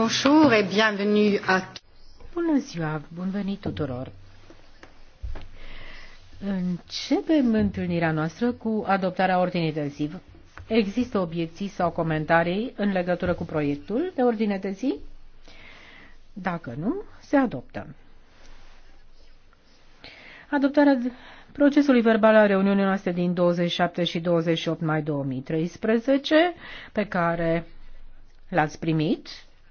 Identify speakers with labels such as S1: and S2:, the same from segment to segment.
S1: Bonjour et bienvenue à
S2: Bună ziua, bun venit tuturor. Începem întâlnirea noastră cu adoptarea ordinii de zi. Există obiecții sau comentarii în legătură cu proiectul de ordine de zi? Dacă nu, se adoptă. Adoptarea procesului verbal al reuniunii noastre din 27 și 28 mai 2013, pe care l-ați primit,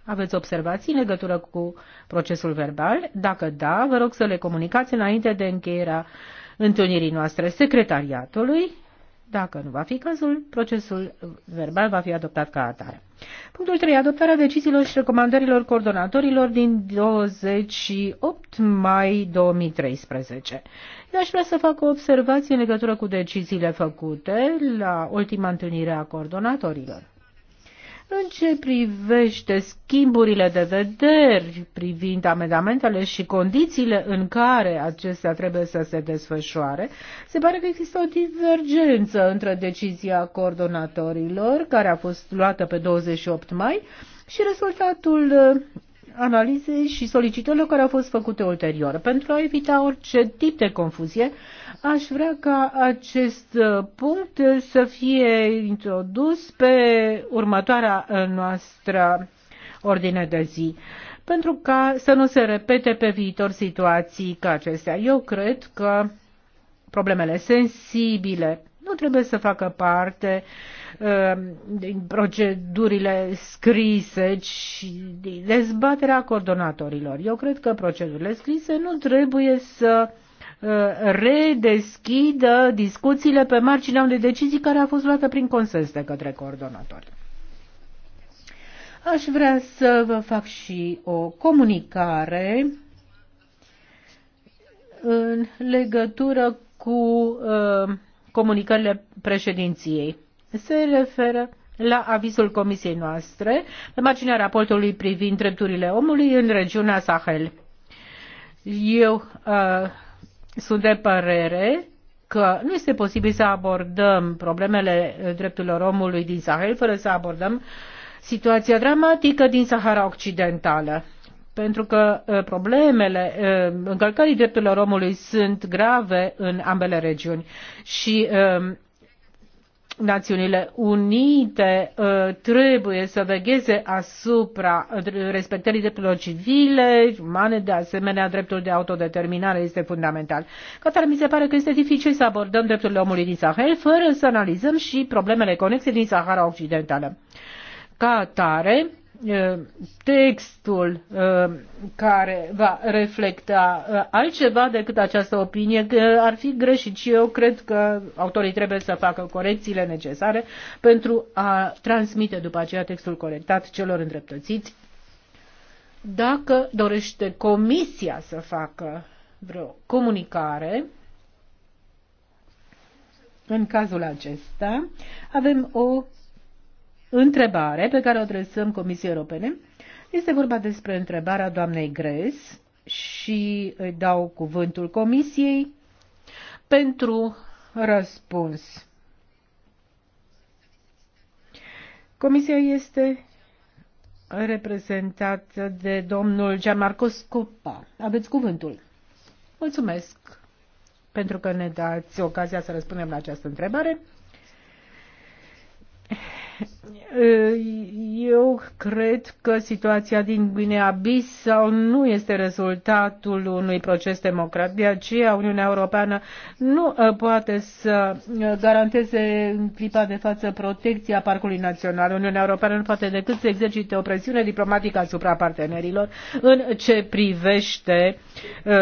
S2: aveți observații în legătură cu procesul verbal? Dacă da, vă rog să le comunicați înainte de încheierea întâlnirii noastre secretariatului. Dacă nu va fi cazul, procesul verbal va fi adoptat ca atare. Punctul 3. Adoptarea deciziilor și recomandărilor coordonatorilor din 28 mai 2013. Eu aș vrea să fac o observație în legătură cu deciziile făcute la ultima întâlnire a coordonatorilor. În ce privește schimburile de vederi privind amendamentele și condițiile în care acestea trebuie să se desfășoare, se pare că există o divergență între decizia coordonatorilor, care a fost luată pe 28 mai, și rezultatul uh, analizei și solicitărilor care au fost făcute ulterior. Pentru a evita orice tip de confuzie, Aș vrea ca acest uh, punct să fie introdus pe următoarea uh, noastră ordine de zi, pentru ca să nu se repete pe viitor situații ca acestea. Eu cred că problemele sensibile nu trebuie să facă parte uh, din procedurile scrise, și din dezbaterea coordonatorilor. Eu cred că procedurile scrise nu trebuie să uh, Uh, redeschidă discuțiile pe marginea unei decizii care a fost luată prin consens de către coordonatori. Aș vrea să vă fac și o comunicare în legătură cu uh, comunicările președinției. Se referă la avizul comisiei noastre pe marginea raportului privind drepturile omului în regiunea Sahel. Eu uh, sunt de părere că nu este posibil să abordăm problemele drepturilor omului din Sahel fără să abordăm situația dramatică din Sahara Occidentală. Pentru că problemele încălcării drepturilor omului sunt grave în ambele regiuni și Națiunile Unite uh, trebuie să vegheze asupra respectării drepturilor civile, umane, de asemenea, dreptul de autodeterminare este fundamental. Ca mi se pare că este dificil să abordăm drepturile omului din Sahel fără să analizăm și problemele conexe din Sahara Occidentală. Ca atare, textul care va reflecta altceva decât această opinie ar fi greșit și eu cred că autorii trebuie să facă corecțiile necesare pentru a transmite după aceea textul corectat celor îndreptățiți. Dacă dorește comisia să facă vreo comunicare, în cazul acesta avem o întrebare pe care o adresăm Comisiei Europene. Este vorba despre întrebarea doamnei Gres și îi dau cuvântul Comisiei pentru răspuns. Comisia este reprezentată de domnul Gianmarco Scopa. Aveți cuvântul. Mulțumesc pentru că ne dați ocazia să răspundem la această întrebare. Eu cred că situația din Guinea-Bissau nu este rezultatul unui proces democratic, de aceea Uniunea Europeană nu uh, poate să uh, garanteze în clipa de față protecția Parcului Național. Uniunea Europeană nu poate decât să exercite o presiune diplomatică asupra partenerilor în ce privește uh,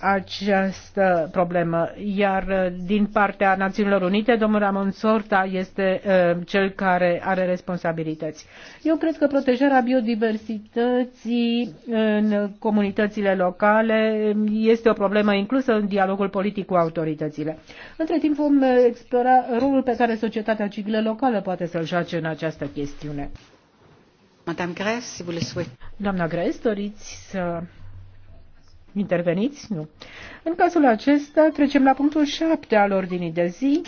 S2: această problemă. Iar din partea Națiunilor Unite, domnul Ramon Sorta este cel care are responsabilități. Eu cred că protejarea biodiversității în comunitățile locale este o problemă inclusă în dialogul politic cu autoritățile. Între timp vom explora rolul pe care societatea civilă locală poate să-l joace în această chestiune. Madame Gres, si vous le Doamna Gres, doriți să interveniți? Nu. În cazul acesta trecem la punctul 7 al ordinii de zi.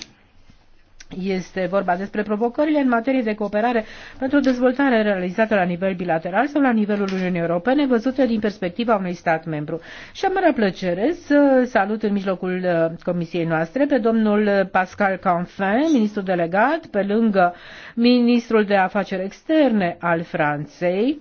S2: Este vorba despre provocările în materie de cooperare pentru dezvoltare realizată la nivel bilateral sau la nivelul Uniunii Europene, văzute din perspectiva unui stat membru. Și am mare plăcere să salut în mijlocul uh, comisiei noastre pe domnul uh, Pascal Canfin, ministru delegat, pe lângă ministrul de afaceri externe al Franței,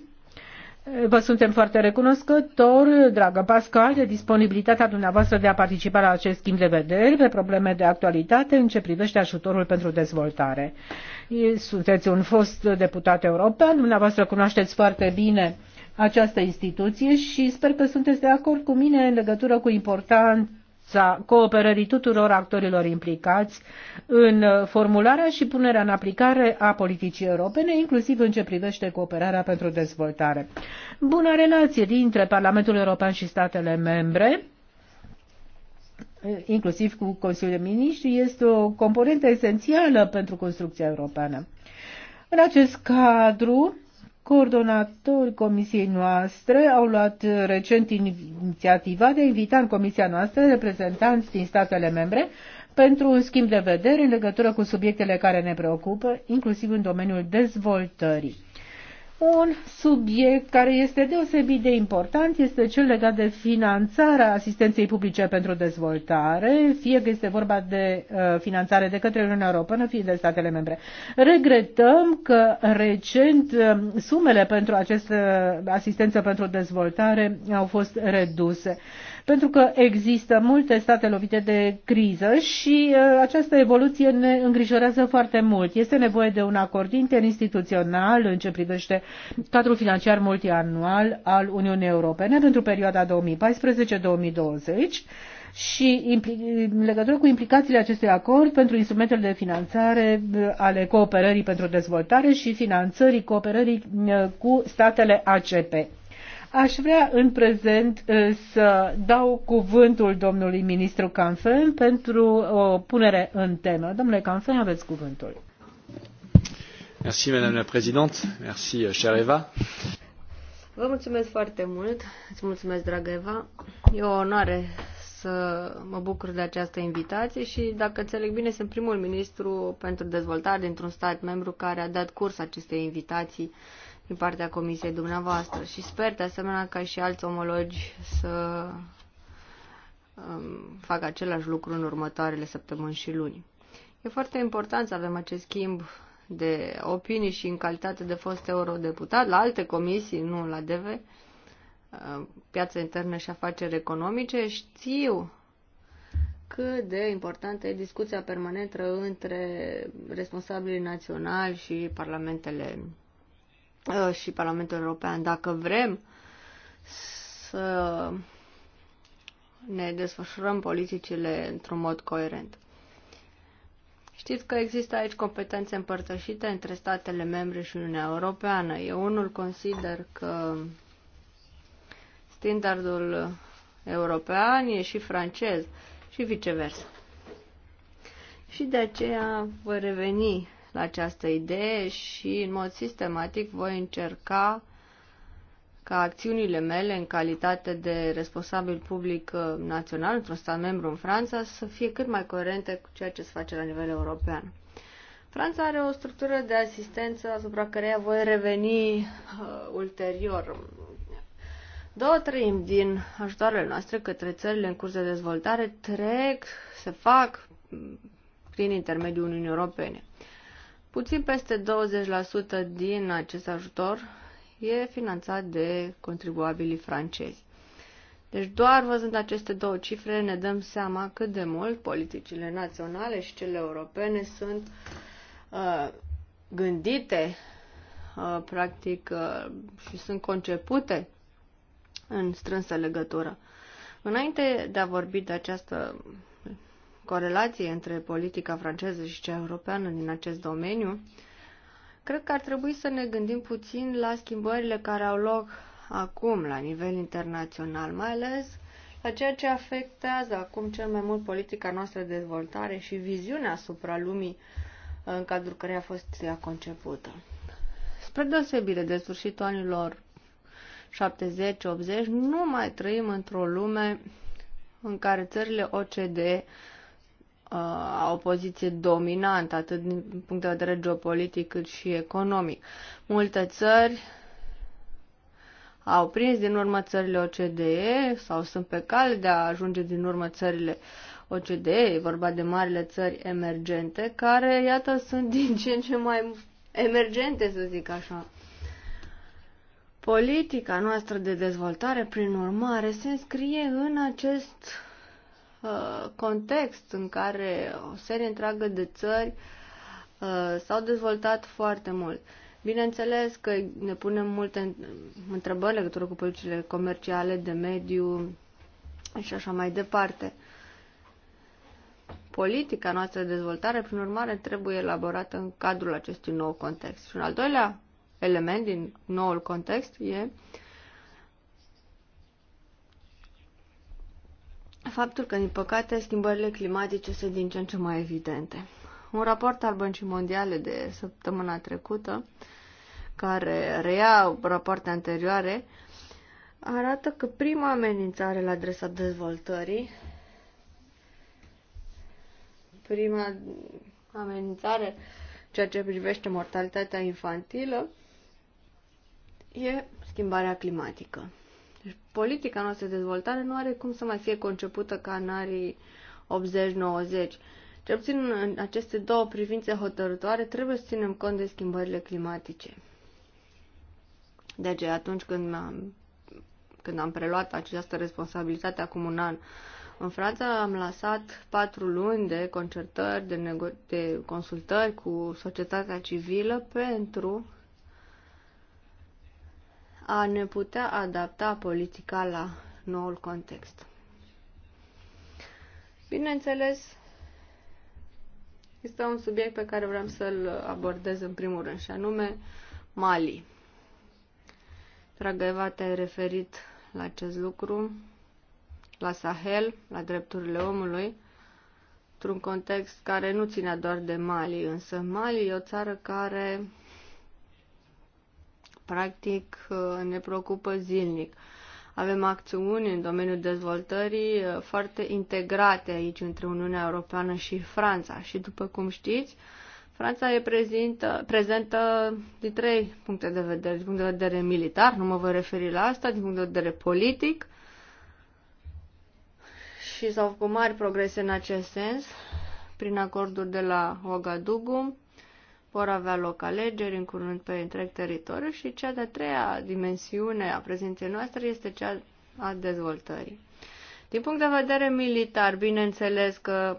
S2: Vă suntem foarte recunoscători, dragă Pascal, de disponibilitatea dumneavoastră de a participa la acest schimb de vederi pe probleme de actualitate în ce privește ajutorul pentru dezvoltare. Sunteți un fost deputat european, dumneavoastră cunoașteți foarte bine această instituție și sper că sunteți de acord cu mine în legătură cu importanța lipsa cooperării tuturor actorilor implicați în formularea și punerea în aplicare a politicii europene, inclusiv în ce privește cooperarea pentru dezvoltare. Bună relație dintre Parlamentul European și statele membre, inclusiv cu Consiliul de Ministri, este o componentă esențială pentru construcția europeană. În acest cadru, Coordonatorii comisiei noastre au luat recent inițiativa de a invita în comisia noastră reprezentanți din statele membre pentru un schimb de vedere în legătură cu subiectele care ne preocupă, inclusiv în domeniul dezvoltării. Un subiect care este deosebit de important este cel legat de finanțarea asistenței publice pentru dezvoltare, fie că este vorba de uh, finanțare de către Uniunea Europeană, fie de statele membre. Regretăm că recent uh, sumele pentru această asistență pentru dezvoltare au fost reduse pentru că există multe state lovite de criză și uh, această evoluție ne îngrijorează foarte mult. Este nevoie de un acord interinstituțional în ce privește cadrul financiar multianual al Uniunii Europene pentru perioada 2014-2020 și în legătură cu implicațiile acestui acord pentru instrumentele de finanțare uh, ale cooperării pentru dezvoltare și finanțării cooperării uh, cu statele ACP. Aș vrea în prezent uh, să dau cuvântul domnului ministru Canfen pentru o punere în temă. Domnule Canfen, aveți cuvântul.
S3: Merci, Madame la Présidente.
S1: Merci, euh, chère Eva.
S2: Vă mulțumesc
S3: foarte mult. Îți mulțumesc, dragă Eva. E o onoare să mă bucur de această invitație și, dacă înțeleg bine, sunt primul ministru pentru dezvoltare dintr-un stat membru care a dat curs acestei invitații uh, din partea comisiei dumneavoastră și sper de asemenea ca și alți omologi să um, facă același lucru în următoarele săptămâni și luni. E foarte important să avem acest schimb de opinii și în calitate de fost eurodeputat la alte comisii, nu la DV, uh, piața internă și afaceri economice, știu cât de importantă e discuția permanentă între responsabilii naționali și parlamentele Uh, și Parlamentul European, dacă vrem să ne desfășurăm politicile într-un mod coerent. Știți că există aici competențe împărtășite între statele membre și Uniunea Europeană. Eu unul consider că standardul european e și francez și viceversa. Și de aceea voi reveni la această idee și în mod sistematic voi încerca ca acțiunile mele în calitate de responsabil public uh, național într-un stat membru în Franța să fie cât mai coerente cu ceea ce se face la nivel european. Franța are o structură de asistență asupra căreia voi reveni uh, ulterior. Două treimi din ajutoarele noastre către țările în curs de dezvoltare trec, se fac prin intermediul Uniunii Europene. Puțin peste 20% din acest ajutor e finanțat de contribuabilii francezi. Deci doar văzând aceste două cifre ne dăm seama cât de mult politicile naționale și cele europene sunt uh, gândite, uh, practic, uh, și sunt concepute în strânsă legătură. Înainte de a vorbi de această corelație între politica franceză și cea europeană din acest domeniu, cred că ar trebui să ne gândim puțin la schimbările care au loc acum la nivel internațional, mai ales la ceea ce afectează acum cel mai mult politica noastră de dezvoltare și viziunea asupra lumii în cadrul căreia a fost ea concepută. Spre deosebire de sfârșitul anilor 70-80, nu mai trăim într-o lume în care țările OCDE Uh, a o poziție dominantă, atât din punct de vedere geopolitic cât și economic. Multe țări au prins din urmă țările OCDE sau sunt pe cale de a ajunge din urmă țările OCDE, e vorba de marile țări emergente, care, iată, sunt din ce în ce mai emergente, să zic așa. Politica noastră de dezvoltare, prin urmare, se înscrie în acest Uh, context în care o serie întreagă de țări uh, s-au dezvoltat foarte mult. Bineînțeles că ne punem multe întrebări legătură cu politicile comerciale, de mediu și așa mai departe. Politica noastră de dezvoltare, prin urmare, trebuie elaborată în cadrul acestui nou context. Și un al doilea element din noul context e uh, faptul că, din păcate, schimbările climatice sunt din ce în ce mai evidente. Un raport al Băncii Mondiale de săptămâna trecută, care reia rapoarte anterioare, arată că prima amenințare la adresa dezvoltării, prima amenințare ceea ce privește mortalitatea infantilă, e schimbarea climatică. Deci politica noastră de dezvoltare nu are cum să mai fie concepută ca în anii 80-90. Cel puțin în aceste două privințe hotărătoare trebuie să ținem cont de schimbările climatice. Deci atunci când am, când am preluat această responsabilitate acum un an, în Franța am lăsat patru luni de concertări, de, nego- de consultări cu societatea civilă pentru a ne putea adapta politica la noul context. Bineînțeles, este un subiect pe care vreau să-l abordez în primul rând, și anume Mali. Dragă eva te-ai referit la acest lucru, la Sahel, la drepturile omului, într-un context care nu ținea doar de Mali, însă Mali e o țară care practic uh, ne preocupă zilnic. Avem acțiuni în domeniul dezvoltării uh, foarte integrate aici între Uniunea Europeană și Franța și după cum știți, Franța e prezintă, prezentă din trei puncte de vedere. Din punct de vedere militar, nu mă voi referi la asta, din punct de vedere politic și s-au făcut mari progrese în acest sens prin acordul de la Ouagadougou, vor avea loc alegeri în curând pe întreg teritoriu și cea de-a treia dimensiune a prezenței noastre este cea a dezvoltării. Din punct de vedere militar, bineînțeles că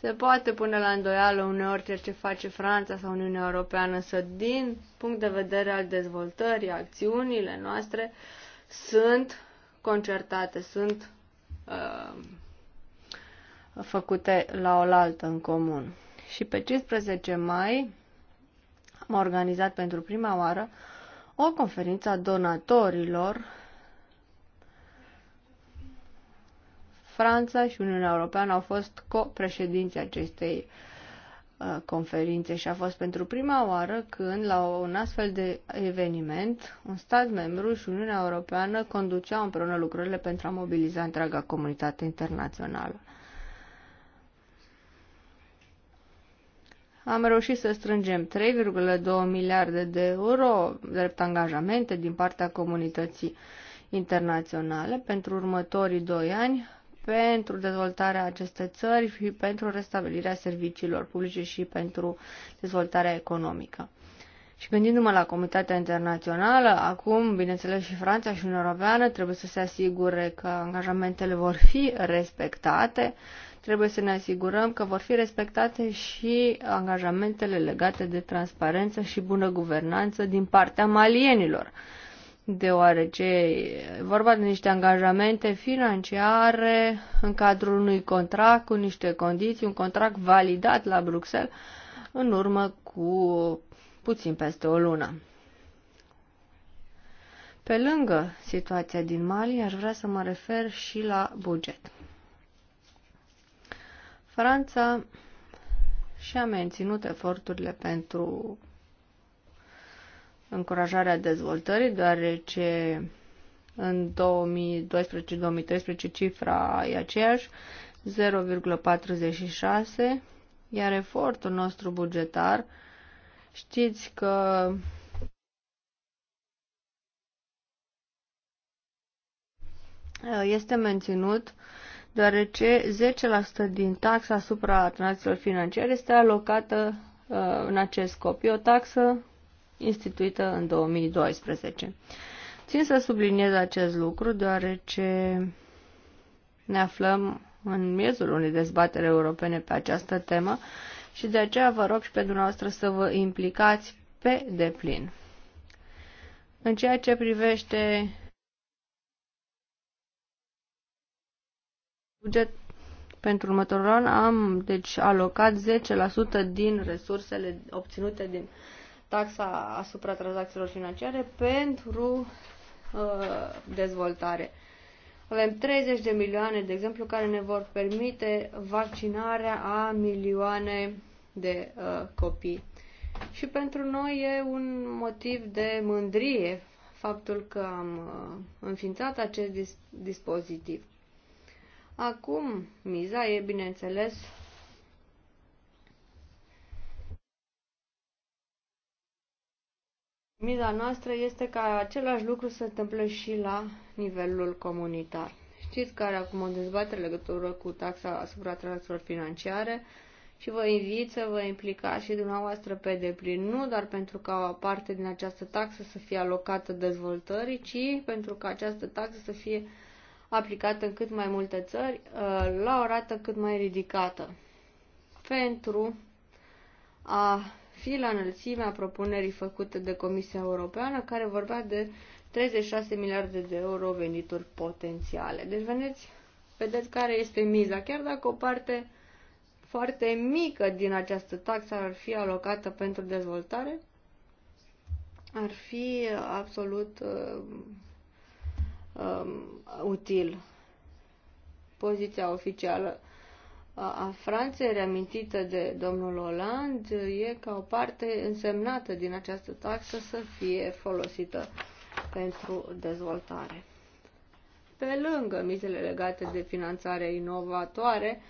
S3: Se poate pune la îndoială uneori ceea ce face Franța sau Uniunea Europeană, însă din punct de vedere al dezvoltării, acțiunile noastre sunt concertate, sunt uh, făcute la oaltă în comun. Și pe 15 mai am organizat pentru prima oară o conferință a donatorilor Franța și Uniunea Europeană au fost co co-președinții acestei uh, conferințe și a fost pentru prima oară când la un astfel de eveniment un stat membru și Uniunea Europeană conduceau împreună lucrările pentru a mobiliza întreaga comunitate internațională. am reușit să strângem 3,2 miliarde de euro drept angajamente din partea comunității internaționale pentru următorii doi ani pentru dezvoltarea acestei țări și pentru restabilirea serviciilor publice și pentru dezvoltarea economică. Și gândindu-mă la comunitatea internațională, acum, bineînțeles, și Franța și Uniunea Europeană trebuie să se asigure că angajamentele vor fi respectate, uh, Trebuie să ne asigurăm că vor fi respectate și angajamentele legate de transparență și bună guvernanță din partea malienilor deoarece e vorba de niște angajamente financiare în cadrul unui contract cu niște condiții, un contract validat la Bruxelles în urmă cu puțin peste o lună. Pe lângă situația din Mali, aș vrea să mă refer și la buget. Franța și-a menținut eforturile pentru încurajarea dezvoltării, deoarece în 2012-2013 cifra e aceeași, 0,46, iar efortul nostru bugetar, știți că este menținut deoarece 10% din taxa asupra tranzacțiilor financiare este alocată uh, în acest scop. E o taxă instituită în 2012. Țin să subliniez acest lucru deoarece ne aflăm în miezul unei dezbatere europene pe această temă și de aceea vă rog și pe dumneavoastră să vă implicați pe deplin. În ceea ce privește buget pentru următorul an am deci alocat 10% din resursele obținute din taxa asupra tranzacțiilor financiare pentru uh, dezvoltare. Avem 30 de milioane, de exemplu, care ne vor permite vaccinarea a milioane de uh, copii. Și pentru noi e un motiv de mândrie faptul că am uh, înființat acest dis- dispozitiv. Acum, miza e, bineînțeles, Miza noastră este ca același lucru să se întâmple și la nivelul comunitar. Știți care acum o dezbatere legătură cu taxa asupra tranzacțiilor financiare și vă invit să vă implicați și dumneavoastră pe deplin, nu doar pentru ca o parte din această taxă să fie alocată dezvoltării, ci pentru ca această taxă să fie aplicată în cât mai multe țări uh, la o rată cât mai ridicată pentru a fi la înălțimea propunerii făcute de Comisia Europeană, care vorbea de 36 miliarde de euro venituri potențiale. Deci veneți, vedeți care este miza. Chiar dacă o parte foarte mică din această taxă ar fi alocată pentru dezvoltare, ar fi absolut uh, um, util. Poziția oficială a Franței, reamintită de domnul Hollande, e ca o parte însemnată din această taxă să fie folosită pentru dezvoltare. Pe lângă mizele legate de finanțare inovatoare,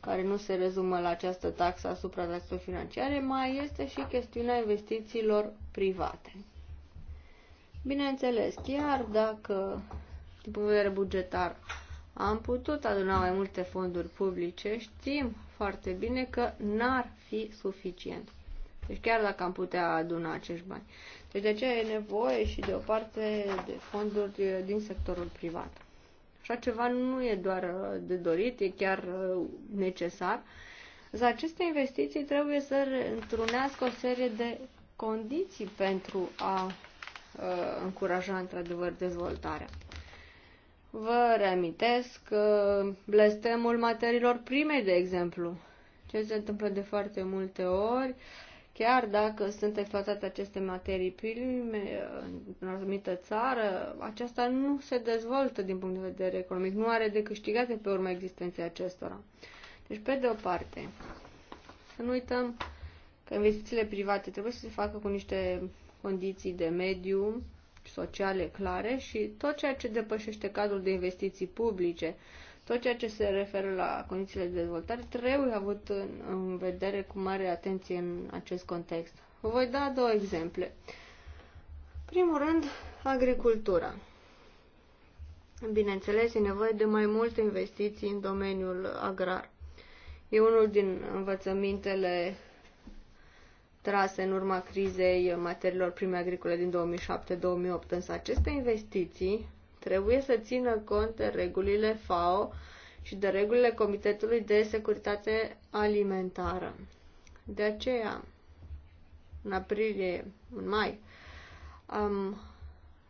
S3: care nu se rezumă la această taxă asupra taxelor financiare, mai este și chestiunea investițiilor private. Bineînțeles, chiar dacă din punct de vedere bugetar. Am putut aduna mai multe fonduri publice, știm foarte bine că n-ar fi suficient. Deci chiar dacă am putea aduna acești bani. Deci de ce e nevoie și de o parte de fonduri din sectorul privat. Așa ceva nu e doar uh, de dorit, e chiar uh, necesar. Dar aceste investiții trebuie să întrunească o serie de condiții pentru a uh, încuraja într-adevăr dezvoltarea. Vă reamintesc blestemul materiilor prime, de exemplu. Ce se întâmplă de foarte multe ori, chiar dacă sunt exploatate aceste materii prime în anumită țară, aceasta nu se dezvoltă din punct de vedere economic, nu are de câștigate pe urma existenței acestora. Deci, pe de o parte, să nu uităm că investițiile private trebuie să se facă cu niște condiții de mediu sociale clare și tot ceea ce depășește cadrul de investiții publice, tot ceea ce se referă la condițiile de dezvoltare, trebuie avut în, în vedere cu mare atenție în acest context. Vă voi da două exemple. Primul rând, agricultura. Bineînțeles, e nevoie de mai multe investiții în domeniul agrar. E unul din învățămintele trase în urma crizei materiilor prime agricole din 2007-2008, însă aceste investiții trebuie să țină cont de regulile FAO și de regulile Comitetului de Securitate Alimentară. De aceea, în aprilie, în mai, am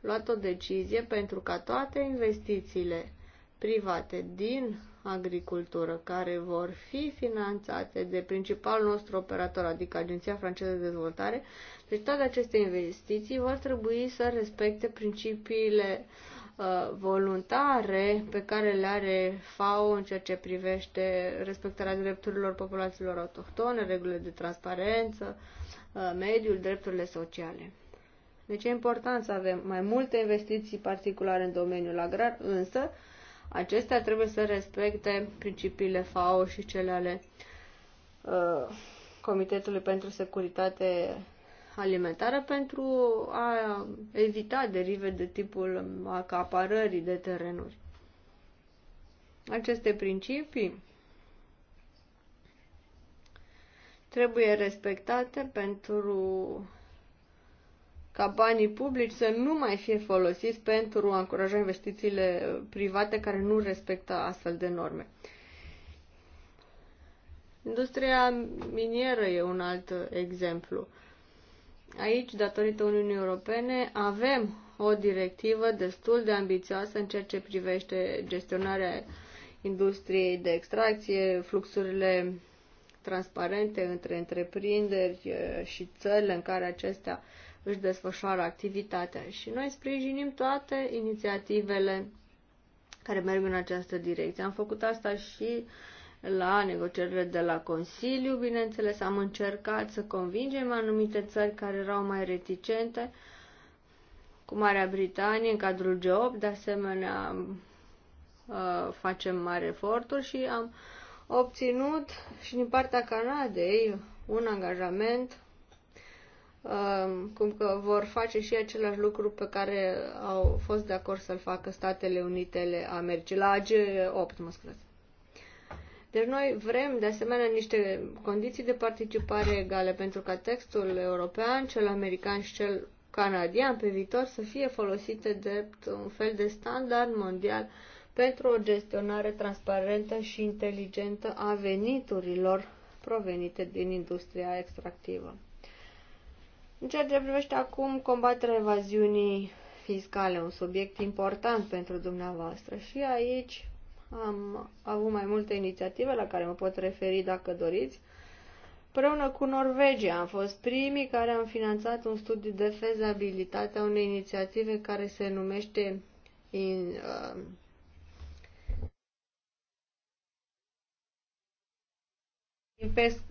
S3: luat o decizie pentru ca toate investițiile private din agricultură, care vor fi finanțate de principalul nostru operator, adică Agenția Franceză de Dezvoltare. Deci toate aceste investiții vor trebui să respecte principiile uh, voluntare pe care le are FAO în ceea ce privește respectarea drepturilor populațiilor autohtone, regulile de transparență, uh, mediul, drepturile sociale. Deci e important să avem mai multe investiții particulare în domeniul agrar, însă uh, Acestea trebuie să respecte principiile FAO și cele ale uh, Comitetului pentru Securitate Alimentară pentru a evita derive de tipul acaparării de terenuri. Aceste principii trebuie respectate pentru ca banii publici să nu mai fie folosiți pentru a încuraja investițiile private care nu respectă astfel de norme. Industria minieră e un alt exemplu. Aici, datorită Uniunii Europene, avem o directivă destul de ambițioasă în ceea ce privește gestionarea industriei de extracție, fluxurile transparente între întreprinderi eh, și țările în care acestea uh, își desfășoară activitatea și noi sprijinim toate inițiativele care merg în această direcție. Am făcut asta și la negocierile de la Consiliu, bineînțeles, am încercat să convingem anumite țări care erau mai reticente, cu Marea Britanie, în cadrul G8, de asemenea uh, facem mari eforturi și am obținut și din partea Canadei un angajament Um, cum că vor face și același lucru pe care au fost de acord să-l facă Statele Unitele Americii, la G8, mă scuzați. Deci noi vrem, de asemenea, niște condiții de participare egale pentru ca textul european, cel american și cel canadian pe viitor să fie folosite drept un fel de standard mondial pentru o gestionare transparentă și inteligentă a veniturilor provenite din industria extractivă. În ceea ce privește acum combaterea evaziunii fiscale, un subiect important pentru dumneavoastră și aici am avut mai multe inițiative la care mă pot referi dacă doriți. Preună cu Norvegia am fost primii care am finanțat un studiu de fezabilitate a unei inițiative care se numește in, uh,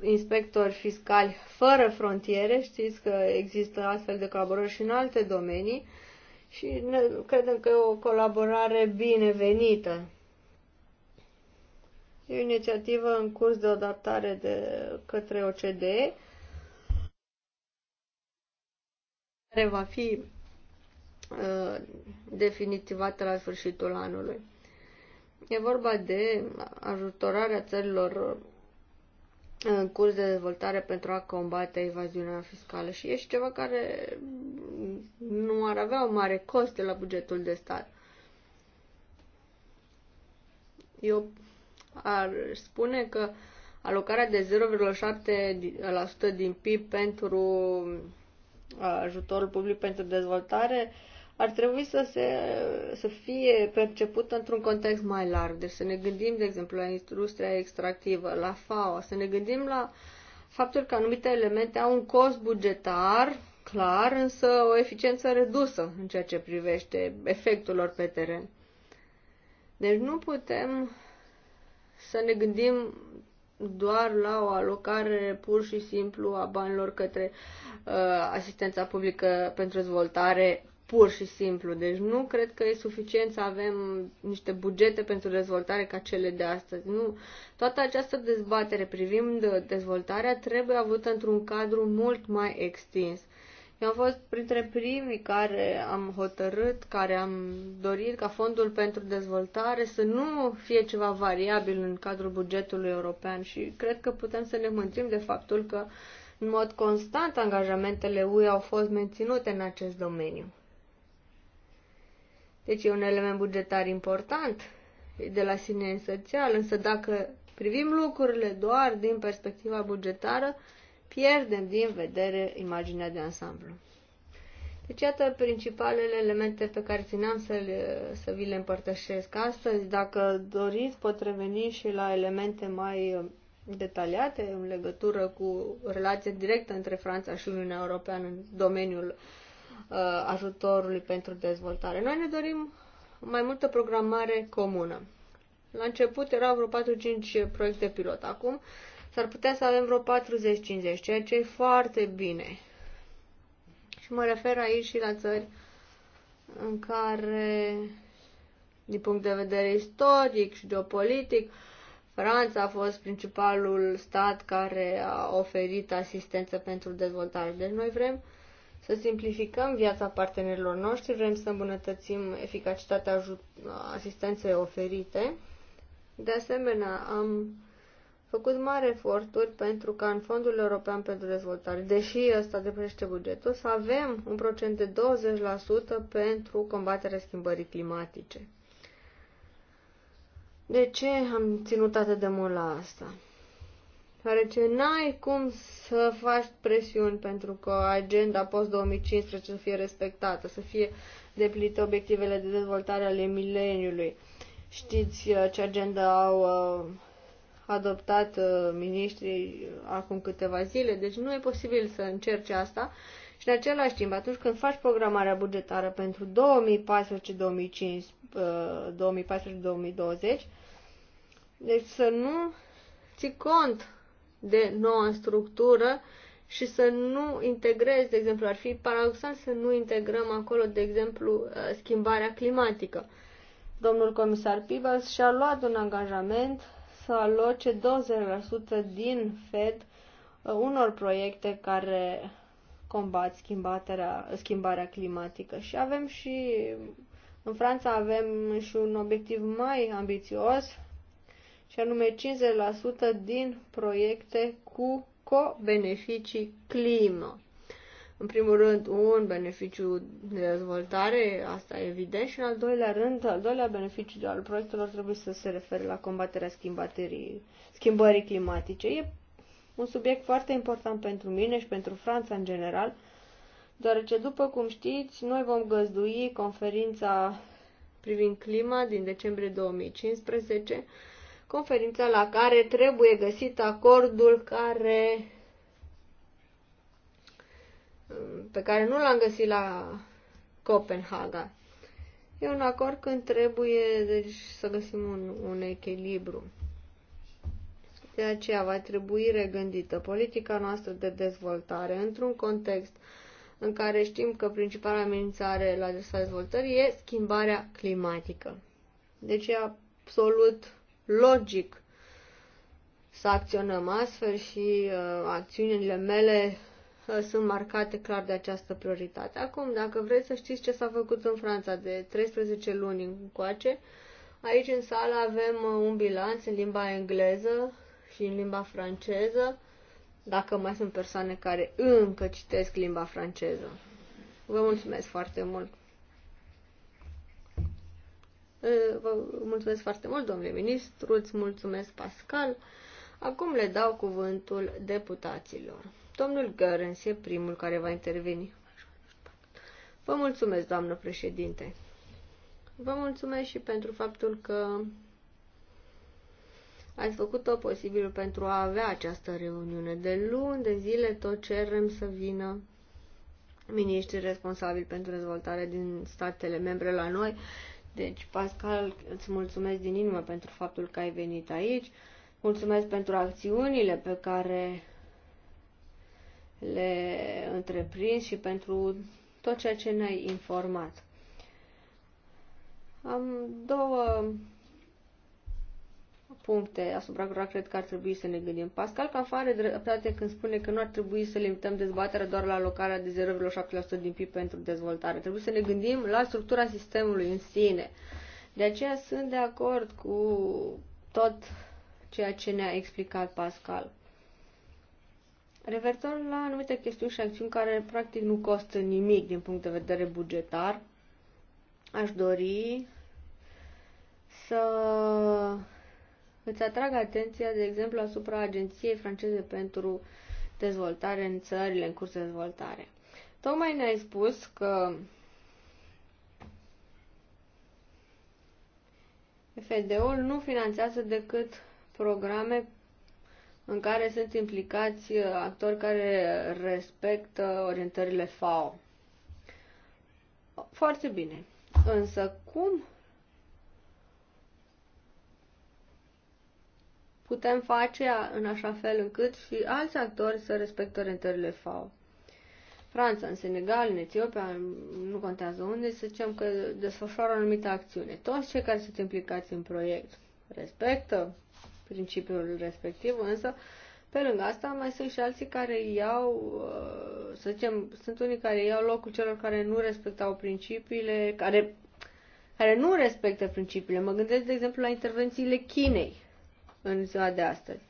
S3: inspectori fiscali fără frontiere, știți că există astfel de colaborări și în alte domenii și ne, credem că e o colaborare binevenită. E o inițiativă în curs de adaptare de către OCDE care va fi uh, definitivată la sfârșitul anului. E vorba de ajutorarea țărilor în curs de dezvoltare pentru a combate evaziunea fiscală și e și ceva care nu ar avea o mare cost la bugetul de stat. Eu ar spune că alocarea de 0,7% din PIB pentru uh, ajutorul public pentru dezvoltare ar trebui să, se, să fie perceput într-un context mai larg. Deci să ne gândim, de exemplu, la industria extractivă, la FAO, să ne gândim la faptul că anumite elemente au un cost bugetar clar, însă o eficiență redusă în ceea ce privește efectul lor pe teren. Deci nu putem să ne gândim doar la o alocare pur și simplu a banilor către uh, asistența publică pentru dezvoltare pur și simplu. Deci nu cred că e suficient să avem niște bugete pentru dezvoltare ca cele de astăzi. Nu. Toată această dezbatere privind dezvoltarea trebuie avută într-un cadru mult mai extins. Eu am fost printre primii care am hotărât, care am dorit ca fondul pentru dezvoltare să nu fie ceva variabil în cadrul bugetului european și cred că putem să ne mântim de faptul că în mod constant angajamentele UE au fost menținute în acest domeniu. Deci e un element bugetar important, de la sine esențial, însă dacă privim lucrurile doar din perspectiva bugetară, pierdem din vedere imaginea de ansamblu. Deci iată principalele elemente pe care țineam să, le, să vi le împărtășesc astăzi. Dacă doriți, pot reveni și la elemente mai uh, detaliate în legătură cu relația directă între Franța și Uniunea Europeană în domeniul uh, Uh, ajutorului pentru dezvoltare. Noi ne dorim mai multă programare comună. La început erau vreo 4-5 proiecte pilot. Acum s-ar putea să avem vreo 40-50, ceea ce e foarte bine. Și mă refer aici și la țări în care, din punct de vedere istoric și geopolitic, Franța a fost principalul stat care a oferit asistență pentru dezvoltare. Deci noi vrem să simplificăm viața partenerilor noștri, vrem să îmbunătățim eficacitatea asistenței oferite. De asemenea, am făcut mari eforturi pentru ca în Fondul European pentru Dezvoltare, deși ăsta depășește bugetul, să avem un procent de 20% pentru combaterea schimbării climatice. De ce am ținut atât de mult la asta? ce n-ai cum să faci presiuni pentru că agenda post-2015 să fie respectată, să fie deplinite obiectivele de dezvoltare ale mileniului. Știți uh, ce agenda au uh, adoptat uh, miniștrii acum câteva zile, deci nu e posibil să încerci asta. Și în același timp, atunci când faci programarea bugetară pentru 2014-2020, deci să nu ții cont de noua structură și să nu integrezi, de exemplu, ar fi paradoxal să nu integrăm acolo, de exemplu, uh, schimbarea climatică. Domnul comisar Pivas și-a luat un angajament să aloce 20% din FED uh, unor proiecte care combat schimbarea, schimbarea climatică. Și avem și, în Franța avem și un obiectiv mai ambițios, și anume 50% din proiecte cu co-beneficii climă. În primul rând, un beneficiu de dezvoltare, asta e evident, și în al doilea rând, al doilea beneficiu al proiectelor trebuie să se refere la combaterea schimbării climatice. E un subiect foarte important pentru mine și pentru Franța în general, deoarece, după cum știți, noi vom găzdui conferința privind clima din decembrie 2015, conferința la care trebuie găsit acordul care pe care nu l-am găsit la Copenhaga. E un acord când trebuie deci, să găsim un, un echilibru. De aceea va trebui regândită politica noastră de dezvoltare într-un context în care știm că principala amenințare la adresa dezvoltării e schimbarea climatică. Deci e absolut logic să acționăm astfel și uh, acțiunile mele uh, sunt marcate clar de această prioritate. Acum, dacă vreți să știți ce s-a făcut în Franța de 13 luni încoace, aici în sală avem uh, un bilanț în limba engleză și în limba franceză, dacă mai sunt persoane care încă citesc limba franceză. Vă mulțumesc foarte mult! Vă mulțumesc foarte mult, domnule ministru, îți mulțumesc, Pascal. Acum le dau cuvântul deputaților. Domnul Gărens e primul care va interveni. Vă mulțumesc, doamnă președinte. Vă mulțumesc și pentru faptul că ați făcut tot posibilul pentru a avea această reuniune. De luni, de zile, tot cerem să vină miniștri responsabili pentru dezvoltare din statele membre la noi deci, Pascal, îți mulțumesc din inimă pentru faptul că ai venit aici. Mulțumesc pentru acțiunile pe care le întreprinzi și pentru tot ceea ce ne-ai informat. Am două puncte asupra cărora cred că ar trebui să ne gândim. Pascal Cafa are dreptate când spune că nu ar trebui să limităm dezbaterea doar la alocarea de 0,7% din PIB pentru dezvoltare. Trebuie să ne gândim la structura sistemului în sine. De aceea sunt de acord cu tot ceea ce ne-a explicat Pascal. Referitor la anumite chestiuni și acțiuni care practic nu costă nimic din punct de vedere bugetar, aș dori să Îți atrag atenția, de exemplu, asupra Agenției franceze pentru dezvoltare în țările în curs de dezvoltare. Tocmai ne-ai spus că FD-ul nu finanțează decât programe în care sunt implicați actori care respectă orientările FAO. Foarte bine. Însă cum putem face în așa fel încât și alți actori să respecte orientările FAO. Franța, în Senegal, în Etiopia, nu contează unde, să zicem că desfășoară o anumită acțiune. Toți cei care sunt implicați în proiect respectă principiul respectiv, însă, pe lângă asta, mai sunt și alții care iau, uh, să zicem, sunt unii care iau locul celor care nu respectau principiile, care, care nu respectă principiile. Mă gândesc, de exemplu, la intervențiile Chinei în ziua de astăzi.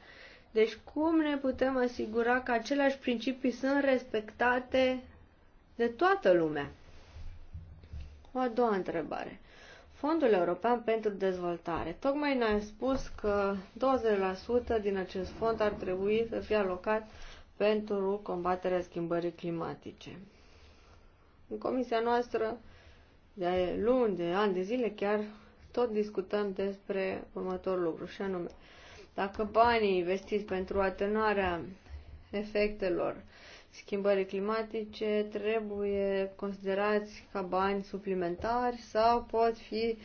S3: Deci cum ne putem asigura că aceleași principii sunt respectate de toată lumea? O a doua întrebare. Fondul European pentru Dezvoltare. Tocmai ne-a spus că 20% din acest fond ar trebui să fie alocat pentru combaterea schimbării climatice. În comisia noastră, de luni, de ani, de zile chiar, tot discutăm despre următorul lucru, și anume dacă banii investiți pentru atenuarea efectelor schimbării climatice trebuie considerați ca bani suplimentari sau pot fi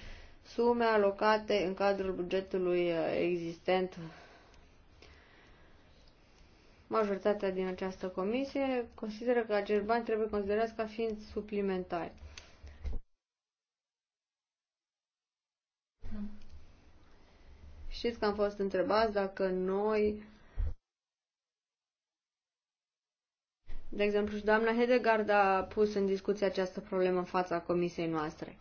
S3: sume alocate în cadrul bugetului existent. Majoritatea din această comisie consideră că acești bani trebuie considerați ca fiind suplimentari. Știți că am fost întrebați dacă noi De exemplu, și doamna Hedegaard a pus în discuție această problemă în fața comisiei noastre.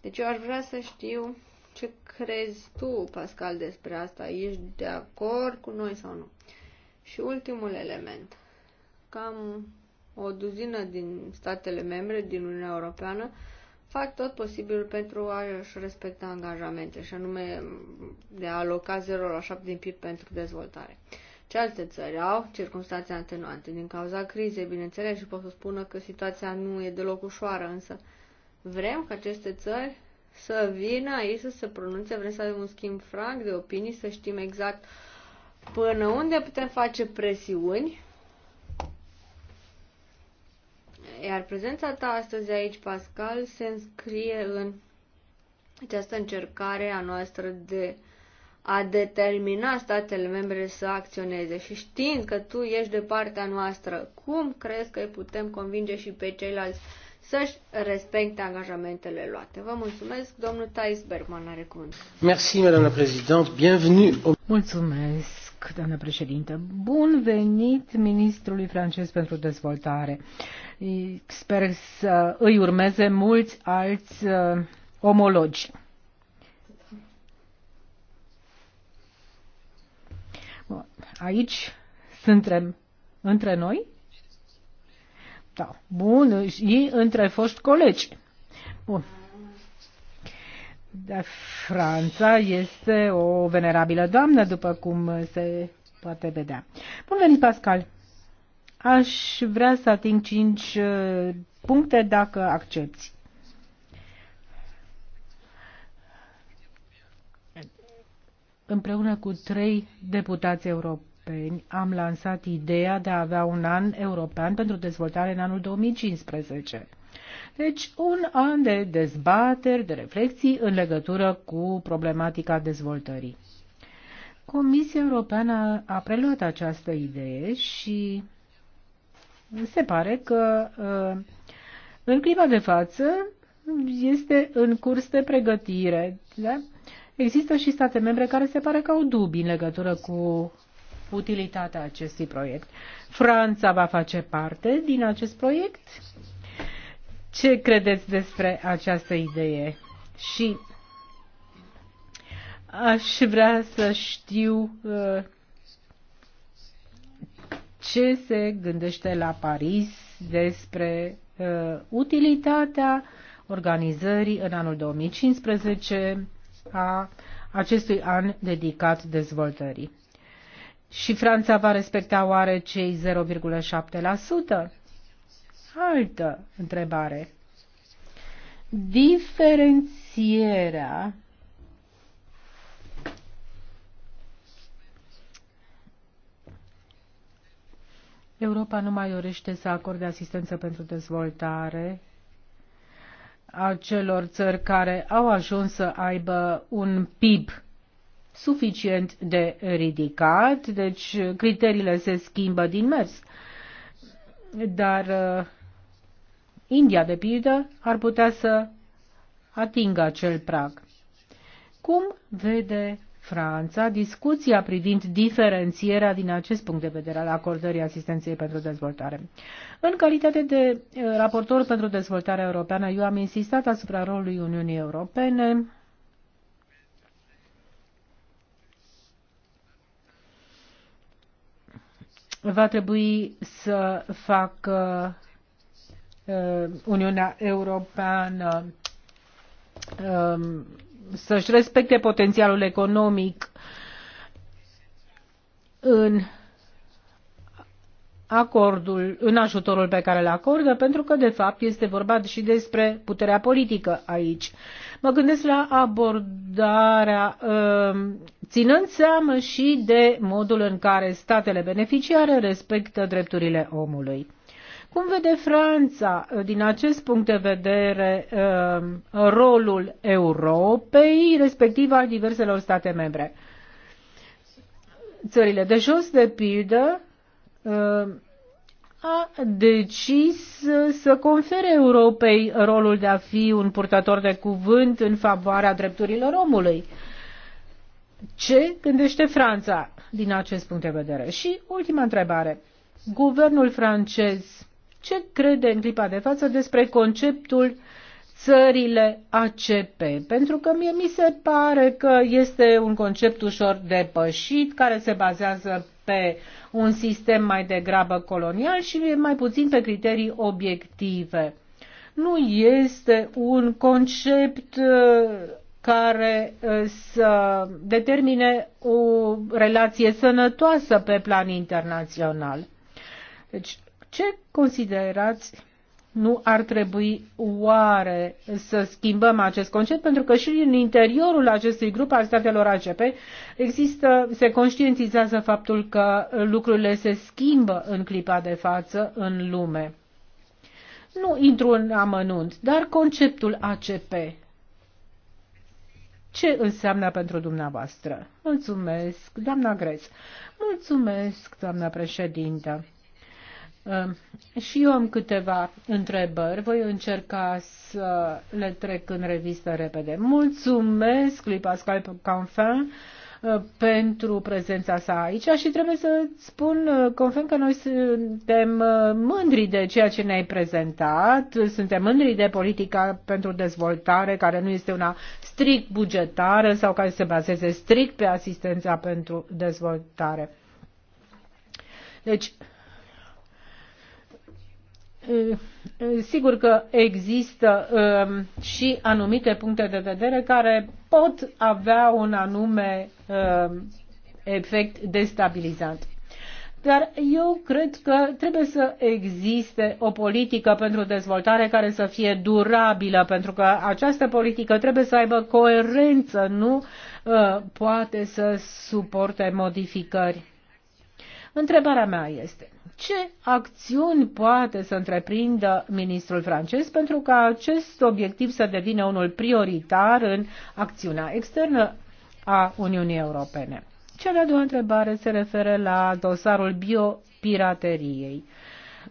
S3: Deci eu aș vrea să știu ce crezi tu, Pascal, despre asta. Ești de acord cu noi sau nu? Și ultimul element. Cam o duzină din statele membre din Uniunea Europeană fac tot posibilul pentru a-și respecta angajamente, și anume de a aloca 7 din PIB pentru dezvoltare. Ce alte țări au circunstanțe atenuante din cauza crizei, bineînțeles, și pot să spună că situația nu e deloc ușoară, însă vrem ca aceste țări să vină aici să se pronunțe, vrem să avem un schimb franc de opinii, să știm exact până unde putem face presiuni Iar prezența ta astăzi aici, Pascal, se înscrie în această încercare a noastră de a determina statele membre să acționeze și știind că tu ești de partea noastră, cum crezi că îi putem convinge și pe ceilalți să-și respecte angajamentele luate? Vă mulțumesc, domnul Thais Bergman are cuvânt.
S2: Merci, madame la Bienvenue. Mulțumesc, doamnă președinte. Bun venit ministrului francez pentru dezvoltare. Uh, Sper să îi urmeze mulți alți uh, omologi. Aici suntem între noi? Da. Bun, și între foști colegi. Bun. Da, Franța este o venerabilă doamnă, după cum se poate vedea. Bun venit, Pascal! Aș vrea să ating cinci uh, puncte dacă accepti. Împreună cu trei deputați europeni am lansat ideea de a avea un an european pentru dezvoltare în anul 2015. Deci un an de dezbateri, de reflexii în legătură cu problematica dezvoltării. Comisia Europeană a preluat această idee și se pare că uh, în clipa de față este în curs de pregătire. Da? Există și state membre care se pare că au dubii în legătură cu utilitatea acestui proiect. Franța va face parte din acest proiect. Ce credeți despre această idee? Și aș vrea să știu uh, ce se gândește la Paris despre uh, utilitatea organizării în anul 2015 a acestui an dedicat dezvoltării. Și Franța va respecta oare cei 0,7%? Altă întrebare. Diferențierea Europa nu mai dorește să acorde asistență pentru dezvoltare acelor țări care au ajuns să aibă un PIB suficient de ridicat, deci criteriile se schimbă din mers. Dar uh, India, de pildă, ar putea să atingă acel prag. Cum vede Franța discuția privind diferențierea din acest punct de vedere al acordării asistenței pentru dezvoltare. În calitate de eh, raportor pentru dezvoltarea europeană, eu am insistat asupra rolului Uniunii Europene va trebui să facă eh, Uniunea Europeană eh, să-și respecte potențialul economic în acordul, în ajutorul pe care îl acordă, pentru că, de fapt, este vorba și despre puterea politică aici. Mă gândesc la abordarea uh, ținând seamă și de modul în care statele beneficiare respectă drepturile omului. Cum vede Franța, uh, din acest punct de vedere, uh, rolul Europei, respectiv al diverselor state membre? Țările de jos, de pildă, uh, a decis să confere Europei rolul de a fi un purtător de cuvânt în favoarea drepturilor omului. Ce gândește Franța din acest punct de vedere? Și ultima întrebare. Guvernul francez ce crede în clipa de față despre conceptul țările ACP, pentru că mie mi se pare că este un concept ușor depășit, care se bazează pe un sistem mai degrabă colonial și mai puțin pe criterii obiective. Nu este un concept uh, care uh, să determine o relație sănătoasă pe plan internațional. Deci, ce considerați nu ar trebui oare să schimbăm acest concept? Pentru că și în interiorul acestui grup al statelor ACP există, se conștientizează faptul că lucrurile se schimbă în clipa de față în lume. Nu intru în amănunt, dar conceptul ACP. Ce înseamnă pentru dumneavoastră? Mulțumesc, doamna Greț. Mulțumesc, doamna președintă. Um, și eu am câteva întrebări. Voi încerca să le trec în revistă repede. Mulțumesc lui Pascal Canfin uh, pentru prezența sa aici și trebuie să spun, uh, confirm că noi suntem uh, mândri de ceea ce ne-ai prezentat, suntem mândri de politica pentru dezvoltare, care nu este una strict bugetară sau care se bazeze strict pe asistența pentru dezvoltare. Deci, Eh, eh, sigur că există eh, și anumite puncte de vedere care pot avea un anume efect destabilizant. Dar eu cred că trebuie să existe o politică pentru dezvoltare care să fie durabilă, pentru că această politică trebuie să aibă coerență, nu uh, poate să suporte modificări. Întrebarea mea este, ce acțiuni poate să întreprindă ministrul francez pentru ca acest obiectiv să devină unul prioritar în acțiunea externă a Uniunii Europene? Cea de-a doua întrebare se referă la dosarul biopirateriei.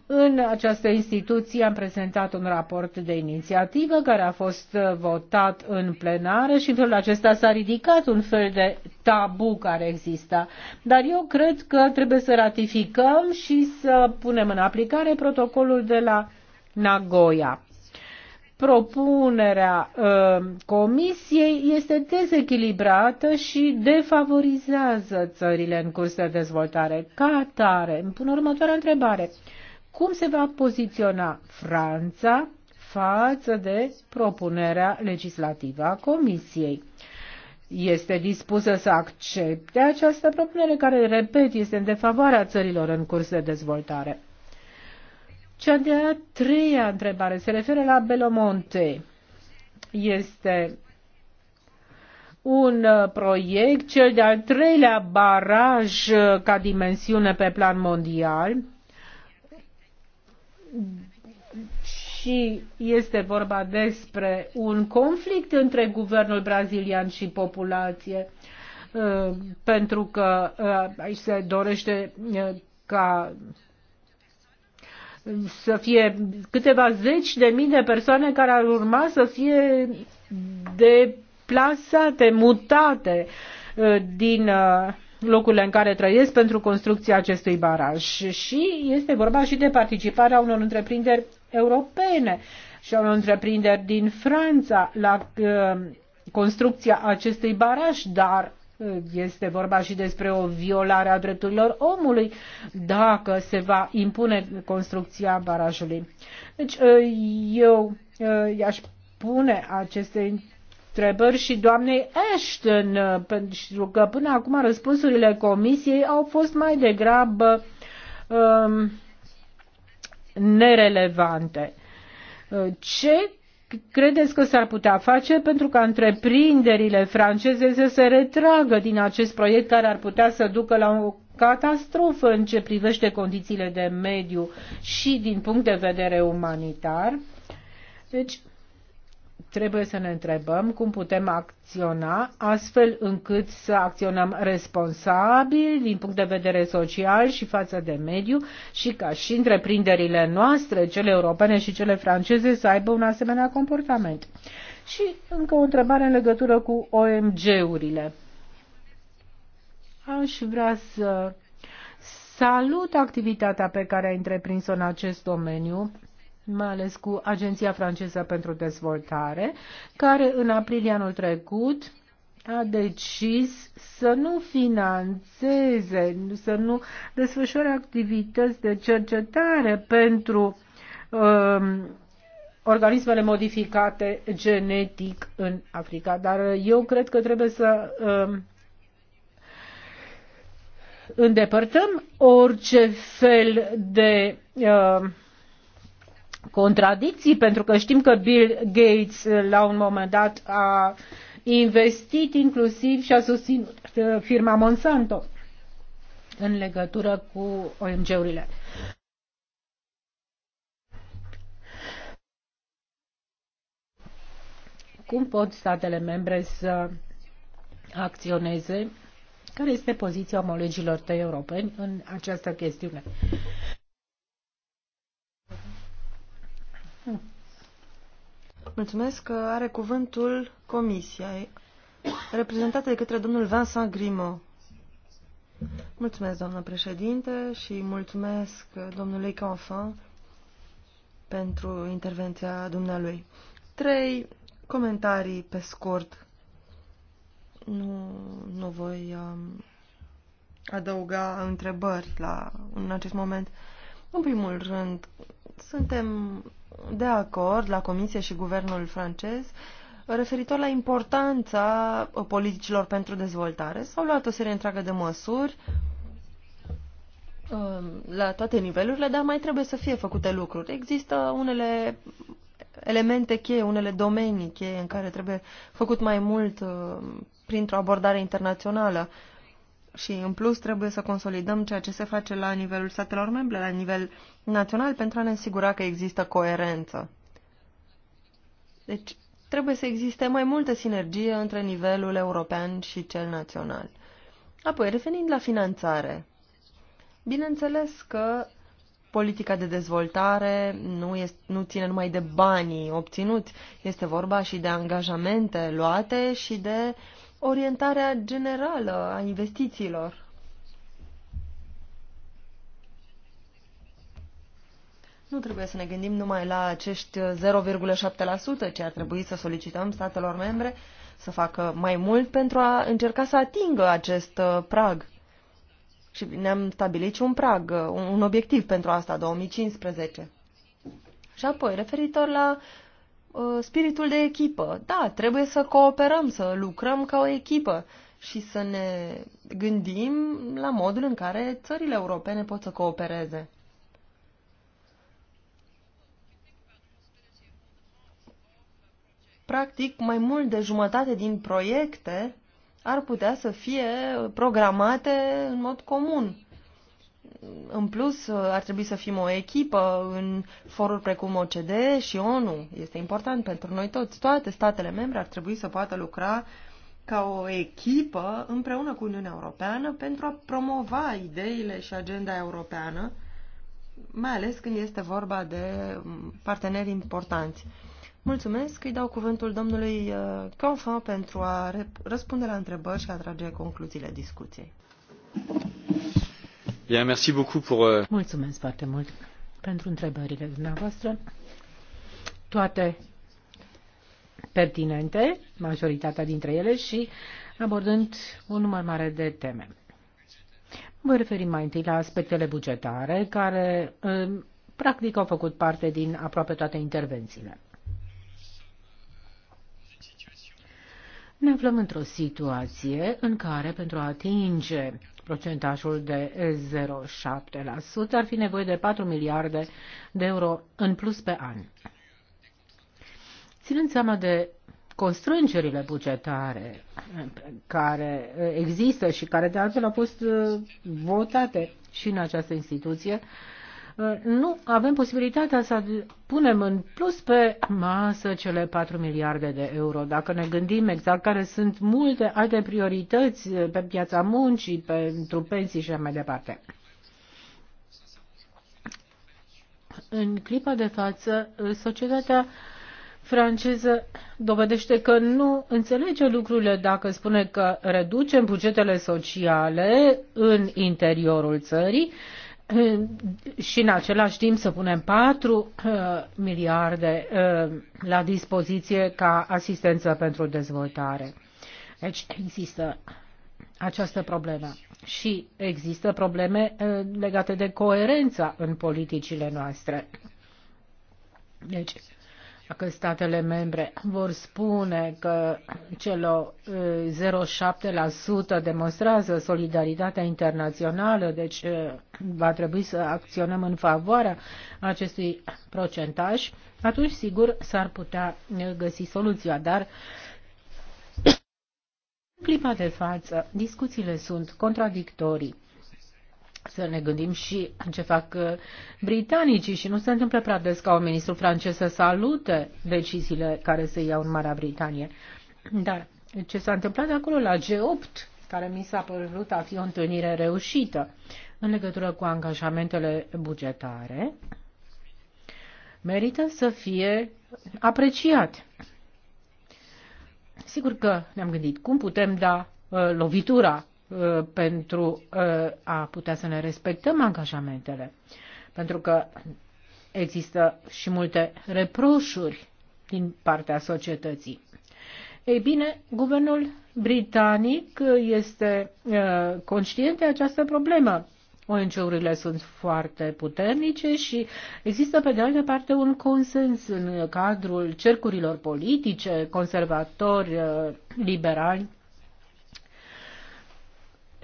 S2: În această instituție am prezentat un raport de inițiativă care a fost votat în plenară și în felul acesta s-a ridicat un fel de tabu care exista. Dar eu cred că trebuie să ratificăm și să punem în aplicare protocolul de la Nagoya propunerea uh, Comisiei este dezechilibrată și defavorizează țările în curs de dezvoltare. Ca atare, îmi pun următoarea întrebare cum se va poziționa Franța față de propunerea legislativă a Comisiei. Este dispusă să accepte această propunere care, repet, este în defavoarea țărilor în curs de dezvoltare. Cea de-a treia întrebare se referă la Belomonte. Este un uh, proiect, cel de-al treilea baraj uh, ca dimensiune pe plan mondial, și este vorba despre un conflict între guvernul brazilian și populație, uh, pentru că uh, aici se dorește uh, ca să fie câteva zeci de mii de persoane care ar urma să fie deplasate, mutate din locurile în care trăiesc pentru construcția acestui baraj. Și este vorba și de participarea unor întreprinderi europene și unor întreprinderi din Franța la uh, construcția acestui baraj, dar uh, este vorba și despre o violare a drepturilor omului dacă se va impune construcția barajului. Deci uh, eu i-aș pune aceste întrebări și doamnei Ashton, uh, pentru că până acum răspunsurile comisiei au fost mai degrabă um, nerelevante. Uh, ce credeți că s-ar putea face pentru ca întreprinderile franceze să se retragă din acest proiect care ar putea să ducă la o catastrofă în ce privește condițiile de mediu și din punct de vedere umanitar? Deci, trebuie să ne întrebăm cum putem acționa astfel încât să acționăm responsabil din punct de vedere social și față de mediu și ca și întreprinderile noastre, cele europene și cele franceze, să aibă un asemenea comportament. Și încă o întrebare în legătură cu OMG-urile. Aș vrea să salut activitatea pe care a întreprins-o în acest domeniu mai ales cu Agenția franceză pentru dezvoltare, care în aprilie anul trecut a decis să nu finanțeze, să nu desfășoare activități de cercetare pentru um, organismele modificate genetic în Africa. Dar eu cred că trebuie să um, îndepărtăm orice fel de uh, contradicții, pentru că știm că Bill Gates uh, la un moment dat a investit inclusiv și a susținut uh, firma Monsanto în legătură cu OMG-urile. Cum pot statele membre să acționeze? Care este poziția omologilor tăi europeni în această chestiune? Mulțumesc că are cuvântul
S4: Comisia, reprezentată de către domnul Vincent Grimaud. Mulțumesc, doamnă președinte, și mulțumesc domnului Canfin pentru intervenția dumnealui. Trei comentarii pe scurt. Nu, nu voi um, adăuga întrebări la, în acest moment. În primul rând, suntem de acord la Comisie și Guvernul francez referitor la importanța uh, politicilor pentru dezvoltare. S-au luat o serie întreagă de măsuri uh, la toate nivelurile, dar mai trebuie să fie făcute lucruri. Există unele elemente cheie, unele domenii cheie în care trebuie făcut mai mult uh, printr-o abordare internațională și în plus trebuie să consolidăm ceea ce se face la nivelul statelor membre, la nivel național, pentru a ne asigura că există coerență. Deci trebuie să existe mai multă sinergie între nivelul european și cel național. Apoi, revenind la finanțare, bineînțeles că politica de dezvoltare nu, este, nu ține numai de banii obținuți, este vorba și de angajamente luate și de uh, orientarea generală a investițiilor. Nu trebuie să ne gândim numai la acești 0,7%, ce ar trebui să solicităm statelor membre să facă mai mult pentru a încerca să atingă acest uh, prag. Și ne-am stabilit și un prag, uh, un obiectiv pentru asta, 2015. Și apoi, referitor la Uh, spiritul de echipă. Da, trebuie să cooperăm, să lucrăm ca o echipă și să ne gândim la modul în care țările europene pot să coopereze. Practic, mai mult de jumătate din proiecte ar putea să fie programate în mod comun în plus, uh, ar trebui să fim o echipă în foruri precum OCDE și ONU. Este important pentru noi toți. Toate statele membre ar trebui să poată lucra ca o echipă împreună cu Uniunea Europeană pentru a promova ideile și agenda europeană, mai ales când este vorba de mm, parteneri importanți. Mulțumesc, îi dau cuvântul domnului uh, Confa pentru a răspunde la întrebări și a trage concluziile discuției.
S1: Euh,
S2: Mulțumesc foarte mult pentru întrebările dumneavoastră. Toate pertinente, majoritatea dintre ele, și abordând un număr mare de teme. Mă referim mai întâi la aspectele bugetare, care um, practic au făcut parte din aproape toate intervențiile. Ne aflăm într-o situație în care, pentru a atinge procentajul de 0,7%, ar fi nevoie de 4 miliarde de euro în plus pe an. Ținând seama de constrângerile bugetare care există și care de altfel au fost uh, votate și în această instituție, Ă, nu avem posibilitatea să punem în plus pe masă cele 4 miliarde de euro. Dacă ne gândim exact care sunt multe alte priorități ă, pe piața muncii, pentru pensii și mai departe. În clipa de față, ă, societatea franceză dovedește că nu înțelege lucrurile dacă spune că reducem bugetele sociale în interiorul țării, și în același timp să punem 4 uh, miliarde uh, la dispoziție ca asistență pentru dezvoltare. Deci există această problemă și există probleme uh, legate de coerența în politicile noastre. Deci, dacă statele membre vor spune că celor eh, 0,7% demonstrează solidaritatea internațională, deci eh, va trebui să acționăm în favoarea acestui procentaj, atunci sigur s-ar putea eh, găsi soluția, dar în clipa de față discuțiile sunt contradictorii să ne gândim și ce fac uh, britanicii și nu se întâmplă prea des ca un ministru francez să salute deciziile care se iau în Marea Britanie. Dar ce s-a întâmplat acolo la G8, care mi s-a părut a fi o întâlnire reușită în legătură cu angajamentele bugetare, merită să fie apreciat. Sigur că ne-am gândit cum putem da uh, lovitura Uh, pentru uh, a putea să ne respectăm angajamentele. Pentru că există și multe reproșuri din partea societății. Ei bine, guvernul britanic este uh, conștient de această problemă. ONG-urile sunt foarte puternice și există, pe de altă parte, un consens în cadrul cercurilor politice, conservatori, liberali,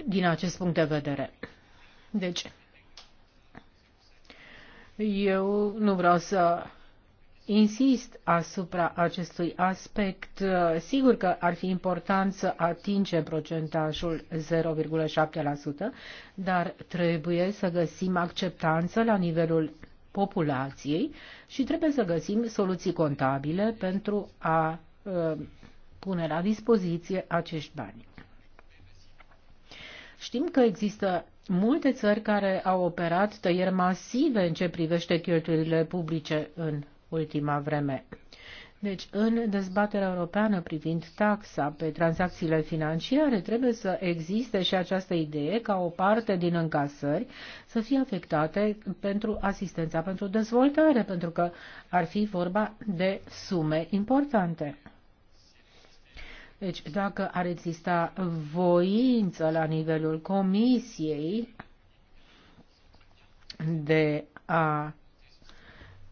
S2: din acest punct de vedere. Deci, eu nu vreau să insist asupra acestui aspect. Sigur că ar fi important să atingem procentajul 0,7%, dar trebuie să găsim acceptanță la nivelul populației și trebuie să găsim soluții contabile pentru a uh, pune la dispoziție acești bani. Știm că există multe țări care au operat tăieri masive în ce privește cheltuielile publice în ultima vreme. Deci, în dezbaterea europeană privind taxa pe tranzacțiile financiare, trebuie să existe și această idee ca o parte din încasări să fie afectate pentru asistența pentru dezvoltare, pentru că ar fi vorba de sume importante. Deci, dacă ar exista voință la nivelul comisiei de a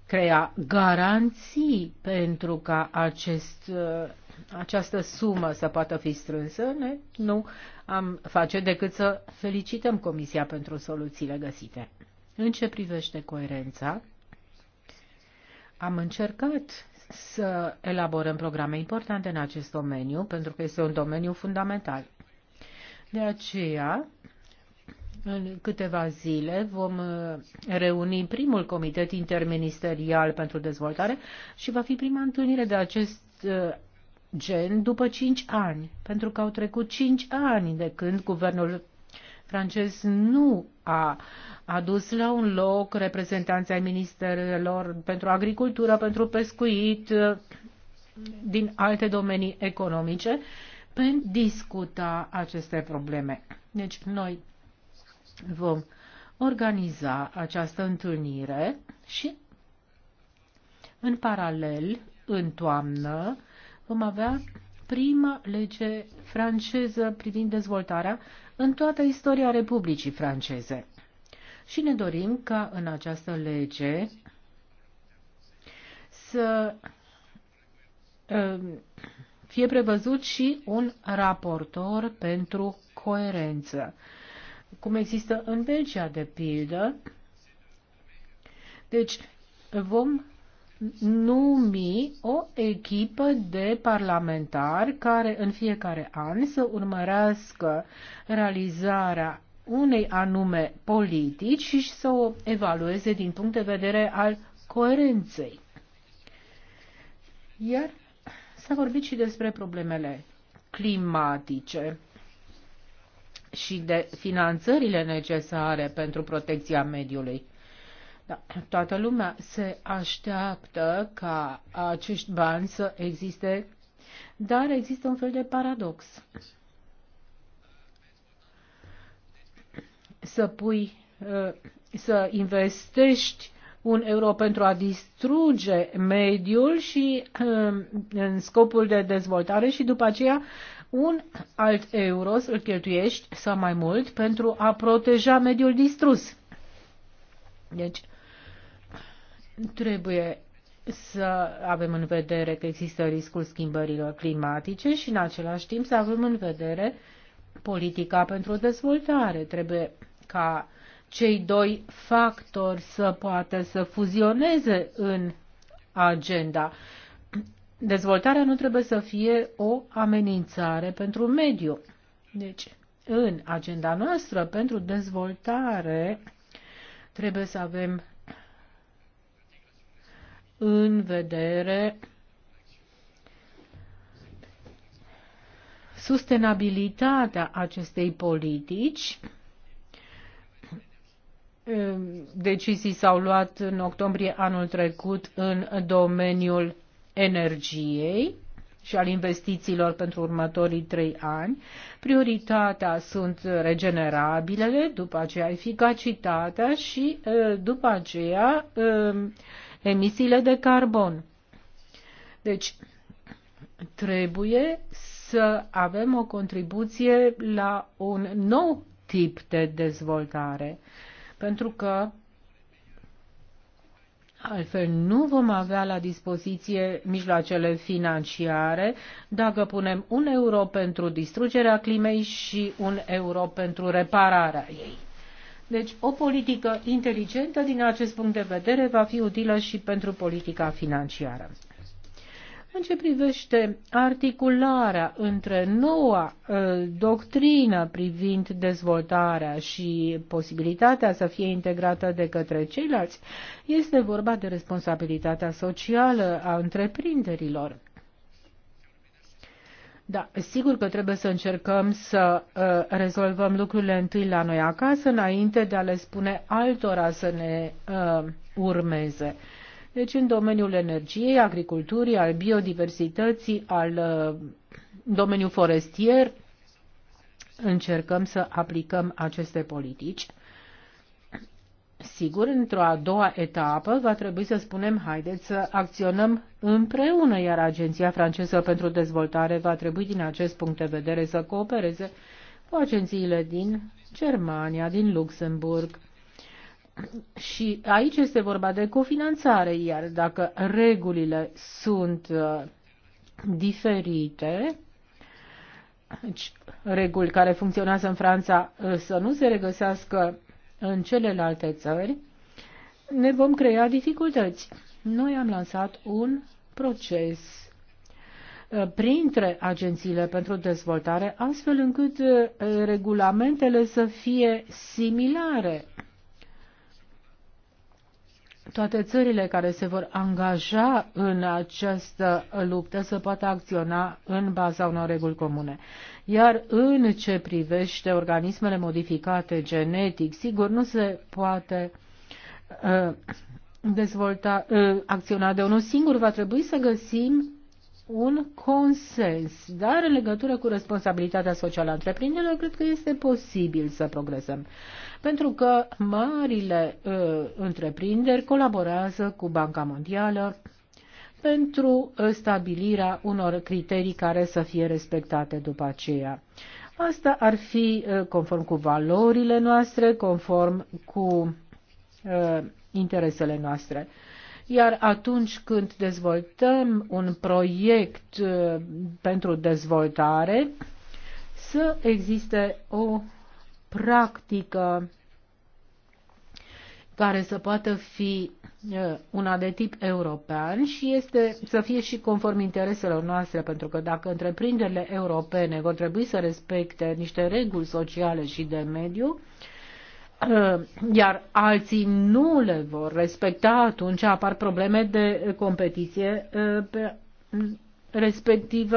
S2: crea garanții pentru ca acest, uh, această sumă să poată fi strânsă, ne, nu am face decât să felicităm Comisia pentru soluțiile găsite. În ce privește coerența, am încercat să elaborăm programe importante în acest domeniu, pentru că este un domeniu fundamental. De aceea, în câteva zile vom uh, reuni primul comitet interministerial pentru dezvoltare și va fi prima întâlnire de acest uh, gen după 5 ani, pentru că au trecut 5 ani de când guvernul francez nu a adus la un loc reprezentanții ai ministerelor pentru agricultură, pentru pescuit, din alte domenii economice, pentru discuta aceste probleme. Deci noi vom organiza această întâlnire și în paralel, în toamnă, vom avea prima lege franceză privind dezvoltarea în toată istoria Republicii franceze. Și ne dorim ca în această lege să um, fie prevăzut și un raportor pentru coerență, cum există în Belgia, de pildă. Deci, vom numi o echipă de parlamentari care în fiecare an să urmărească realizarea unei anume politici și să o evalueze din punct de vedere al coerenței. Iar s-a vorbit și despre problemele climatice și de finanțările necesare pentru protecția mediului. Da, toată lumea se așteaptă ca acești bani să existe, dar există un fel de paradox. Să pui, uh, să investești un euro pentru a distruge mediul și uh, în scopul de dezvoltare și după aceea un alt euro îl cheltuiești sau mai mult pentru a proteja mediul distrus. Deci, Trebuie să avem în vedere că există riscul schimbărilor climatice și în același timp să avem în vedere politica pentru dezvoltare. Trebuie ca cei doi factori să poată să fuzioneze în agenda. Dezvoltarea nu trebuie să fie o amenințare pentru mediu. Deci, în agenda noastră pentru dezvoltare trebuie să avem în vedere sustenabilitatea acestei politici. Decizii s-au luat în octombrie anul trecut în domeniul energiei și al investițiilor pentru următorii trei ani. Prioritatea sunt regenerabilele, după aceea eficacitatea și eh, după aceea eh, emisiile de carbon. Deci, trebuie să avem o contribuție la un nou tip de dezvoltare, pentru că Altfel nu vom avea la dispoziție mijloacele financiare dacă punem un euro pentru distrugerea climei și un euro pentru repararea ei. Deci o politică inteligentă din acest punct de vedere va fi utilă și pentru politica financiară. În ce privește articularea între noua ă, doctrină privind dezvoltarea și posibilitatea să fie integrată de către ceilalți, este vorba de responsabilitatea socială a întreprinderilor. Da, sigur că trebuie să încercăm să uh, rezolvăm lucrurile întâi la noi acasă, înainte de a le spune altora să ne uh, urmeze. Deci în domeniul energiei, agriculturii, al biodiversității, al uh, domeniul forestier, încercăm să aplicăm aceste politici Sigur, într-o a doua etapă va trebui să spunem, haideți să acționăm împreună, iar Agenția franceză pentru dezvoltare va trebui din acest punct de vedere să coopereze cu agențiile din Germania, din Luxemburg. Și aici este vorba de cofinanțare, iar dacă regulile sunt uh, diferite, deci, reguli care funcționează în Franța uh, să nu se regăsească în celelalte țări, ne vom crea dificultăți. Noi am lansat un proces uh, printre agențiile pentru dezvoltare, astfel încât uh, regulamentele să fie similare toate țările care se vor angaja în această luptă să poată acționa în baza unor reguli comune. Iar în ce privește organismele modificate genetic, sigur, nu se poate uh, dezvolta, uh, acționa de unul singur, va trebui să găsim un consens, dar în legătură cu responsabilitatea socială a întreprinderilor, cred că este posibil să progresăm. Pentru că marile uh, întreprinderi colaborează cu Banca Mondială pentru stabilirea unor criterii care să fie respectate după aceea. Asta ar fi uh, conform cu valorile noastre, conform cu uh, interesele noastre. Uh, iar atunci când dezvoltăm un proiect uh, pentru dezvoltare, să existe o practică care să poată fi uh, una de tip european și este să fie și conform intereselor noastre, pentru că dacă întreprinderile europene vor trebui să respecte niște reguli sociale și de mediu, uh, Uh, iar alții nu le vor respecta, atunci apar probleme de competiție uh, pe respectiv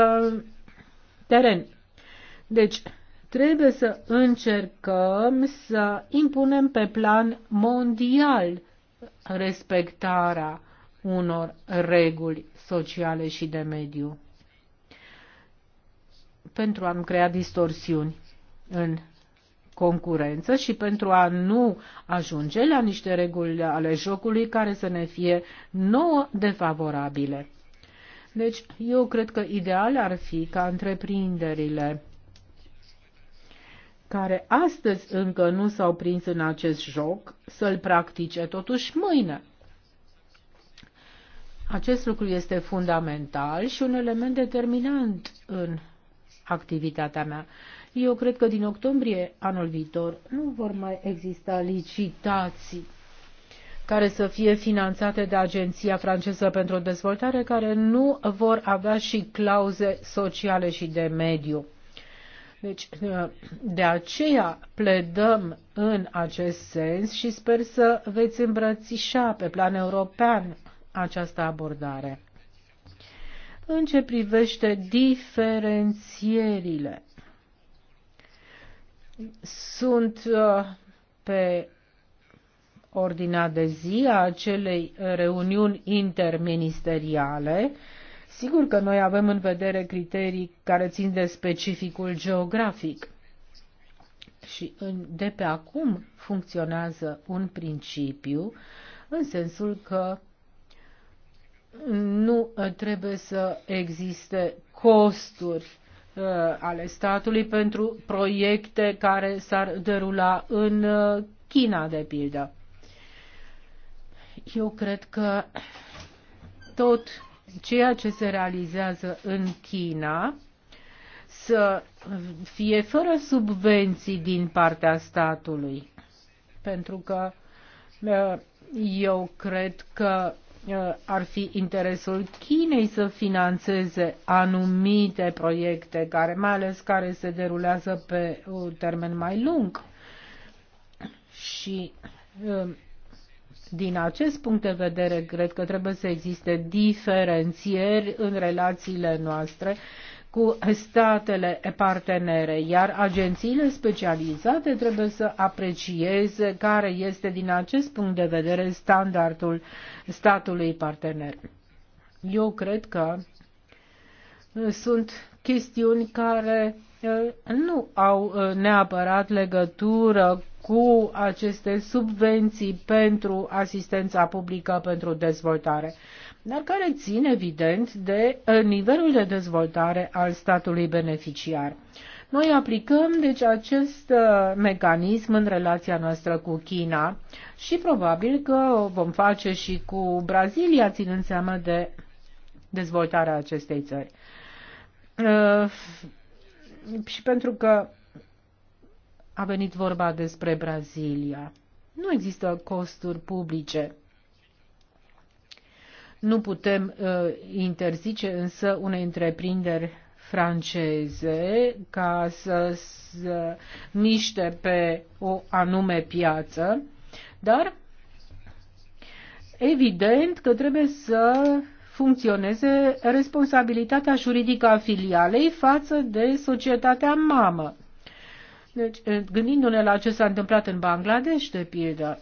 S2: teren. Deci, trebuie să încercăm să impunem pe plan mondial respectarea unor reguli sociale și de mediu pentru a nu crea distorsiuni în concurență și pentru a nu ajunge la niște reguli ale jocului care să ne fie nouă defavorabile. Deci, eu cred că ideal ar fi ca întreprinderile care astăzi încă nu s-au prins în acest joc să-l practice totuși mâine. Acest lucru este fundamental și un element determinant în activitatea mea. Eu cred că din octombrie anul viitor nu vor mai exista licitații care să fie finanțate de Agenția franceză pentru dezvoltare, care nu vor avea și clauze sociale și de mediu. Deci, de aceea pledăm în acest sens și sper să veți îmbrățișa pe plan european această abordare. În ce privește diferențierile sunt uh, pe ordinea de zi a acelei reuniuni interministeriale. Sigur că noi avem în vedere criterii care țin de specificul geografic. Și de pe acum funcționează un principiu în sensul că nu trebuie să existe costuri Uh, ale statului pentru proiecte care s-ar derula în uh, China, de pildă. Eu cred că tot ceea ce se realizează în China să fie fără subvenții din partea statului. Pentru că uh, eu cred că Uh, ar fi interesul Chinei să financeze anumite proiecte, care, mai ales care se derulează pe un uh, termen mai lung. Și uh, din acest punct de vedere, cred că trebuie să existe diferențieri în relațiile noastre cu statele partenere, iar agențiile specializate trebuie să aprecieze care este din acest punct de vedere standardul statului partener. Eu cred că uh, sunt chestiuni care uh, nu au uh, neapărat legătură cu aceste subvenții pentru asistența publică pentru dezvoltare dar care țin evident de uh, nivelul de dezvoltare al statului beneficiar. Noi aplicăm deci acest uh, mecanism în relația noastră cu China și probabil că o vom face și cu Brazilia, ținând seama de dezvoltarea acestei țări. Uh, și pentru că a venit vorba despre Brazilia, nu există costuri publice nu putem uh, interzice însă unei întreprinderi franceze ca să se miște pe o anume piață, dar evident că trebuie să funcționeze responsabilitatea juridică a filialei față de societatea mamă. Deci, gândindu-ne la ce s-a întâmplat în Bangladesh, de pildă,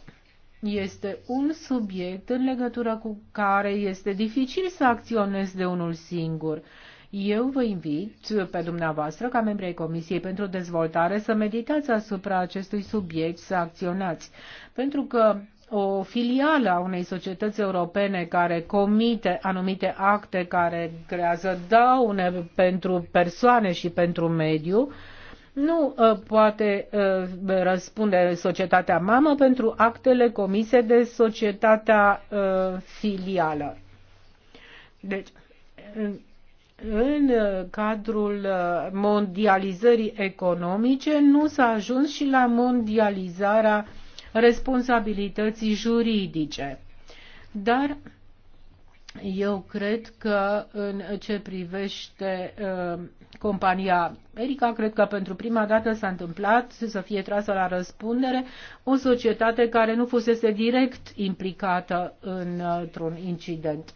S2: este un subiect în legătură cu care este dificil să acționezi de unul singur. Eu vă invit pe dumneavoastră, ca membri ai Comisiei pentru Dezvoltare, să meditați asupra acestui subiect, să acționați. Pentru că o filială a unei societăți europene care comite anumite acte care creează daune pentru persoane și pentru mediu, uh, nu uh, poate uh, răspunde societatea mamă pentru actele comise de societatea uh, filială. Deci, în uh, cadrul uh, mondializării economice nu s-a ajuns și la mondializarea responsabilității juridice. Dar eu cred că în ce privește uh, compania Erica, cred că pentru prima dată s-a întâmplat să fie trasă la răspundere o societate care nu fusese direct implicată uh, într-un incident.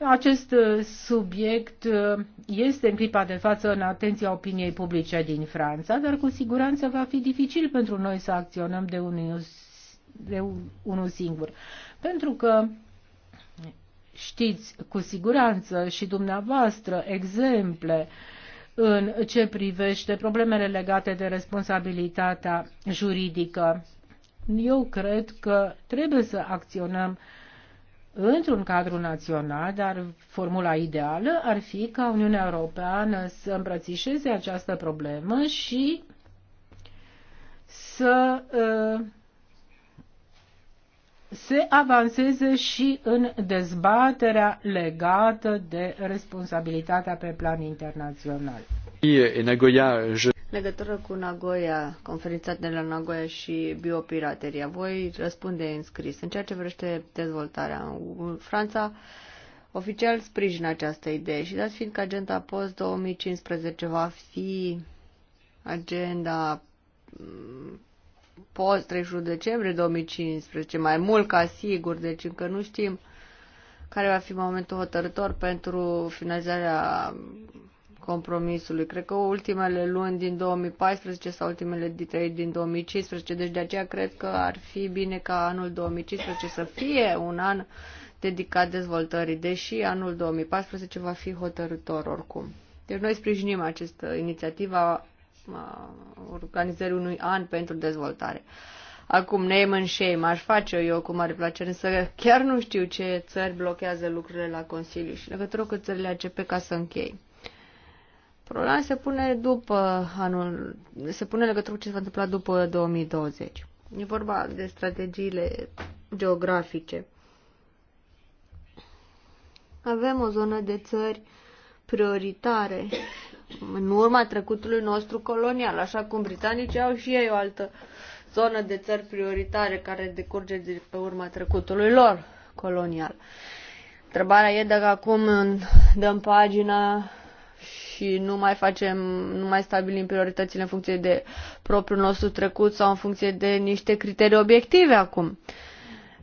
S2: Acest uh, subiect uh, este în clipa de față în atenția opiniei publice din Franța, dar cu siguranță va fi dificil pentru noi să acționăm de unul, de unul singur. Pentru că știți cu siguranță și dumneavoastră exemple în ce privește problemele legate de responsabilitatea juridică. Eu cred că trebuie să acționăm într-un cadru național, dar formula ideală ar fi ca Uniunea Europeană să îmbrățișeze această problemă și să uh, se avanseze și în dezbaterea legată de responsabilitatea pe plan internațional. Legătură cu Nagoya, conferința de la Nagoya și
S3: biopirateria, voi răspunde în scris. În ceea ce vrește dezvoltarea, în Franța oficial sprijină această idee și dat fiind că agenda post 2015 va fi agenda post 31 decembrie 2015, mai mult ca sigur, deci încă nu știm care va fi momentul hotărător pentru finalizarea compromisului. Cred că ultimele luni din 2014 sau ultimele ei din 2015, deci de aceea cred că ar fi bine ca anul 2015 să fie un an dedicat dezvoltării, deși anul 2014 va fi hotărător oricum. Deci noi sprijinim această inițiativă organizării unui an pentru dezvoltare. Acum, name and shame, aș face eu cu mare plăcere, însă chiar nu știu ce țări blochează lucrurile la Consiliu și legătură cu țările ACP ca să închei. Problema se pune după anul, se pune legătură cu ce s-a întâmplat după 2020. E vorba de strategiile geografice. Avem o zonă de țări prioritare în urma trecutului nostru colonial, așa cum britanicii au și ei o altă zonă de țări prioritare care decurge de pe urma trecutului lor colonial. Întrebarea e dacă acum dăm pagina și nu mai facem, nu mai stabilim prioritățile în funcție de propriul nostru trecut sau în funcție de niște criterii obiective acum.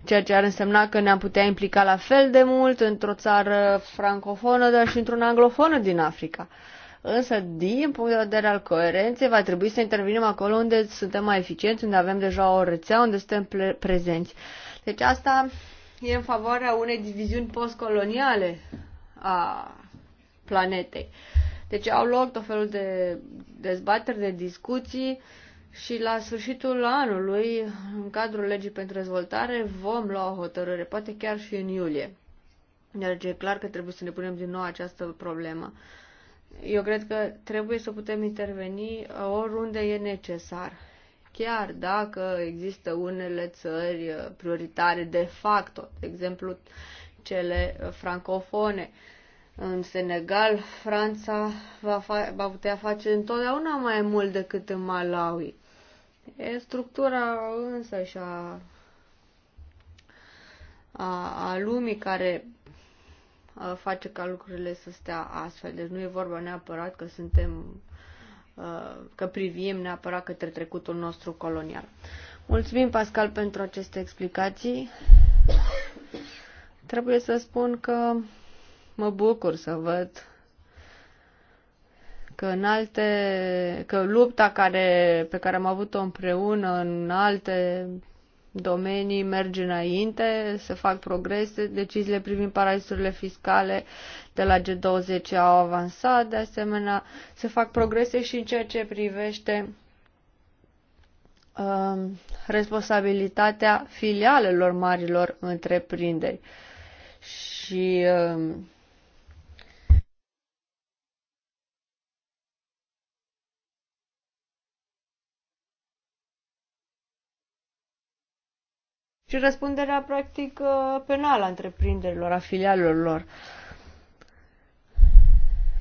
S3: Ceea ce ar însemna că ne-am putea implica la fel de mult într-o țară francofonă, dar și într un anglofonă din Africa. Uh, Însă, din punct de vedere al coerenței, va trebui să intervenim acolo unde suntem mai eficienți, unde avem deja o rețea, unde suntem prezenți. Deci asta e în favoarea unei diviziuni postcoloniale a planetei. Deci au loc tot felul de dezbateri, de discuții și la sfârșitul anului, în cadrul legii pentru dezvoltare, vom lua o hotărâre, poate chiar și în iulie. Deci e clar că trebuie să ne punem din nou această problemă. Eu cred că trebuie să putem interveni uh, oriunde e necesar. Chiar dacă există unele țări uh, prioritare de facto, de exemplu cele uh, francofone, în Senegal, Franța va, fa- va putea face întotdeauna mai mult decât în Malawi. E structura însă și a, a, a lumii care Uh, face ca lucrurile să stea astfel. Deci nu e vorba neapărat că suntem uh, că privim neapărat către trecutul nostru colonial. Mulțumim, Pascal, pentru aceste explicații. Trebuie să spun că mă bucur să văd că în alte, că lupta care, pe care am avut-o împreună în alte domenii merge înainte, se fac progrese, deciziile privind paradisurile fiscale de la G20 au avansat, de asemenea se fac progrese și în ceea ce privește uh, responsabilitatea filialelor marilor întreprinderi. Și uh, și răspunderea practic uh, penală a întreprinderilor, a filialelor lor.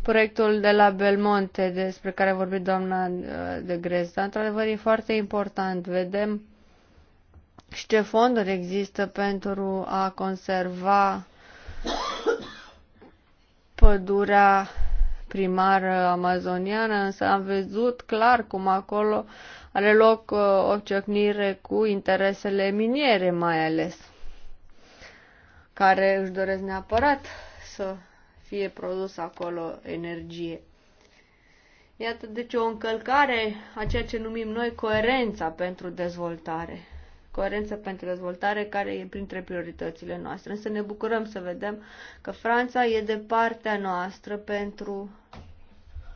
S3: Proiectul de la Belmonte, despre care a vorbit doamna uh, de Grez, dar într-adevăr e foarte important. Vedem și ce fonduri există pentru a conserva pădurea primară amazoniană, însă am văzut clar cum acolo are loc uh, o ciocnire cu interesele miniere mai ales, care își doresc neapărat să fie produs acolo energie. Iată deci o încălcare a ceea ce numim noi coerența pentru dezvoltare. Coerența pentru dezvoltare care e printre prioritățile noastre. Însă ne bucurăm să vedem că Franța e de partea noastră pentru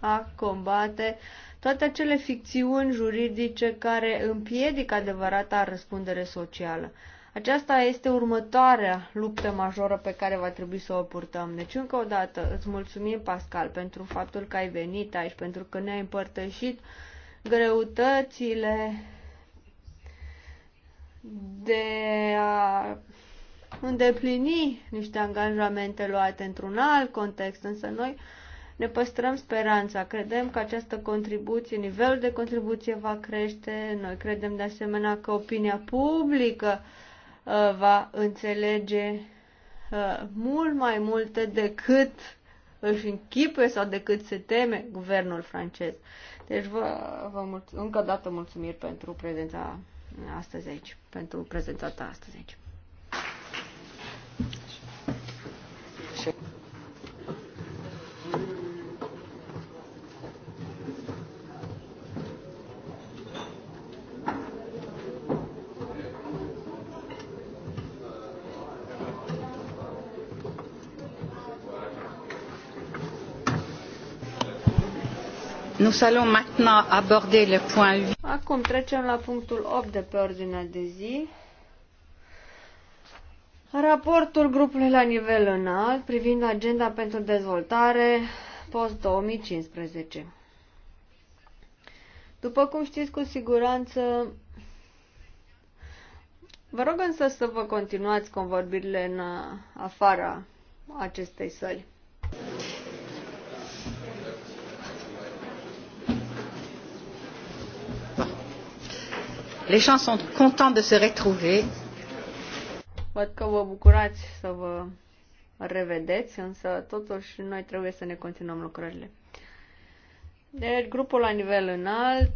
S3: a combate toate acele ficțiuni juridice care împiedică adevărata răspundere socială. Aceasta este următoarea luptă majoră pe care va trebui să o purtăm. Deci, încă o dată, îți mulțumim, Pascal, pentru faptul că ai venit aici, pentru că ne-ai împărtășit greutățile de a îndeplini niște angajamente luate într-un alt context, însă noi ne păstrăm speranța. Credem că această contribuție, nivelul de contribuție va crește. Noi credem de asemenea că opinia publică uh, va înțelege uh, mult mai multe decât își închipe sau decât se teme guvernul francez. Deci vă, vă mulț- încă o dată mulțumiri pentru prezența astăzi aici, pentru prezența ta astăzi aici.
S1: Thank you. Nous allons maintenant aborder le point 8.
S3: Acum trecem la punctul 8 de pe ordinea de zi.
S1: Raportul grupului la nivel înalt
S3: privind agenda pentru dezvoltare post-2015. După cum știți cu siguranță, vă rog însă să vă continuați convorbirile în afara
S1: acestei săli. Les gens sont contents de se retrouver.
S3: Văd că vă bucurați să vă revedeți, însă totuși noi trebuie să ne continuăm lucrările. Deci, grupul la nivel înalt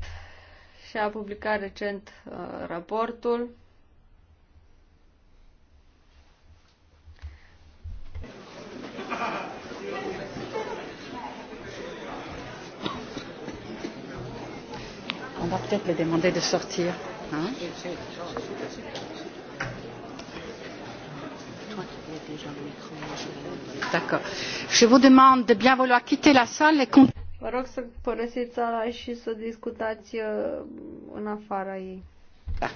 S3: și-a publicat recent uh, raportul.
S1: On va peut-être le demander de sortir. D'accord. Je vous demande de bien vouloir quitter la salle et Vă rog
S3: să părăsiți sala și să discutați uh, în afara ei. Da.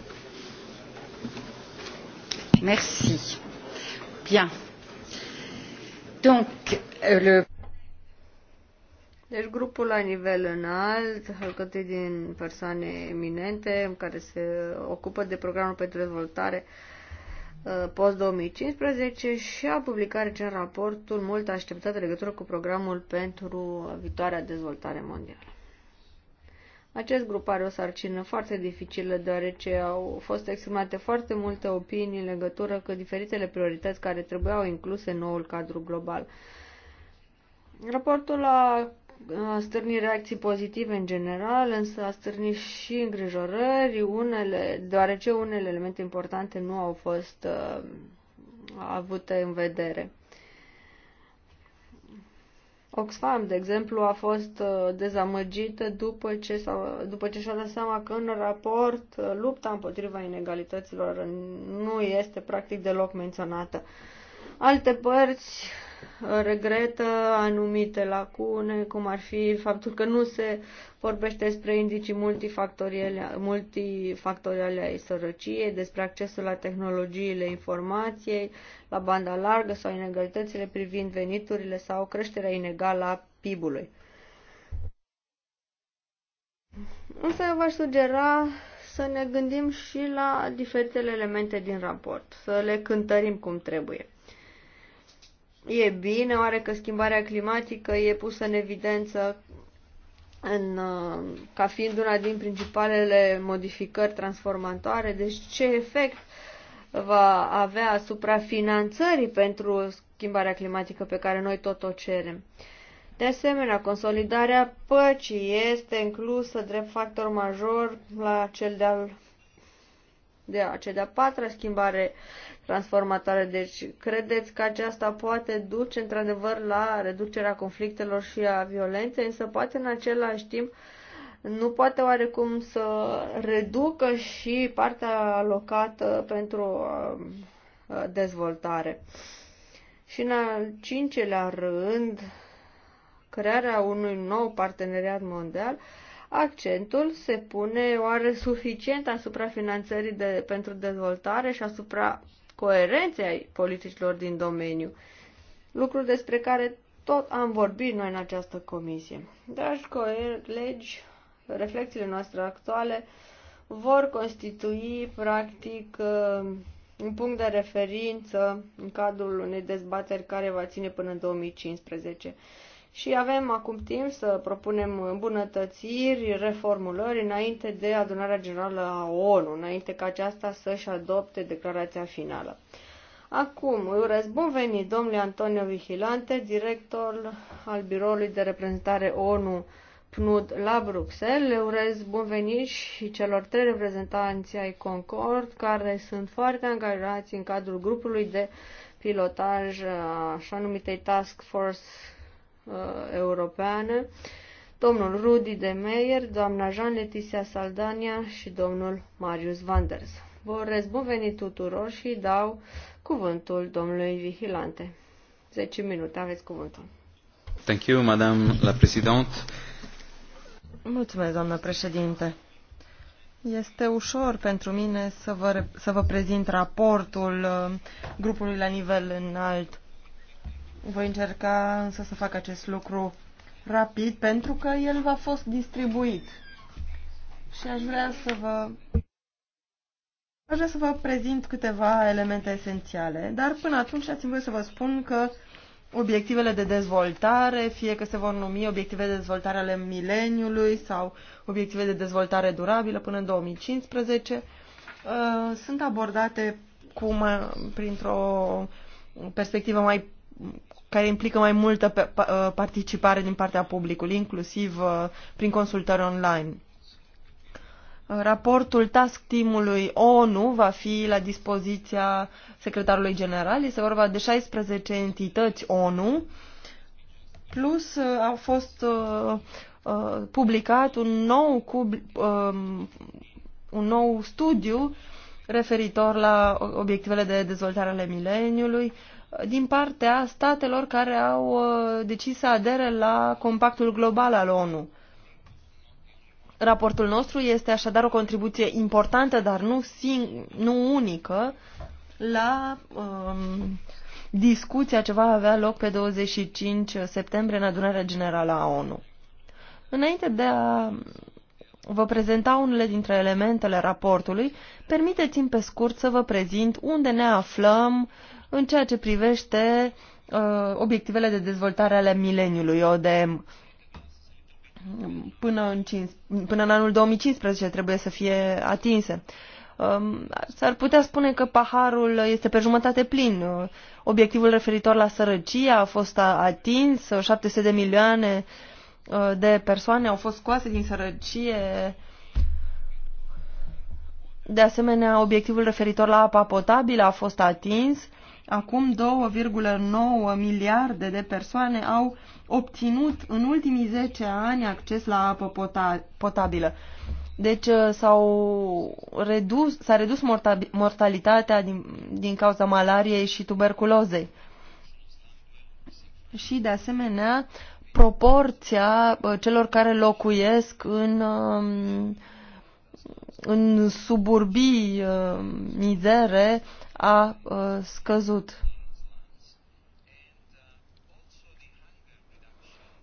S1: Merci. Bien. Donc, euh, le...
S3: Deci grupul la nivel înalt, alcătuit din persoane eminente care se ocupă de programul pentru dezvoltare uh, post-2015 și a publicat recent raportul mult așteptat în legătură cu programul pentru viitoarea dezvoltare mondială. Acest grup are o sarcină foarte dificilă, deoarece au fost exprimate foarte multe opinii în legătură cu diferitele priorități care trebuiau incluse în noul cadru global. Raportul a a stârni reacții pozitive în general, însă a stârni și îngrijorări, unele, deoarece unele elemente importante nu au fost uh, avute în vedere. Oxfam, de exemplu, a fost dezamăgită după ce, după ce și-a dat seama că în raport lupta împotriva inegalităților nu este practic deloc menționată. Alte părți regretă anumite lacune, cum ar fi faptul că nu se vorbește despre indicii multifactoriale, multifactoriale ai sărăciei, despre accesul la tehnologiile informației, la banda largă sau inegalitățile privind veniturile sau creșterea inegală a PIB-ului. Însă v-aș sugera să ne gândim și la diferitele elemente din raport, să le cântărim cum trebuie. E bine, oare că schimbarea climatică e pusă în evidență în, uh, ca fiind una din principalele modificări transformatoare? Deci ce efect va avea asupra finanțării pentru schimbarea climatică pe care noi tot o cerem? De asemenea, consolidarea păcii este inclusă drept factor major la cel de-al de a, cea de-a patra schimbare transformatoare. Deci, credeți că aceasta poate duce într-adevăr la reducerea conflictelor și a violenței, însă poate în același timp nu poate oarecum să reducă și partea alocată pentru um, dezvoltare. Și în al cincelea rând, crearea unui nou parteneriat mondial, accentul se pune oare suficient asupra finanțării de, pentru dezvoltare și asupra coerenței ai politicilor din domeniu, lucru despre care tot am vorbit noi în această comisie. Dragi colegi, reflexiile noastre actuale vor constitui, practic, uh, un punct de referință în cadrul unei dezbateri care va ține până în 2015 și avem acum timp să propunem îmbunătățiri, reformulări înainte de adunarea generală a ONU, înainte ca aceasta să-și adopte declarația finală. Acum, îi urez bun venit domnului Antonio Vigilante, director al Biroului de Reprezentare ONU PNUD la Bruxelles. Le urez bun venit și celor trei reprezentanți ai Concord, care sunt foarte angajați în cadrul grupului de pilotaj așa numitei Task Force uh, Europeană, domnul Rudi de Meyer, doamna Jean Leticia Saldania și domnul Marius Vanders. Vă urez bun venit tuturor și dau cuvântul domnului Vigilante. 10 minute, aveți cuvântul.
S1: Thank you, madame la présidente.
S4: Mulțumesc, doamnă președinte. Este ușor pentru mine să vă, să vă prezint raportul uh, grupului la nivel înalt. Voi încerca însă să fac acest lucru rapid pentru că el va fost distribuit. Și aș vrea să vă aș vrea să vă prezint câteva elemente esențiale, dar până atunci ați învățat să vă spun că obiectivele de dezvoltare, fie că se vor numi obiective de dezvoltare ale mileniului sau obiective de dezvoltare durabilă până în 2015, uh, sunt abordate cum printr-o perspectivă mai care implică mai multă uh, participare din partea publicului, inclusiv uh, prin consultări online. Uh, raportul task team-ului ONU va fi la dispoziția secretarului general. Este vorba de 16 entități ONU, plus a fost publicat un nou, um, un nou studiu referitor la obiectivele de dezvoltare ale mileniului, din partea statelor care au uh, decis să adere la compactul global al ONU. Raportul nostru este așadar o contribuție importantă, dar nu, sing- nu unică, la um, discuția ce va avea loc pe 25 septembrie în adunarea generală a ONU. Înainte de a vă prezenta unele dintre elementele raportului, permiteți-mi pe scurt să vă prezint unde ne aflăm în ceea ce privește uh, obiectivele de dezvoltare ale mileniului ODM. Până în, 5, până în anul 2015 trebuie să fie atinse. Um, s-ar putea spune că paharul este pe jumătate plin. obiectivul referitor la sărăcie a fost atins, 700 de milioane uh, de persoane au fost scoase din sărăcie. De asemenea, obiectivul referitor la apa potabilă a fost atins Acum 2,9 miliarde de persoane au obținut în ultimii 10 ani acces la apă potabilă. Deci uh, s-au redus, s-a redus mortalitatea din, din cauza malariei și tuberculozei. Și, de asemenea, proporția uh, celor care locuiesc în, um, în suburbii uh, mizere a uh, scăzut.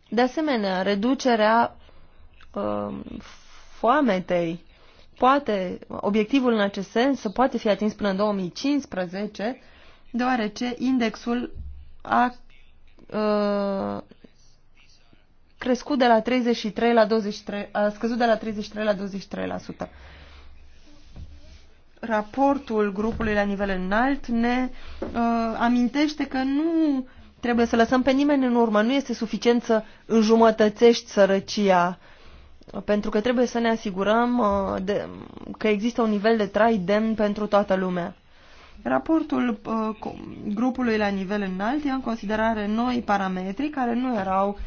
S4: De asemenea, reducerea uh, foametei poate, obiectivul în acest sens să poate fi atins până în 2015, deoarece indexul a uh, crescut de la 33 la 23, a scăzut de la 33 la 23% raportul grupului la nivel înalt ne uh, amintește că nu trebuie să lăsăm pe nimeni în urmă. Nu este suficient să înjumătățești sărăcia, pentru că trebuie să ne asigurăm uh, de, că există un nivel de trai demn pentru toată lumea. Raportul uh, grupului la nivel înalt ia în considerare noi parametri care nu erau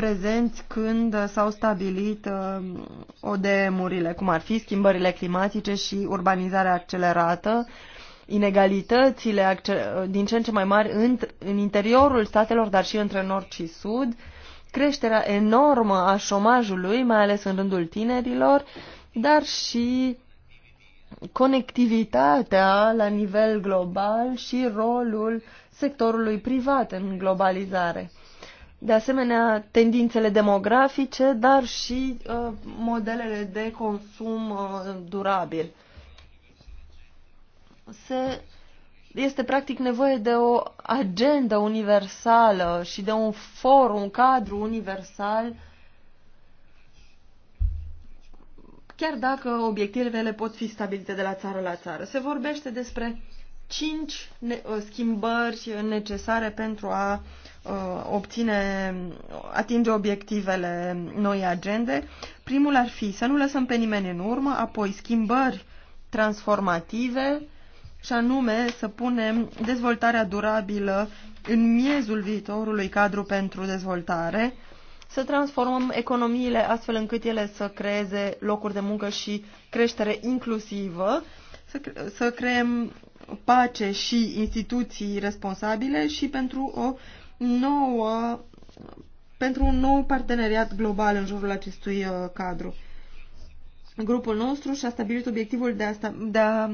S4: prezenți când s-au stabilit uh, ODM-urile, cum ar fi schimbările climatice și urbanizarea accelerată, inegalitățile uh, din ce în ce mai mari în interiorul statelor, dar și între nord și sud, creșterea enormă a șomajului, mai ales în rândul tinerilor, dar și conectivitatea la nivel global și rolul sectorului privat în globalizare de asemenea tendințele demografice, dar și uh, modelele de consum uh, durabil. Se, este practic nevoie de o agendă universală și de un forum, un cadru universal, chiar dacă obiectivele pot fi stabilite de la țară la țară. Se vorbește despre cinci ne uh, schimbări necesare pentru a uh, Uh, obține, atinge obiectivele noi agende. Primul ar fi să nu lăsăm pe nimeni în urmă, apoi schimbări transformative și anume să punem dezvoltarea durabilă în miezul viitorului cadru pentru dezvoltare, să transformăm economiile astfel încât ele să creeze locuri de muncă și creștere inclusivă, să, cre să creăm pace și instituții responsabile și pentru o nouă, pentru un nou parteneriat global în jurul acestui uh, cadru. Grupul nostru și-a stabilit obiectivul de a, sta, de a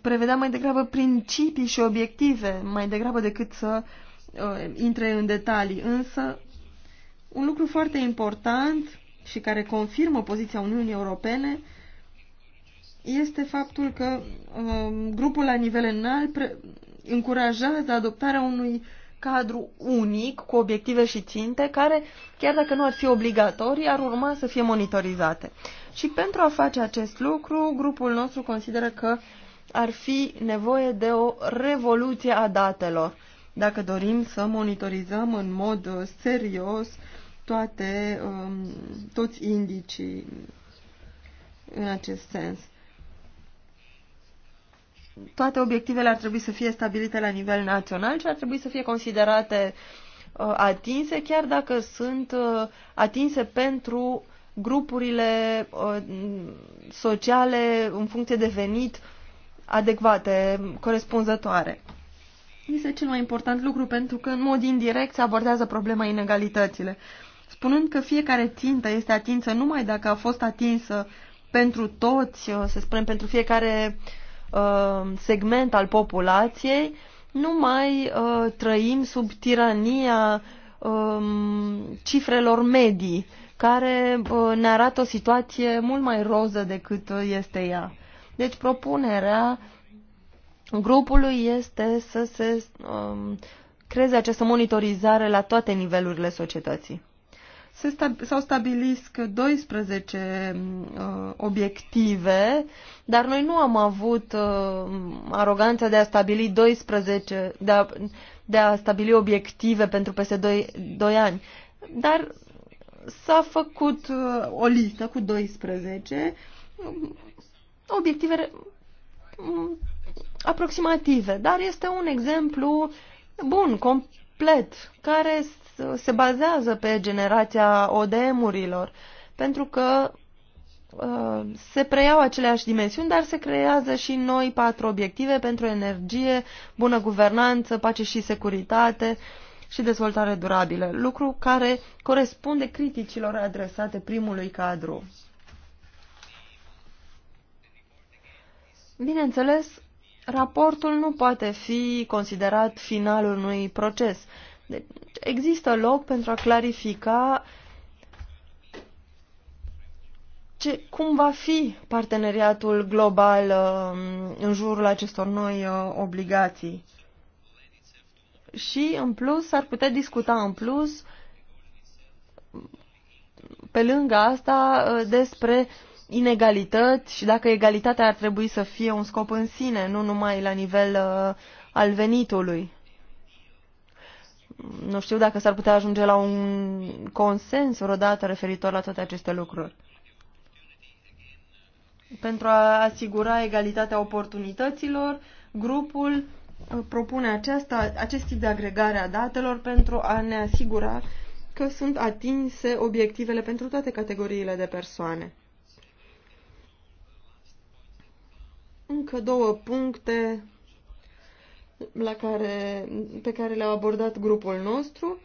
S4: prevedea mai degrabă principii și obiective, mai degrabă decât să uh, intre în detalii. Însă, un lucru foarte important și care confirmă poziția Uniunii Europene este faptul că uh, grupul la nivel înalt încurajează adoptarea unui cadru unic cu obiective și ținte care, chiar dacă nu ar fi obligatorii, ar urma să fie monitorizate. Și pentru a face acest lucru, grupul nostru consideră că ar fi nevoie de o revoluție a datelor dacă dorim să monitorizăm în mod uh, serios toate, um, toți indicii în acest sens toate obiectivele ar trebui să fie stabilite la nivel național și ar trebui să fie considerate uh, atinse, chiar dacă sunt uh, atinse pentru grupurile uh, sociale în funcție de venit adecvate, corespunzătoare. Este cel mai important lucru pentru că, în mod indirect, se abordează problema inegalitățile, spunând că fiecare țintă este atinsă numai dacă a fost atinsă pentru toți, uh, să spunem, pentru fiecare uh, Uh, segment al populației, nu mai uh, trăim sub tirania um, cifrelor medii, care uh, ne arată o situație mult mai roză decât uh, este ea. Deci propunerea grupului este să se um, creeze această monitorizare la toate nivelurile societății s-au stabilit 12 mm, uh, obiective, dar noi nu am avut uh, aroganța de a stabili 12, de a, de a stabili obiective pentru peste 2, 2 ani. Dar s-a făcut uh, o listă cu 12 mm, obiective mm, aproximative, dar este un exemplu bun, complet, care se bazează pe generația ODM-urilor, pentru că uh, se preiau aceleași dimensiuni, dar se creează și noi patru obiective pentru energie, bună guvernanță, pace și securitate și dezvoltare durabilă, lucru care corespunde criticilor adresate primului cadru. Bineînțeles, raportul nu poate fi considerat finalul unui proces, deci există loc pentru a clarifica ce, cum va fi parteneriatul global uh, în jurul acestor noi uh, obligații. Și, în plus, s-ar putea discuta în plus, pe lângă asta, uh, despre inegalități și dacă egalitatea ar trebui să fie un scop în sine, nu numai la nivel uh, al venitului nu știu dacă s-ar putea ajunge la un consens vreodată referitor la toate aceste lucruri. Pentru a asigura egalitatea oportunităților, grupul propune aceasta, acest tip de agregare a datelor pentru a ne asigura că sunt atinse obiectivele pentru toate categoriile de persoane. Încă două puncte la care, pe care le-au abordat grupul nostru.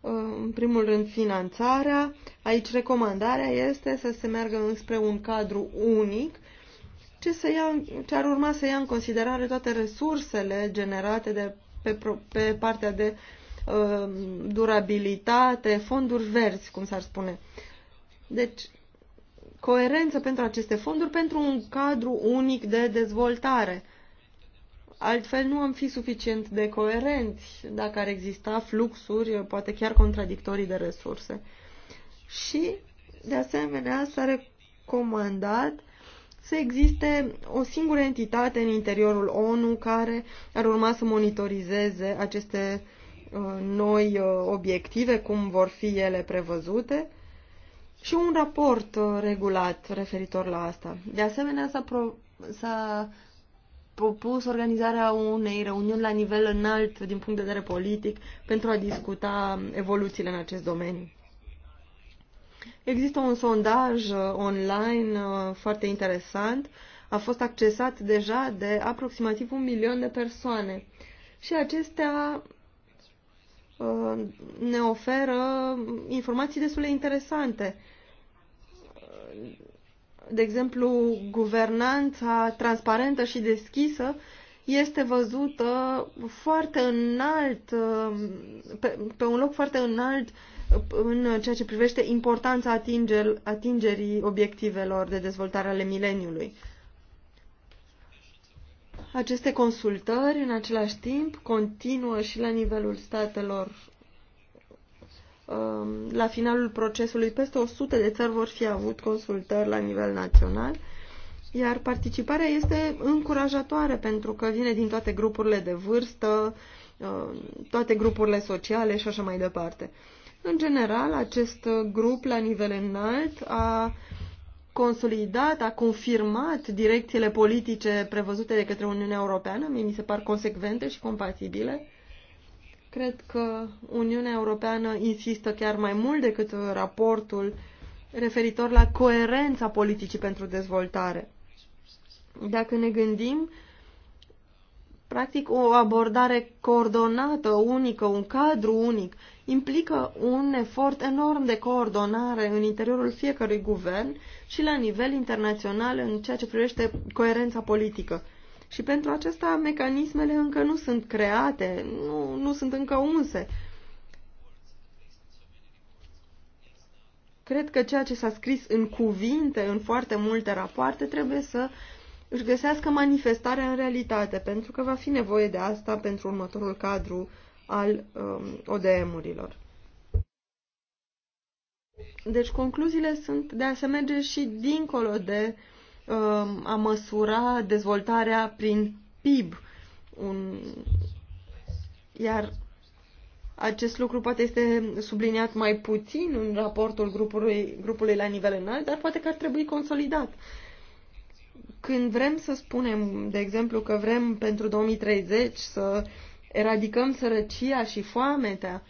S4: Uh, în primul rând, finanțarea. Aici recomandarea este să se meargă înspre un cadru unic ce, să ia, ce ar urma să ia în considerare toate resursele generate de, pe, pe partea de uh, durabilitate, fonduri verzi, cum s-ar spune. Deci, coerență pentru aceste fonduri, pentru un cadru unic de dezvoltare. Uh, Altfel nu am fi suficient de coerenți dacă ar exista fluxuri, poate chiar contradictorii de resurse. Și, de asemenea, s-a recomandat să existe o singură entitate în interiorul ONU care ar urma să monitorizeze aceste uh, noi uh, obiective, cum vor fi ele prevăzute, și un raport uh, regulat referitor la asta. De asemenea, s-a propus organizarea unei reuniuni la nivel înalt din punct de vedere politic pentru a discuta evoluțiile în acest domeniu. Există un sondaj uh, online uh, foarte interesant, a fost accesat deja de aproximativ un milion de persoane și acestea uh, ne oferă informații destul de interesante de exemplu, guvernanța transparentă și deschisă este văzută foarte înalt, pe, pe un loc foarte înalt în ceea ce privește importanța atingerii obiectivelor de dezvoltare ale mileniului. Aceste consultări, în același timp, continuă și la nivelul statelor Um, la finalul procesului peste 100 de țări vor fi avut consultări la nivel național, iar participarea este încurajatoare pentru că vine din toate grupurile de vârstă, um, toate grupurile sociale și așa mai departe. În general, acest grup la nivel înalt a consolidat, a confirmat direcțiile politice prevăzute de către Uniunea Europeană, mie mi se par consecvente și compatibile, Cred că Uniunea Europeană insistă chiar mai mult decât raportul referitor la coerența politicii pentru dezvoltare. Dacă ne gândim, practic o abordare coordonată, unică, un cadru unic, implică un efort enorm de coordonare în interiorul fiecărui guvern și la nivel internațional în ceea ce privește coerența politică. Și pentru acesta mecanismele încă nu sunt create, nu, nu sunt încă unse. Cred că ceea ce s-a scris în cuvinte, în foarte multe rapoarte, trebuie să își găsească manifestarea în realitate, pentru că va fi nevoie de asta pentru următorul cadru al um, ODM-urilor. Deci concluziile sunt de a se merge și dincolo de uh, Um, a măsura dezvoltarea prin PIB. Un... Iar acest lucru poate este subliniat mai puțin în raportul grupului, grupului la nivel înalt, dar poate că ar trebui consolidat. Când vrem să spunem, de exemplu, că vrem pentru 2030 să eradicăm sărăcia și foametea,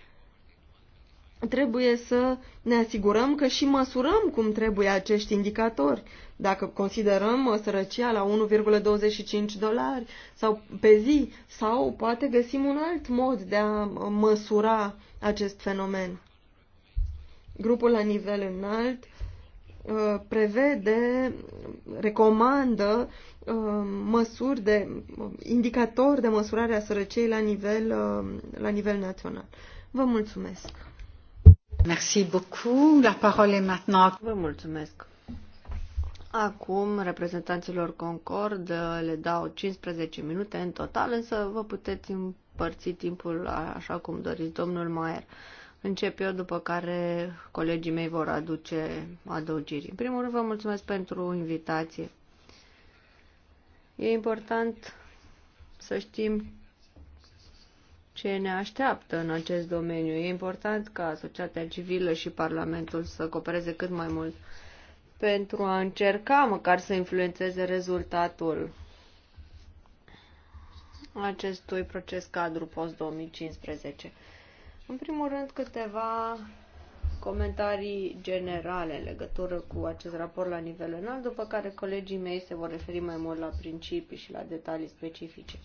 S4: trebuie să ne asigurăm că și măsurăm cum trebuie acești indicatori. Dacă considerăm uh, sărăcia la 1,25 dolari sau pe zi, sau poate găsim un alt mod de a uh, măsura acest fenomen. Grupul la nivel înalt uh, prevede, recomandă măsuri de indicatori de măsurare a sărăciei la nivel, la nivel național. Vă mulțumesc!
S1: Vă mulțumesc.
S3: Acum, reprezentanților Concord le dau 15 minute în total, însă vă puteți împărți timpul așa cum doriți, domnul Maier. Încep eu, după care colegii mei vor aduce adăugiri. În primul rând, vă mulțumesc pentru invitație. E important să știm ce ne așteaptă în acest domeniu. E important ca societatea civilă și Parlamentul să coopereze cât mai mult pentru a încerca măcar să influențeze rezultatul acestui proces cadru post-2015. În primul rând, câteva comentarii generale în legătură cu acest raport la nivel înalt, după care colegii mei se vor referi mai mult la principii și la detalii specifice.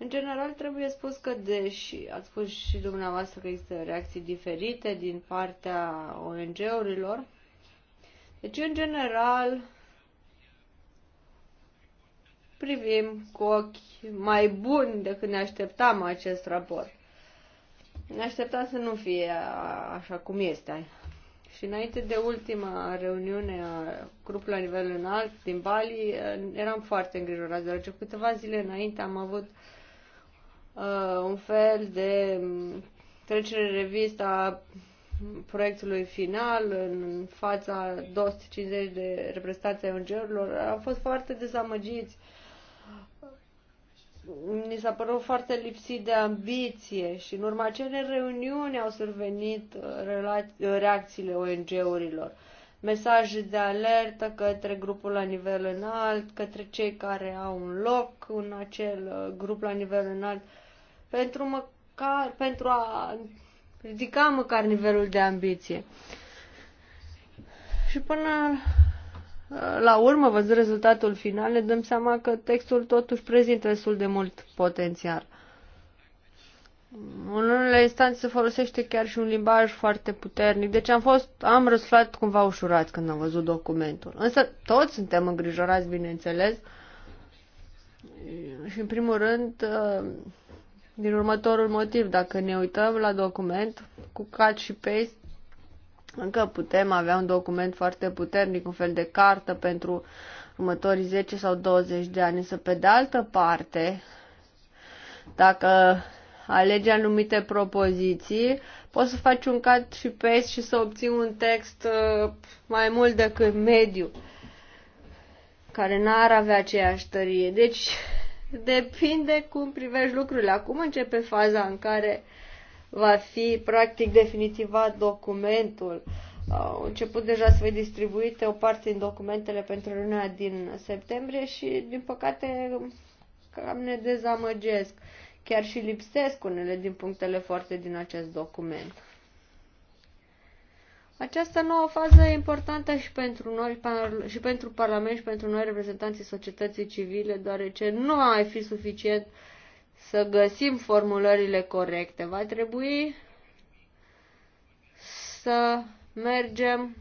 S3: În general, trebuie spus că, deși ați spus și dumneavoastră că există reacții diferite din partea ONG-urilor, deci, în general, privim cu ochi mai buni decât ne așteptam acest raport. Ne așteptam să nu fie așa cum este. Și înainte de ultima reuniune a grupului la nivel înalt din Bali, eram foarte îngrijorat, deoarece câteva zile înainte am avut uh, uh, un fel de mm, trecere revista proiectului final în fața 250 de reprezentanți ai ungerilor. Am fost foarte dezamăgiți. Mi s-a părut foarte lipsit de ambiție și în urma acelei reuniuni au survenit uh, uh, reacțiile ONG-urilor. Mesaje de alertă către grupul la nivel înalt, către cei care au un loc în acel uh, grup la nivel înalt. Uh, pentru, măcar, pentru a ridica măcar nivelul de ambiție. Și până uh, la urmă, văzând rezultatul final, ne dăm seama că textul totuși prezintă destul de mult potențial. În unele instanțe se folosește chiar și un limbaj foarte puternic, deci am fost, am răsflat cumva ușurat când am văzut documentul. Însă toți suntem îngrijorați, bineînțeles, și în primul rând uh, din următorul motiv. Dacă ne uităm la document cu cut și paste, încă putem avea un document foarte puternic, un fel de cartă pentru următorii 10 sau 20 de ani. Însă, pe de altă parte, dacă alegi anumite propoziții, poți să faci un cut și paste și să obții un text uh, mai mult decât mediu, care n-ar avea aceeași tărie. Deci, Depinde cum privești lucrurile. Acum începe faza în care va fi practic definitivat documentul. Au început deja să fie distribuite o parte din documentele pentru luna din septembrie și, din păcate, cam ne dezamăgesc. Chiar și lipsesc unele din punctele forte din acest document. Această nouă fază e importantă și pentru noi, și pentru Parlament, și pentru noi, reprezentanții societății civile, deoarece nu va mai fi suficient să găsim formulările corecte. Va trebui să mergem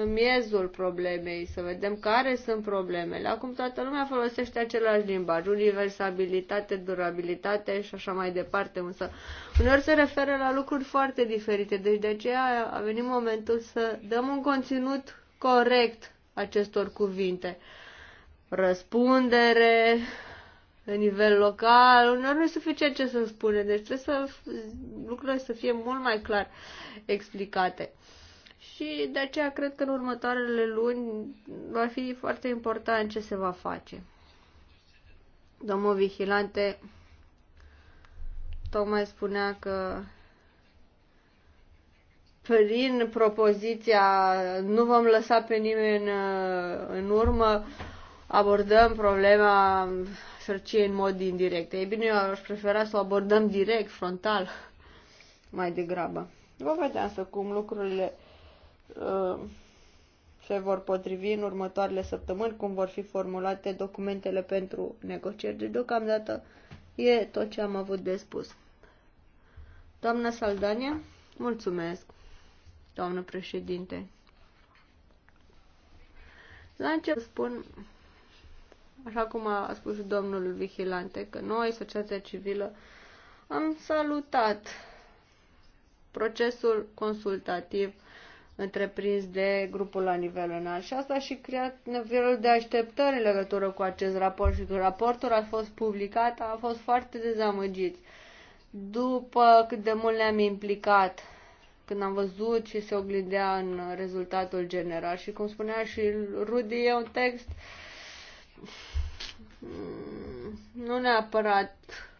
S3: în miezul problemei, să vedem care sunt problemele. Acum toată lumea folosește același limbaj, universabilitate, durabilitate și așa mai departe, însă uneori se referă la lucruri foarte diferite, deci de aceea a venit momentul să dăm un conținut corect acestor cuvinte. Răspundere, la nivel local, uneori nu e suficient ce să spune, deci trebuie să lucrurile să fie mult mai clar explicate și de aceea cred că în următoarele luni va fi foarte important ce se va face. Domnul Vigilante tocmai spunea că prin propoziția nu vom lăsa pe nimeni uh, în urmă, abordăm problema sărciei în mod indirect. Ei bine, eu aș prefera să o abordăm direct, frontal, mai degrabă. Vă vedea să cum lucrurile Uh, se vor potrivi în următoarele săptămâni, cum vor fi formulate documentele pentru negocieri. De deocamdată, e tot ce am avut de spus. Doamna Saldania, mulțumesc, doamnă președinte. La început spun, așa cum a spus domnul Vigilante, că noi, societatea civilă, am salutat procesul consultativ întreprins de grupul la nivel înalt. Și asta și creat nivelul de așteptări în legătură cu acest raport și când raportul a fost publicat, a fost foarte dezamăgiți. După cât de mult ne-am implicat, când am văzut și se oglindea în rezultatul general și cum spunea și Rudy e un text mm, nu neapărat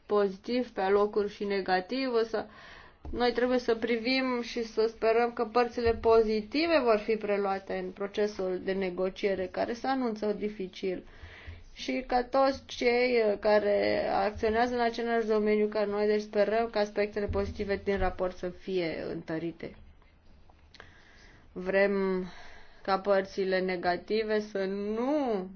S3: pozitiv pe locuri și negativ, o să noi trebuie să privim și să sperăm că părțile pozitive vor fi preluate în procesul de negociere care se anunță dificil. Și ca toți cei uh, care acționează în același domeniu ca noi, deci sperăm că aspectele pozitive din raport să fie întărite. Vrem ca părțile negative să nu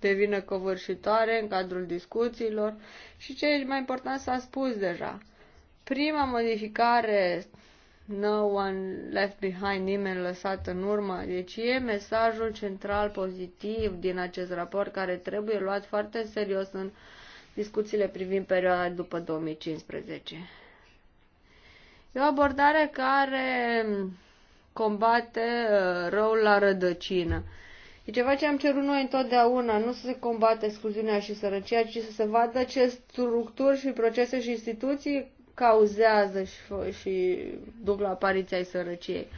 S3: devină covârșitoare în cadrul discuțiilor și ce e mai important s-a spus deja. Prima modificare, no one left behind, nimeni lăsat în urmă, deci e mesajul central pozitiv din acest raport care trebuie luat foarte serios în discuțiile privind perioada după 2015. E o abordare care combate uh, răul la rădăcină. E ceva ce am cerut noi întotdeauna, nu să se combată excluziunea și sărăcia, ci să se vadă ce structuri și procese și instituții cauzează și, și duc la apariția ai sărăciei.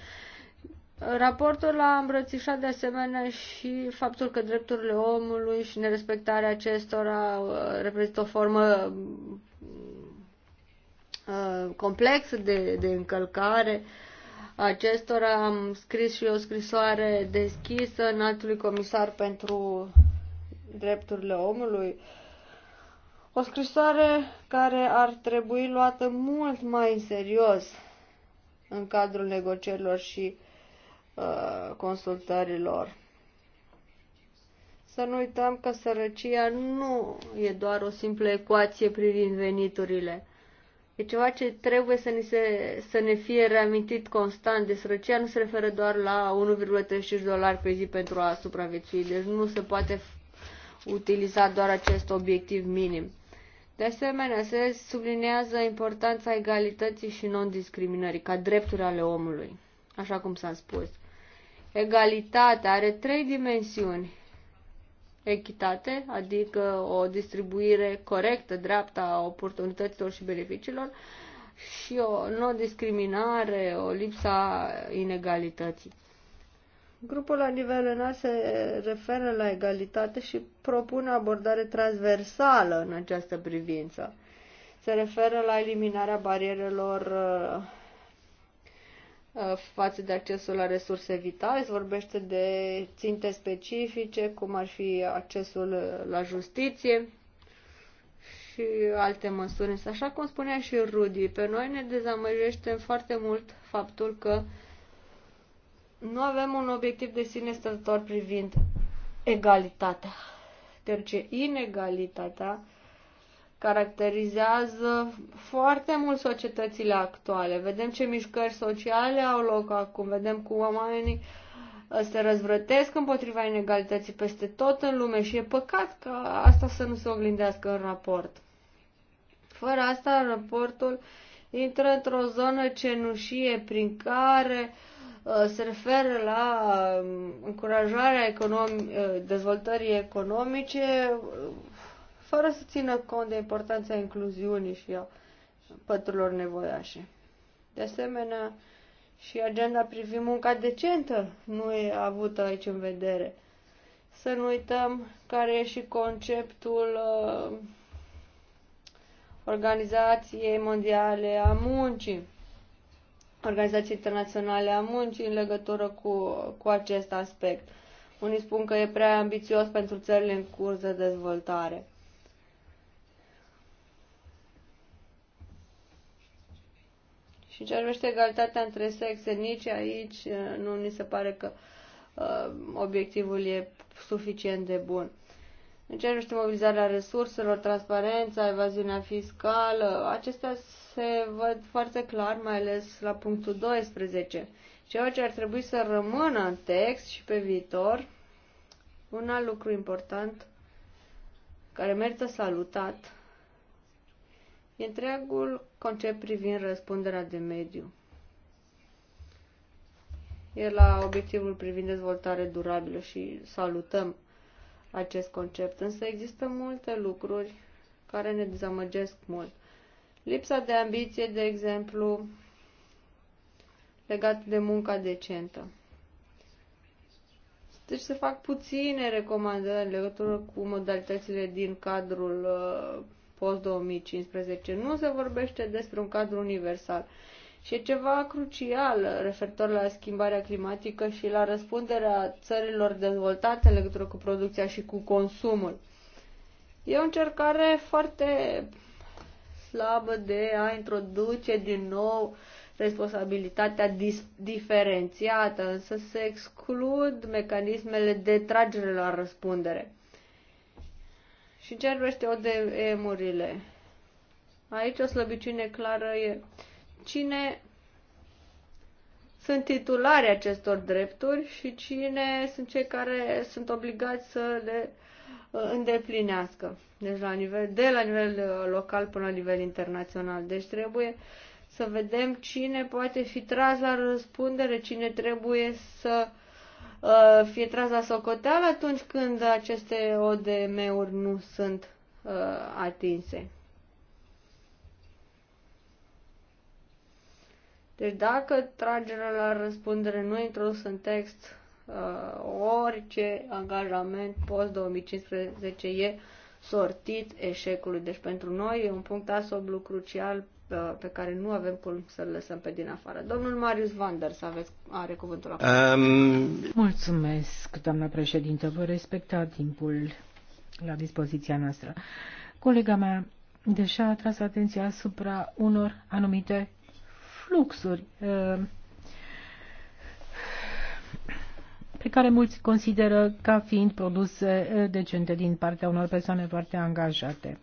S3: Raportul a îmbrățișat de asemenea și faptul că drepturile omului și nerespectarea acestora uh, reprezintă o formă uh, complexă de, de încălcare acestora. Am scris și o scrisoare deschisă înaltului comisar pentru drepturile omului. Uh, o scrisoare care ar trebui luată mult mai în serios în cadrul negocierilor și uh, consultărilor. Să nu uităm că sărăcia nu e doar o simplă ecuație privind veniturile. E ceva ce trebuie să, ni se, să ne fie reamintit constant. De deci sărăcia nu se referă doar la 1,35 dolari pe zi pentru a supraviețui. Deci nu se poate utiliza doar acest obiectiv minim. De asemenea, se subliniază importanța egalității și non-discriminării ca drepturi ale omului, așa cum s-a spus. Egalitatea are trei dimensiuni. Echitate, adică o distribuire corectă, dreaptă a oportunităților și beneficiilor, și o non-discriminare, o lipsa inegalității. Grupul la nivel înalt se referă la egalitate și propune o abordare transversală în această privință. Se referă la eliminarea barierelor uh, uh, față de accesul la resurse vitale, se vorbește de ținte specifice, cum ar fi accesul uh, la justiție și alte măsuri. Însă, așa cum spunea și Rudy. pe noi ne dezamăjește foarte mult faptul că uh, nu avem un obiectiv de sine stătător privind egalitatea. Deci inegalitatea caracterizează foarte mult societățile actuale. Vedem ce mișcări sociale au loc acum, vedem cum oamenii uh, se răzvrătesc împotriva inegalității peste tot în lume și e păcat că asta să nu se oglindească în raport. Fără asta, raportul intră într-o zonă cenușie prin care uh, Uh, se referă la um, încurajarea economi- uh, dezvoltării economice uh, fără să țină cont de importanța incluziunii și a păturilor nevoiașe. De asemenea, și agenda privind munca decentă nu e avută aici în vedere. Să nu uităm care e și conceptul uh, Organizației Mondiale a Muncii Organizației Internaționale a Muncii în legătură cu, cu acest aspect. Unii spun că e prea ambițios pentru țările în curs de dezvoltare. Și în ce privește egalitatea între sexe, nici aici uh, nu ni se pare că uh, obiectivul e suficient de bun. În ce privește mobilizarea resurselor, transparența, evaziunea fiscală, acestea se văd foarte clar, mai ales la punctul 12. Ceea ce ar trebui să rămână în text și pe viitor, un alt lucru important care merită salutat e întreagul concept privind răspunderea de mediu. E la obiectivul privind dezvoltare durabilă și salutăm acest concept, însă există multe lucruri care ne dezamăgesc mult. Lipsa de ambiție, de exemplu, legat de munca decentă. Deci se fac puține recomandări în legătură cu modalitățile din cadrul uh, post-2015. Nu se vorbește despre un cadru universal. Și e ceva crucial referitor la schimbarea climatică și la răspunderea țărilor dezvoltate în legătură cu producția și cu consumul. E o încercare foarte slabă de a introduce din nou responsabilitatea diferențiată, însă se exclud mecanismele de tragere la răspundere. Și ce o de emurile? Aici o slăbiciune clară e cine sunt titulari acestor drepturi și cine sunt cei care sunt obligați să le uh, îndeplinească. Deci la nivel, de la nivel uh, local până la nivel internațional. Deci trebuie să vedem cine poate fi tras la răspundere, cine trebuie să uh, fie tras la socoteală atunci când aceste ODM-uri nu sunt uh, atinse. Deci dacă tragerea la răspundere nu e în text, uh, orice angajament post-2015 e sortit eșecului. Deci pentru noi e un punct asoblu crucial uh, pe care nu avem cum să-l lăsăm pe din afară. Domnul Marius Vander, să aveți, are cuvântul
S2: acum. Um... Mulțumesc, doamna președintă, vă respecta timpul la dispoziția noastră. Colega mea deja a tras atenția asupra unor anumite fluxuri. Uh, pe care mulți consideră ca fiind produse eh, decente din partea unor persoane foarte angajate.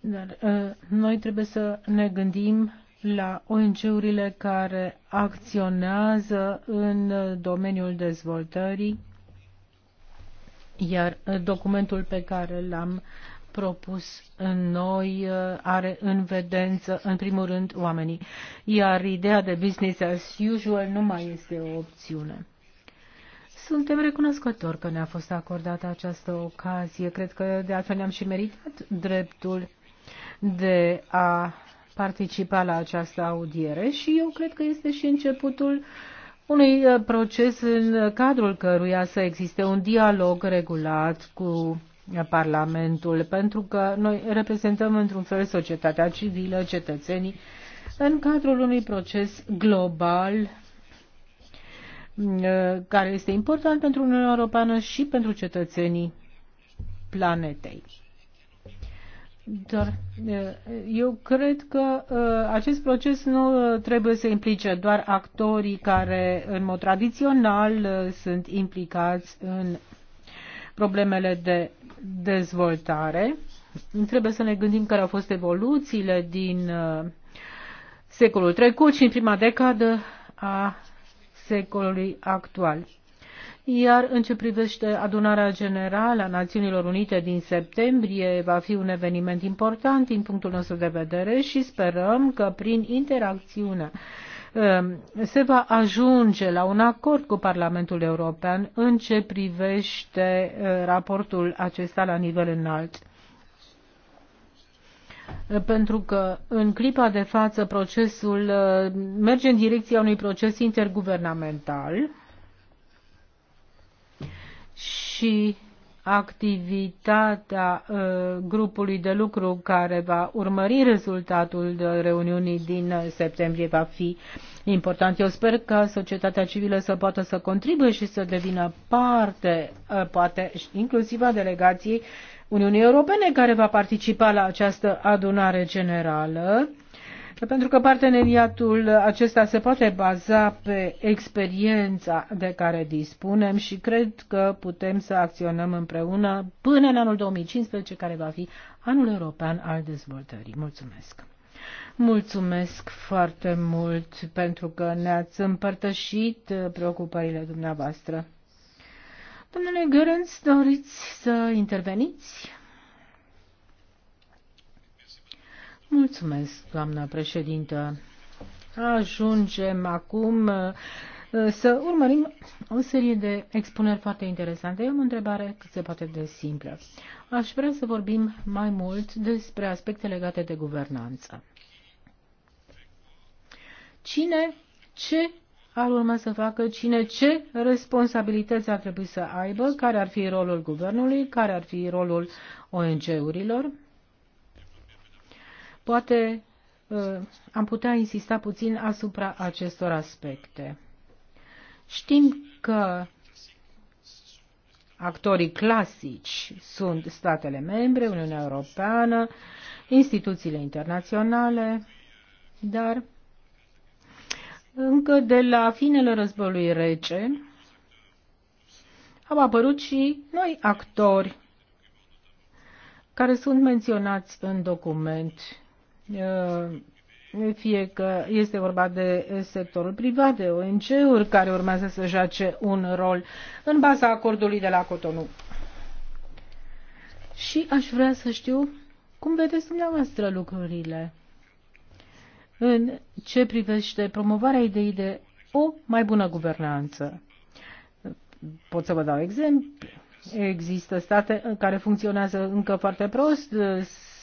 S2: Dar eh, noi trebuie să ne gândim la ONG-urile care acționează în domeniul dezvoltării, iar eh, documentul pe care l-am propus în noi are în vedență, în primul rând, oamenii. Iar ideea de business as usual nu mai este o opțiune. Suntem recunoscători că ne-a fost acordată această ocazie. Cred că de altfel ne-am și meritat dreptul de a participa la această audiere și eu cred că este și începutul unui uh, proces în cadrul căruia să existe un dialog regulat cu Parlamentul, pentru că noi reprezentăm într-un fel societatea civilă, cetățenii, în cadrul unui proces global Uh, care este important pentru Uniunea Europeană și pentru cetățenii planetei. Dar uh, eu cred că uh, acest proces nu trebuie să implice doar actorii care în mod tradițional sunt implicați în problemele de dezvoltare. Trebuie să ne gândim care au fost evoluțiile din secolul trecut și în prima decadă a secolului actual. Iar în ce privește adunarea generală a Națiunilor Unite din septembrie, va fi un eveniment important din punctul nostru de vedere și sperăm că prin interacțiune um, se va ajunge la un acord cu Parlamentul European în ce privește uh, raportul acesta la nivel înalt pentru că în clipa de față procesul uh, merge în direcția unui proces interguvernamental și activitatea uh, grupului de lucru care va urmări rezultatul reuniunii din septembrie va fi important. Eu sper că societatea civilă să poată să contribuie și să devină parte, uh, poate inclusiv a delegației Uniunii Europene care va participa la această adunare generală, pentru că parteneriatul acesta se poate baza pe experiența de care dispunem și cred că putem să acționăm împreună până în anul 2015, care va fi anul european al dezvoltării. Mulțumesc! Mulțumesc foarte mult pentru că ne-ați împărtășit preocupările dumneavoastră. Domnule Gărânț, doriți să interveniți? Mulțumesc, doamna președintă. Ajungem acum uh, să urmărim o serie de expuneri foarte interesante. Eu am o întrebare cât se poate de simplă. Aș vrea să vorbim mai mult despre aspecte legate de guvernanță. Cine ce ar urma să facă cine ce responsabilități ar trebui să aibă, care ar fi rolul guvernului, care ar fi rolul ONG-urilor. Poate uh, am putea insista puțin asupra acestor aspecte. Știm că actorii clasici sunt statele membre, Uniunea Europeană, instituțiile internaționale, dar încă de la finele războiului rece au apărut și noi actori care sunt menționați în document. Uh, fie că este vorba de sectorul privat, de ONG-uri care urmează să joace un rol în baza acordului de la Cotonou. Și aș vrea să știu cum vedeți dumneavoastră lucrurile în ce privește promovarea ideii de o mai bună guvernanță. Pot să vă dau exemplu. Există state care funcționează încă foarte prost,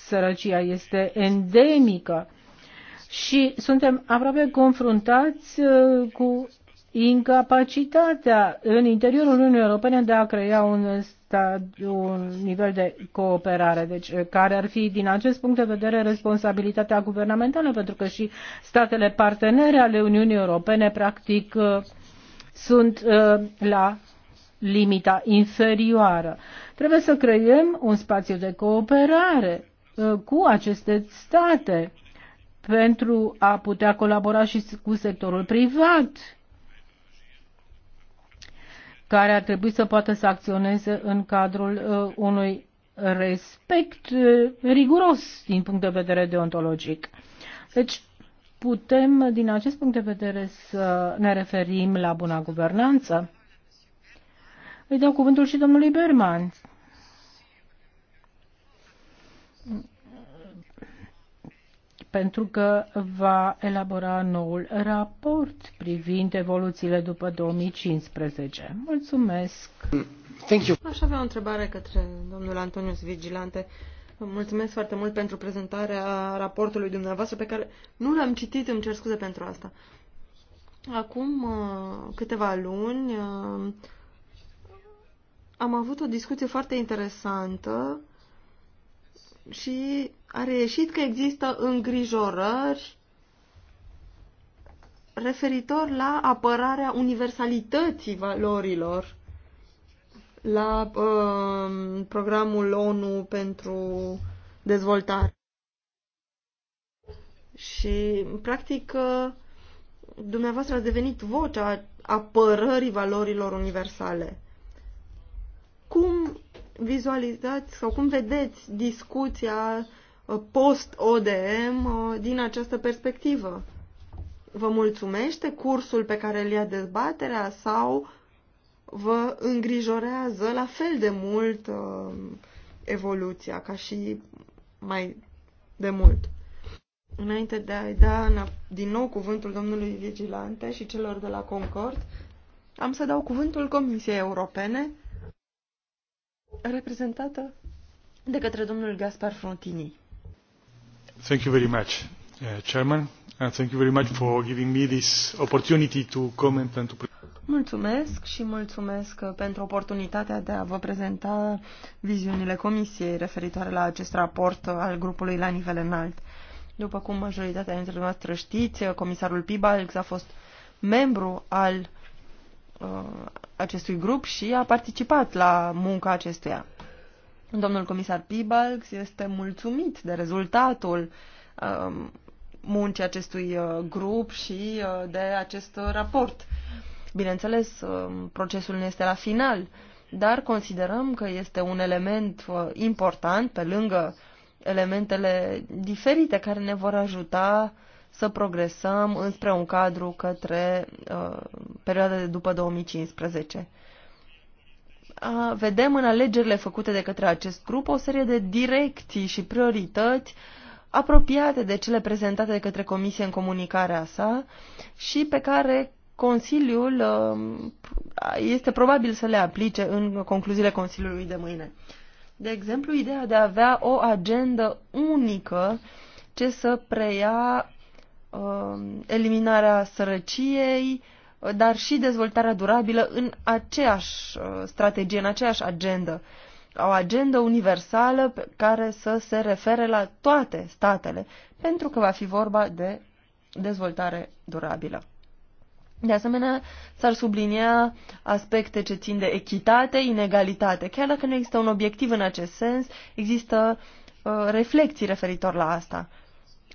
S2: sărăcia este endemică și suntem aproape confruntați uh, cu incapacitatea în interiorul Uniunii Europene de a crea un exista un nivel de cooperare. Deci, care ar fi, din acest punct de vedere, responsabilitatea guvernamentală, pentru că și statele partenere ale Uniunii Europene, practic, uh, sunt uh, la limita inferioară. Trebuie să creăm un spațiu de cooperare uh, cu aceste state pentru a putea colabora și cu sectorul privat care ar trebui să poată să acționeze în cadrul uh, unui respect uh, riguros din punct de vedere deontologic. Deci, putem, din acest punct de vedere, să ne referim la buna guvernanță. Îi dau cuvântul și domnului Berman. pentru că va elabora noul raport privind evoluțiile după 2015. Mulțumesc! Thank you.
S4: Aș avea o întrebare către domnul Antonius Vigilante. mulțumesc foarte mult pentru prezentarea raportului dumneavoastră pe care nu l-am citit, îmi cer scuze pentru asta. Acum uh, câteva luni uh, am avut o discuție foarte interesantă și a reieșit că există îngrijorări referitor la apărarea universalității valorilor la uh, programul ONU pentru dezvoltare. Și, practic, dumneavoastră ați devenit vocea apărării valorilor universale. Cum vizualizați sau cum vedeți discuția Uh, post-ODM uh, din această perspectivă? Vă mulțumește cursul pe care îl ia dezbaterea sau vă îngrijorează la fel de mult uh, evoluția ca și mai de mult? Înainte de a-i da din nou cuvântul domnului Vigilante și celor de la Concord, am să dau cuvântul Comisiei Europene, reprezentată de către domnul Gaspar Frontini.
S2: Thank you very much, uh, Chairman, and thank you very much for giving me this opportunity to comment and to.
S4: Mulțumesc și mulțumesc uh, pentru oportunitatea de a vă prezenta viziunile Comisiei referitoare la acest raport uh, al grupului la nivel înalt. După cum majoritatea dintre dumneavoastră știți, uh, comisarul Pibalx a fost membru al uh, acestui grup și a participat la munca acestuia. Domnul comisar Pibalx este mulțumit de rezultatul um, muncii acestui uh, grup și uh, de acest raport. Bineînțeles, um, procesul nu este la final, dar considerăm că este un element uh, important pe lângă elementele diferite care ne vor ajuta să progresăm înspre un cadru către uh, perioada de după 2015 vedem în alegerile făcute de către acest grup o serie de direcții și priorități apropiate de cele prezentate de către Comisie în comunicarea sa și pe care Consiliul este probabil să le aplice în concluziile Consiliului de mâine. De exemplu, ideea de a avea o agendă unică ce să preia eliminarea sărăciei, dar și dezvoltarea durabilă în aceeași uh, strategie, în aceeași agendă. O agendă universală pe care să se refere la toate statele, pentru că va fi vorba de dezvoltare durabilă. De asemenea, s-ar sublinia aspecte ce țin de echitate, inegalitate. Chiar dacă nu există un obiectiv în acest sens, există uh, reflexii referitor la asta.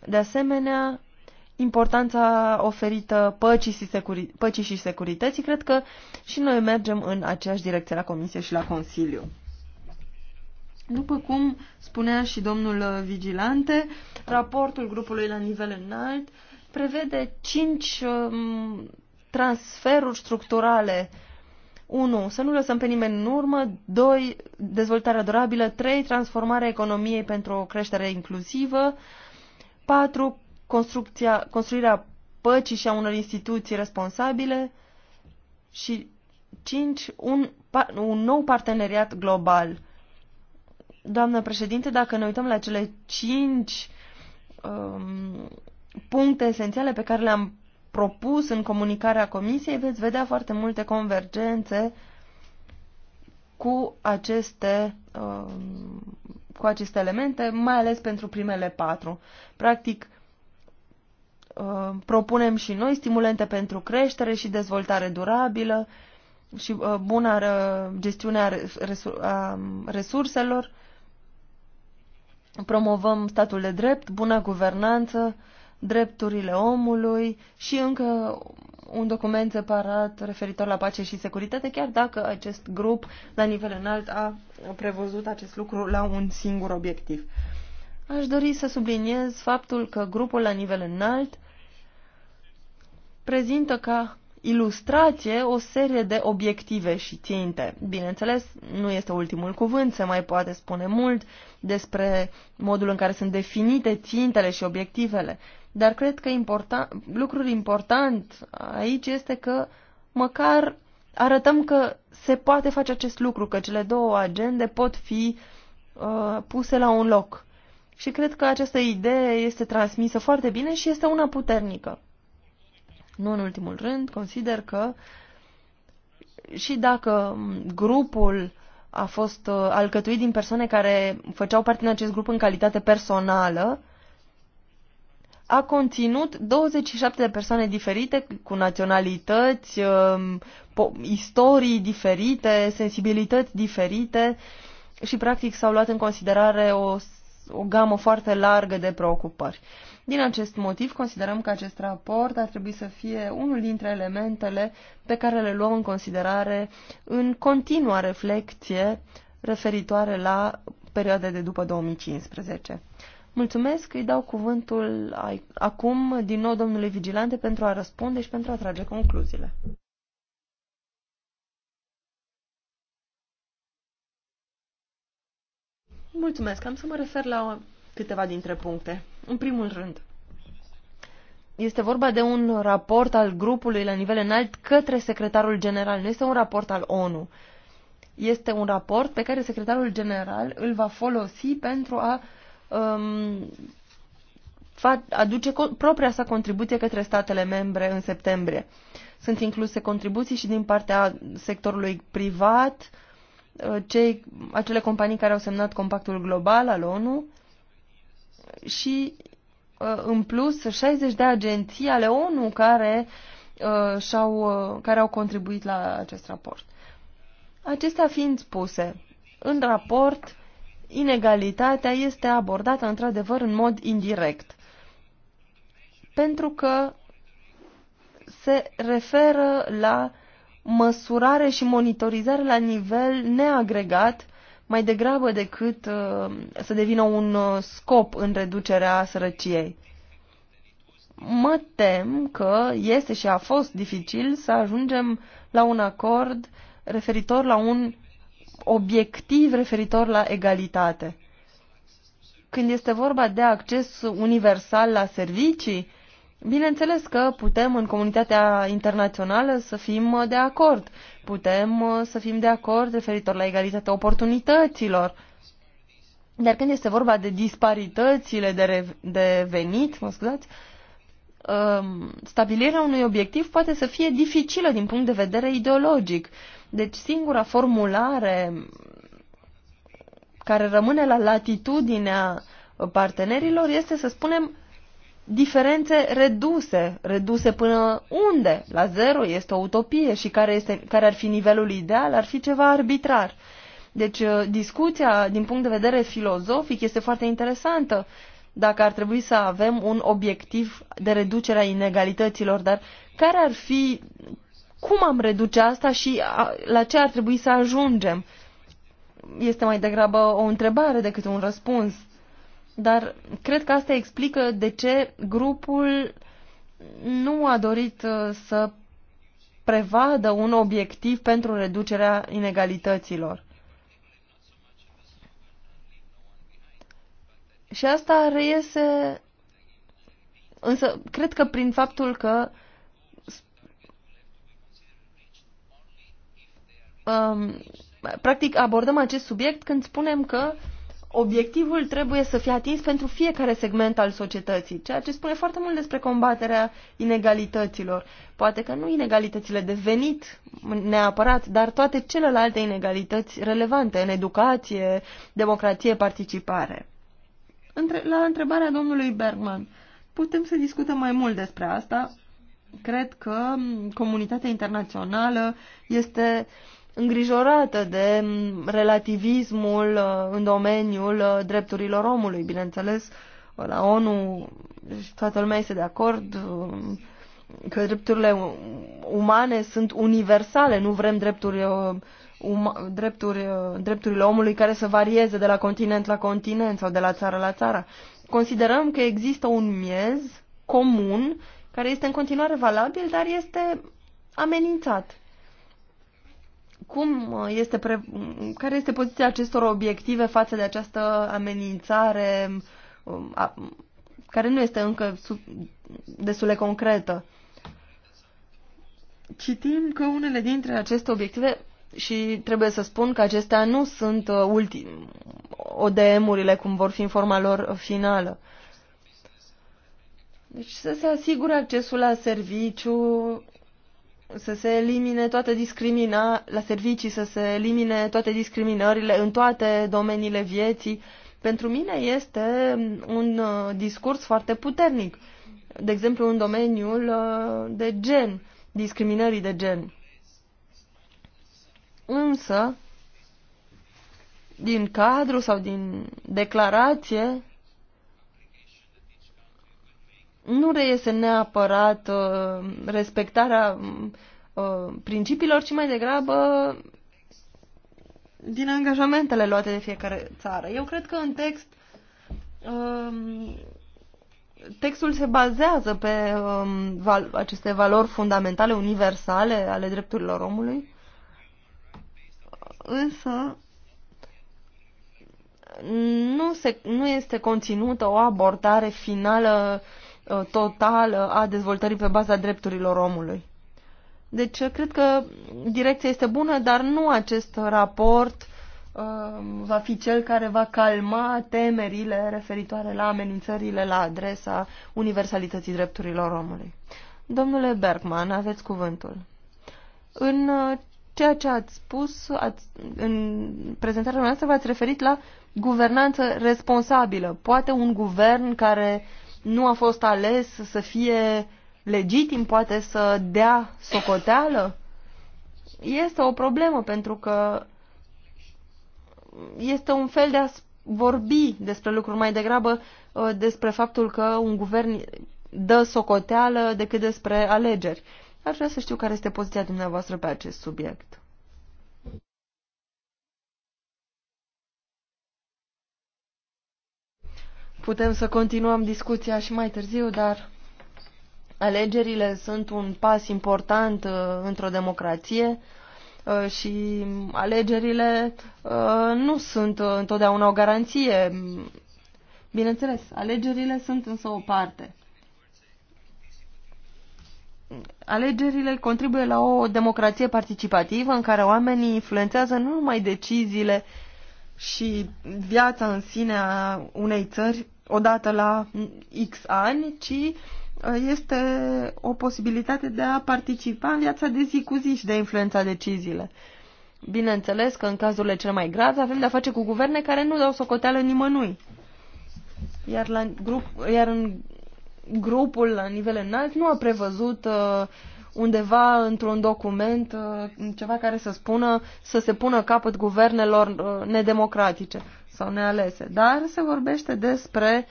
S4: De asemenea, importanța oferită păcii și, securi, păcii și securității, cred că și noi mergem în aceeași direcție la Comisie și la Consiliu. După cum spunea și domnul Vigilante, raportul grupului la nivel înalt prevede cinci um, transferuri structurale 1. Să nu lăsăm pe nimeni în urmă. 2. Dezvoltarea durabilă. 3. Transformarea economiei pentru o creștere inclusivă. 4 construcția, construirea păcii și a unor instituții responsabile și 5. Un, un nou parteneriat global. Doamnă președinte, dacă ne uităm la cele 5 um, puncte esențiale pe care le-am propus în comunicarea Comisiei, veți vedea foarte multe convergențe cu aceste, um, cu aceste elemente, mai ales pentru primele patru. Practic, Uh, propunem și noi stimulente pentru creștere și dezvoltare durabilă și uh, bună uh, gestiune a, um, resurselor. Promovăm statul de drept, bună guvernanță, drepturile omului și încă un document separat referitor la pace și securitate, chiar dacă acest grup la nivel înalt a prevăzut acest lucru la un singur obiectiv. Aș dori să subliniez faptul că grupul la nivel înalt prezintă ca ilustrație o serie de obiective și ținte. Bineînțeles, nu este ultimul cuvânt, se mai poate spune mult despre modul în care sunt definite țintele și obiectivele, dar cred că important, lucrul important aici este că măcar arătăm că se poate face acest lucru, că cele două agende pot fi uh, puse la un loc. Și cred că această idee este transmisă foarte bine și este una puternică. Nu în ultimul rând, consider că și dacă grupul a fost uh, alcătuit din persoane care făceau parte din acest grup în calitate personală, a conținut 27 de persoane diferite, cu naționalități, um, istorii diferite, sensibilități diferite și, practic, s-au luat în considerare o, o gamă foarte largă de preocupări. Din acest motiv, considerăm că acest raport ar trebui să fie unul dintre elementele pe care le luăm în considerare în continua reflecție referitoare la perioada de după 2015. Mulțumesc, îi dau cuvântul acum din nou domnului Vigilante pentru a răspunde și pentru a trage concluziile. Mulțumesc, am să mă refer la câteva dintre puncte. În primul rând, este vorba de un raport al grupului la nivel înalt către secretarul general. Nu este un raport al ONU. Este un raport pe care secretarul general îl va folosi pentru a um, aduce propria sa contribuție către statele membre în septembrie. Sunt incluse contribuții și din partea sectorului privat, uh, cei, acele companii care au semnat compactul global al ONU, și uh, în plus 60 de agenții ale ONU care, uh, -au, uh, care au contribuit la acest raport. Acestea fiind spuse, în raport inegalitatea este abordată într-adevăr în mod indirect, pentru că se referă la măsurare și monitorizare la nivel neagregat mai degrabă decât uh, să devină un uh, scop în reducerea sărăciei. Mă tem că este și a fost dificil să ajungem la un acord referitor la un obiectiv referitor la egalitate. Când este vorba de acces universal la servicii, Bineînțeles că putem în comunitatea internațională să fim de acord. Putem uh, să fim de acord referitor la egalitatea oportunităților. Dar când este vorba de disparitățile de, de venit, mă scuzați, um, stabilirea unui obiectiv poate să fie dificilă din punct de vedere ideologic. Deci singura formulare care rămâne la latitudinea partenerilor este să spunem diferențe reduse, reduse până unde? La zero este o utopie și care, este, care ar fi nivelul ideal ar fi ceva arbitrar. Deci uh, discuția din punct de vedere filozofic este foarte interesantă dacă ar trebui să avem un obiectiv de reducere a inegalităților, dar care ar fi, cum am reduce asta și la ce ar trebui să ajungem? Este mai degrabă o întrebare decât un răspuns. Dar cred că asta explică de ce grupul nu a dorit uh, să prevadă un obiectiv pentru reducerea inegalităților. Și asta reiese, însă cred că prin faptul că um, practic abordăm acest subiect când spunem că obiectivul trebuie să fie atins pentru fiecare segment al societății, ceea ce spune foarte mult despre combaterea inegalităților. Poate că nu inegalitățile de venit neapărat, dar toate celelalte inegalități relevante în educație, democrație, participare. Între, la întrebarea domnului Bergman, putem să discutăm mai mult despre asta. Cred că comunitatea internațională este uh, îngrijorată de relativismul uh, în domeniul uh, drepturilor omului. Bineînțeles, la ONU toată lumea este de acord uh, că drepturile umane sunt universale, nu vrem drepturi, um, drepturi, drepturile omului care să varieze de la continent la continent sau de la țară la țară. Considerăm că există un miez comun care este în continuare valabil, dar este amenințat cum uh, este pre... care este poziția acestor obiective față de această amenințare um, a... care nu este încă su... destul de concretă? Citim că unele dintre aceste obiective și trebuie să spun că acestea nu sunt uh, ultim, ODM-urile cum vor fi în forma lor finală. Deci să se asigure accesul la serviciu, să se elimine toate discrimina la servicii, să se elimine toate discriminările în toate domeniile vieții. Pentru mine este un uh, discurs foarte puternic. De exemplu, în domeniul uh, de gen, discriminării de gen. Însă, din cadru sau din declarație, nu reiese neapărat uh, respectarea uh, principiilor, ci mai degrabă din angajamentele luate de fiecare țară. Eu cred că în text uh, textul se bazează pe uh, val aceste valori fundamentale, universale ale drepturilor omului, însă nu, se, nu este conținută o abordare finală uh, Uh, totală uh, a dezvoltării pe baza drepturilor omului. Deci uh, cred că direcția este bună, dar nu acest raport uh, va fi cel care va calma temerile referitoare la amenințările la adresa universalității drepturilor omului. Domnule Bergman, aveți cuvântul. În ceea ce ați spus ați, în prezentarea noastră, v-ați referit la guvernanță responsabilă. Poate un guvern care nu a fost ales să fie legitim, poate să dea socoteală? Este o problemă pentru că este un fel de a vorbi despre lucruri mai degrabă uh, despre faptul că un guvern dă socoteală decât despre alegeri. Aș vrea să știu care este poziția dumneavoastră pe acest subiect. Putem să continuăm discuția și mai târziu, dar alegerile sunt un pas important uh, într-o democrație uh, și alegerile uh, nu sunt uh, întotdeauna o garanție. Bineînțeles, alegerile sunt însă o parte. Alegerile contribuie la o democrație participativă în care oamenii influențează nu numai deciziile și viața în sine a unei țări, odată la X ani, ci uh, este o posibilitate de a participa în viața de zi cu zi și de a influența deciziile. Bineînțeles că în cazurile cele mai grave avem de-a face cu guverne care nu dau socoteală nimănui. Iar, la grup, iar în grupul la nivel înalt nu a prevăzut uh, undeva într-un document uh, ceva care să spună să se pună capăt guvernelor uh, nedemocratice sau nealese, dar se vorbește despre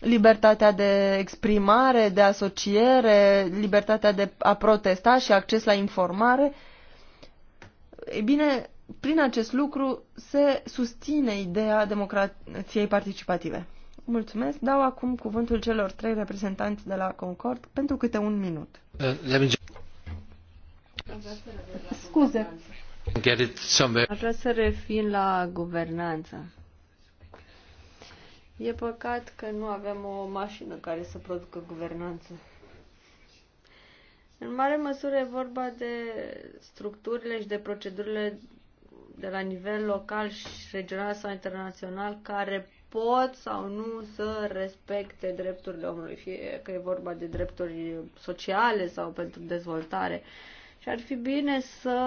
S4: libertatea de exprimare, de asociere, libertatea de a protesta și acces la informare. E bine, prin acest lucru se susține ideea democrației participative. Mulțumesc. Dau acum cuvântul celor trei reprezentanți de la Concord pentru câte un minut. Scuze. Aș
S3: vrea să refin la guvernanță. E păcat că nu avem o mașină care să producă guvernanță. În mare măsură e vorba de structurile și de procedurile de la nivel local și regional sau internațional care pot sau nu să respecte drepturile omului, fie că e vorba de drepturi sociale sau pentru dezvoltare. Și ar fi bine să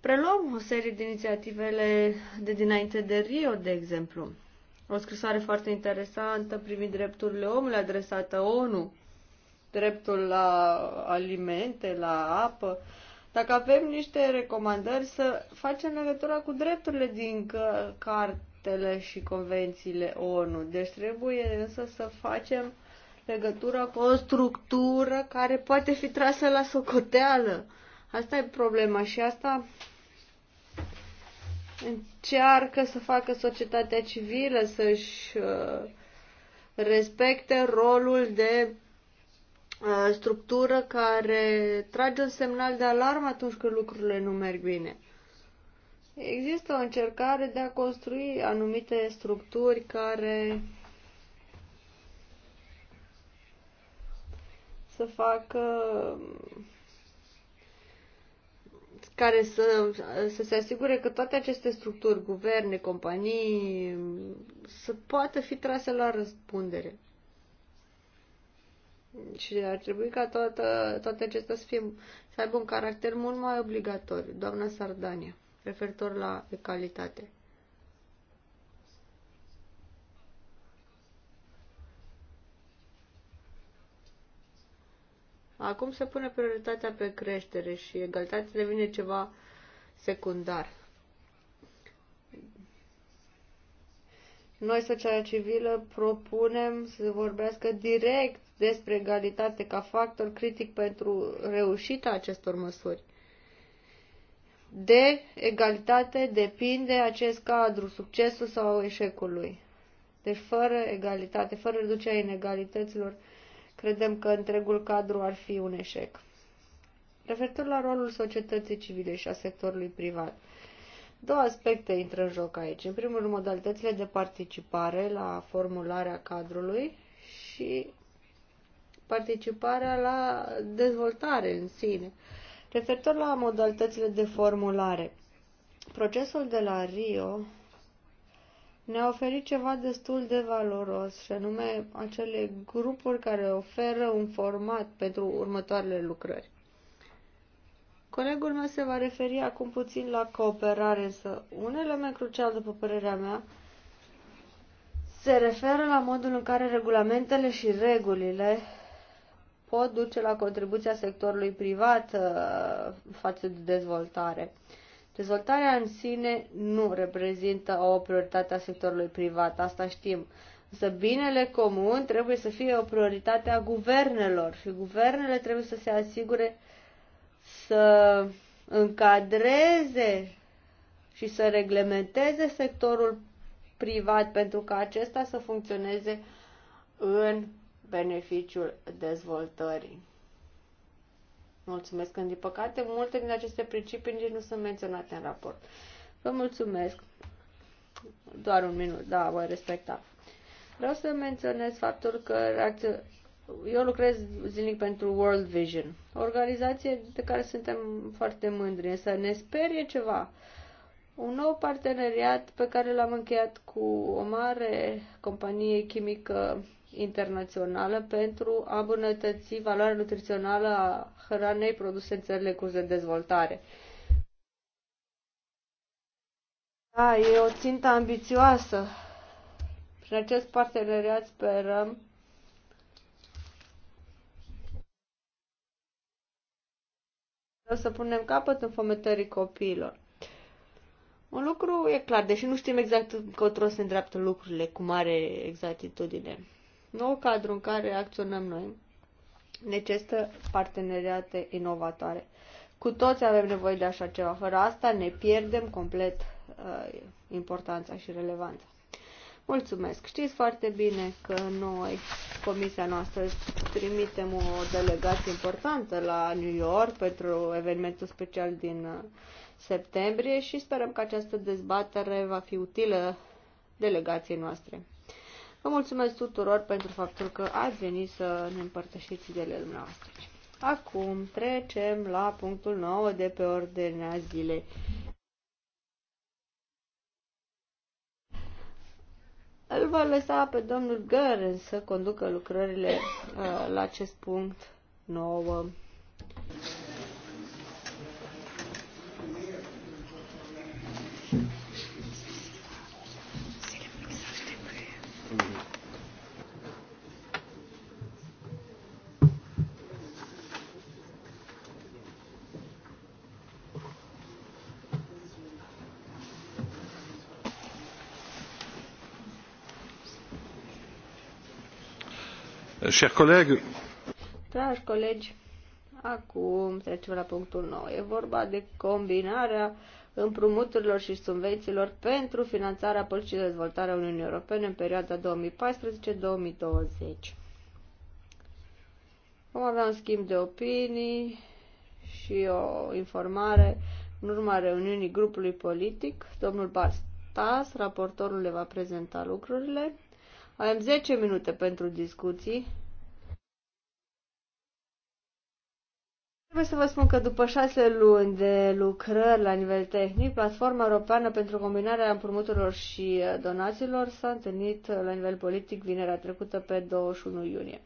S3: Preluăm o serie de inițiativele de dinainte de Rio, de exemplu. O scrisoare foarte interesantă privind drepturile omului adresată ONU, dreptul la alimente, la apă. Dacă avem niște recomandări să facem legătura cu drepturile din cartele și convențiile ONU. Deci trebuie însă să facem legătura cu o structură care poate fi trasă la socoteală. Asta e problema și asta încearcă să facă societatea civilă să-și uh, respecte rolul de uh, structură care trage un semnal de alarmă atunci când lucrurile nu merg bine. Există o încercare de a construi anumite structuri care să facă care să, să se asigure că toate aceste structuri, guverne, companii, să poată fi trase la răspundere. Și ar trebui ca toată, toate acestea să, fie, să aibă un caracter mult mai obligatoriu. Doamna Sardania, referitor la egalitate. Acum se pune prioritatea pe creștere și egalitatea devine ceva secundar. Noi, societatea civilă, propunem să vorbească direct despre egalitate ca factor critic pentru reușita acestor măsuri. De egalitate depinde acest cadru, succesul sau eșecul lui. Deci, fără egalitate, fără reducerea inegalităților, Credem că întregul cadru ar fi un eșec. Referitor la rolul societății civile și a sectorului privat, două aspecte intră în joc aici. În primul rând, modalitățile de participare la formularea cadrului și participarea la dezvoltare în sine. Referitor la modalitățile de formulare, procesul de la Rio ne-a oferit ceva destul de valoros, și anume acele grupuri care oferă un format pentru următoarele lucrări. Colegul meu se va referi acum puțin la cooperare, însă un element crucial, după părerea mea, se referă la modul în care regulamentele și regulile pot duce la contribuția sectorului privat uh, față de dezvoltare. Uh, Dezvoltarea în sine nu reprezintă o prioritate a sectorului privat, asta știm. Însă binele comun trebuie să fie o prioritate a guvernelor și guvernele trebuie să se asigure să încadreze și să reglementeze sectorul privat pentru ca acesta să funcționeze în beneficiul dezvoltării. Mulțumesc, când din păcate multe din aceste principii nici nu sunt menționate în raport. Vă mulțumesc. Doar un minut, da, voi respecta. Vreau să menționez faptul că reacția... eu lucrez zilnic pentru World Vision, o organizație de care suntem foarte mândri, însă ne sperie ceva. Un nou parteneriat pe care l-am încheiat cu o mare companie chimică internațională pentru a îmbunătăți valoarea nutrițională a hranei produse în țările curs de dezvoltare. Da, e o țintă ambițioasă. Prin acest parteneriat sperăm să punem capăt în fometării copiilor. Un lucru e clar, deși nu știm exact încotro se îndreaptă lucrurile cu mare exactitudine nou cadru în care acționăm noi necesită parteneriate inovatoare. Cu toți avem nevoie de așa ceva. Fără asta ne pierdem complet uh, importanța și relevanța. Mulțumesc! Știți foarte bine că noi, comisia noastră, trimitem o delegație importantă la New York pentru evenimentul special din uh, septembrie și sperăm că această dezbatere va fi utilă delegației noastre. Vă mulțumesc tuturor pentru faptul că ați venit să ne împărtășiți ideile dumneavoastră. Acum trecem la punctul 9 de pe ordinea zilei. Îl va lăsa pe domnul Gărân să conducă lucrările uh, la acest punct 9.
S1: chers collègues.
S3: Dragi colegi, acum trecem la punctul nou. E vorba de combinarea împrumuturilor și subvențiilor pentru finanțarea politicii de dezvoltare a Uniunii Europene în perioada 2014-2020. Vom avea un schimb de opinii și o informare în urma reuniunii grupului politic. Domnul Bastas, raportorul, le va prezenta lucrurile. Avem 10 minute pentru discuții Trebuie să vă spun că după șase luni de lucrări la nivel tehnic, Platforma Europeană pentru Combinarea Împrumuturilor și uh, Donațiilor s-a întâlnit uh, la nivel politic vinerea trecută pe 21 iunie.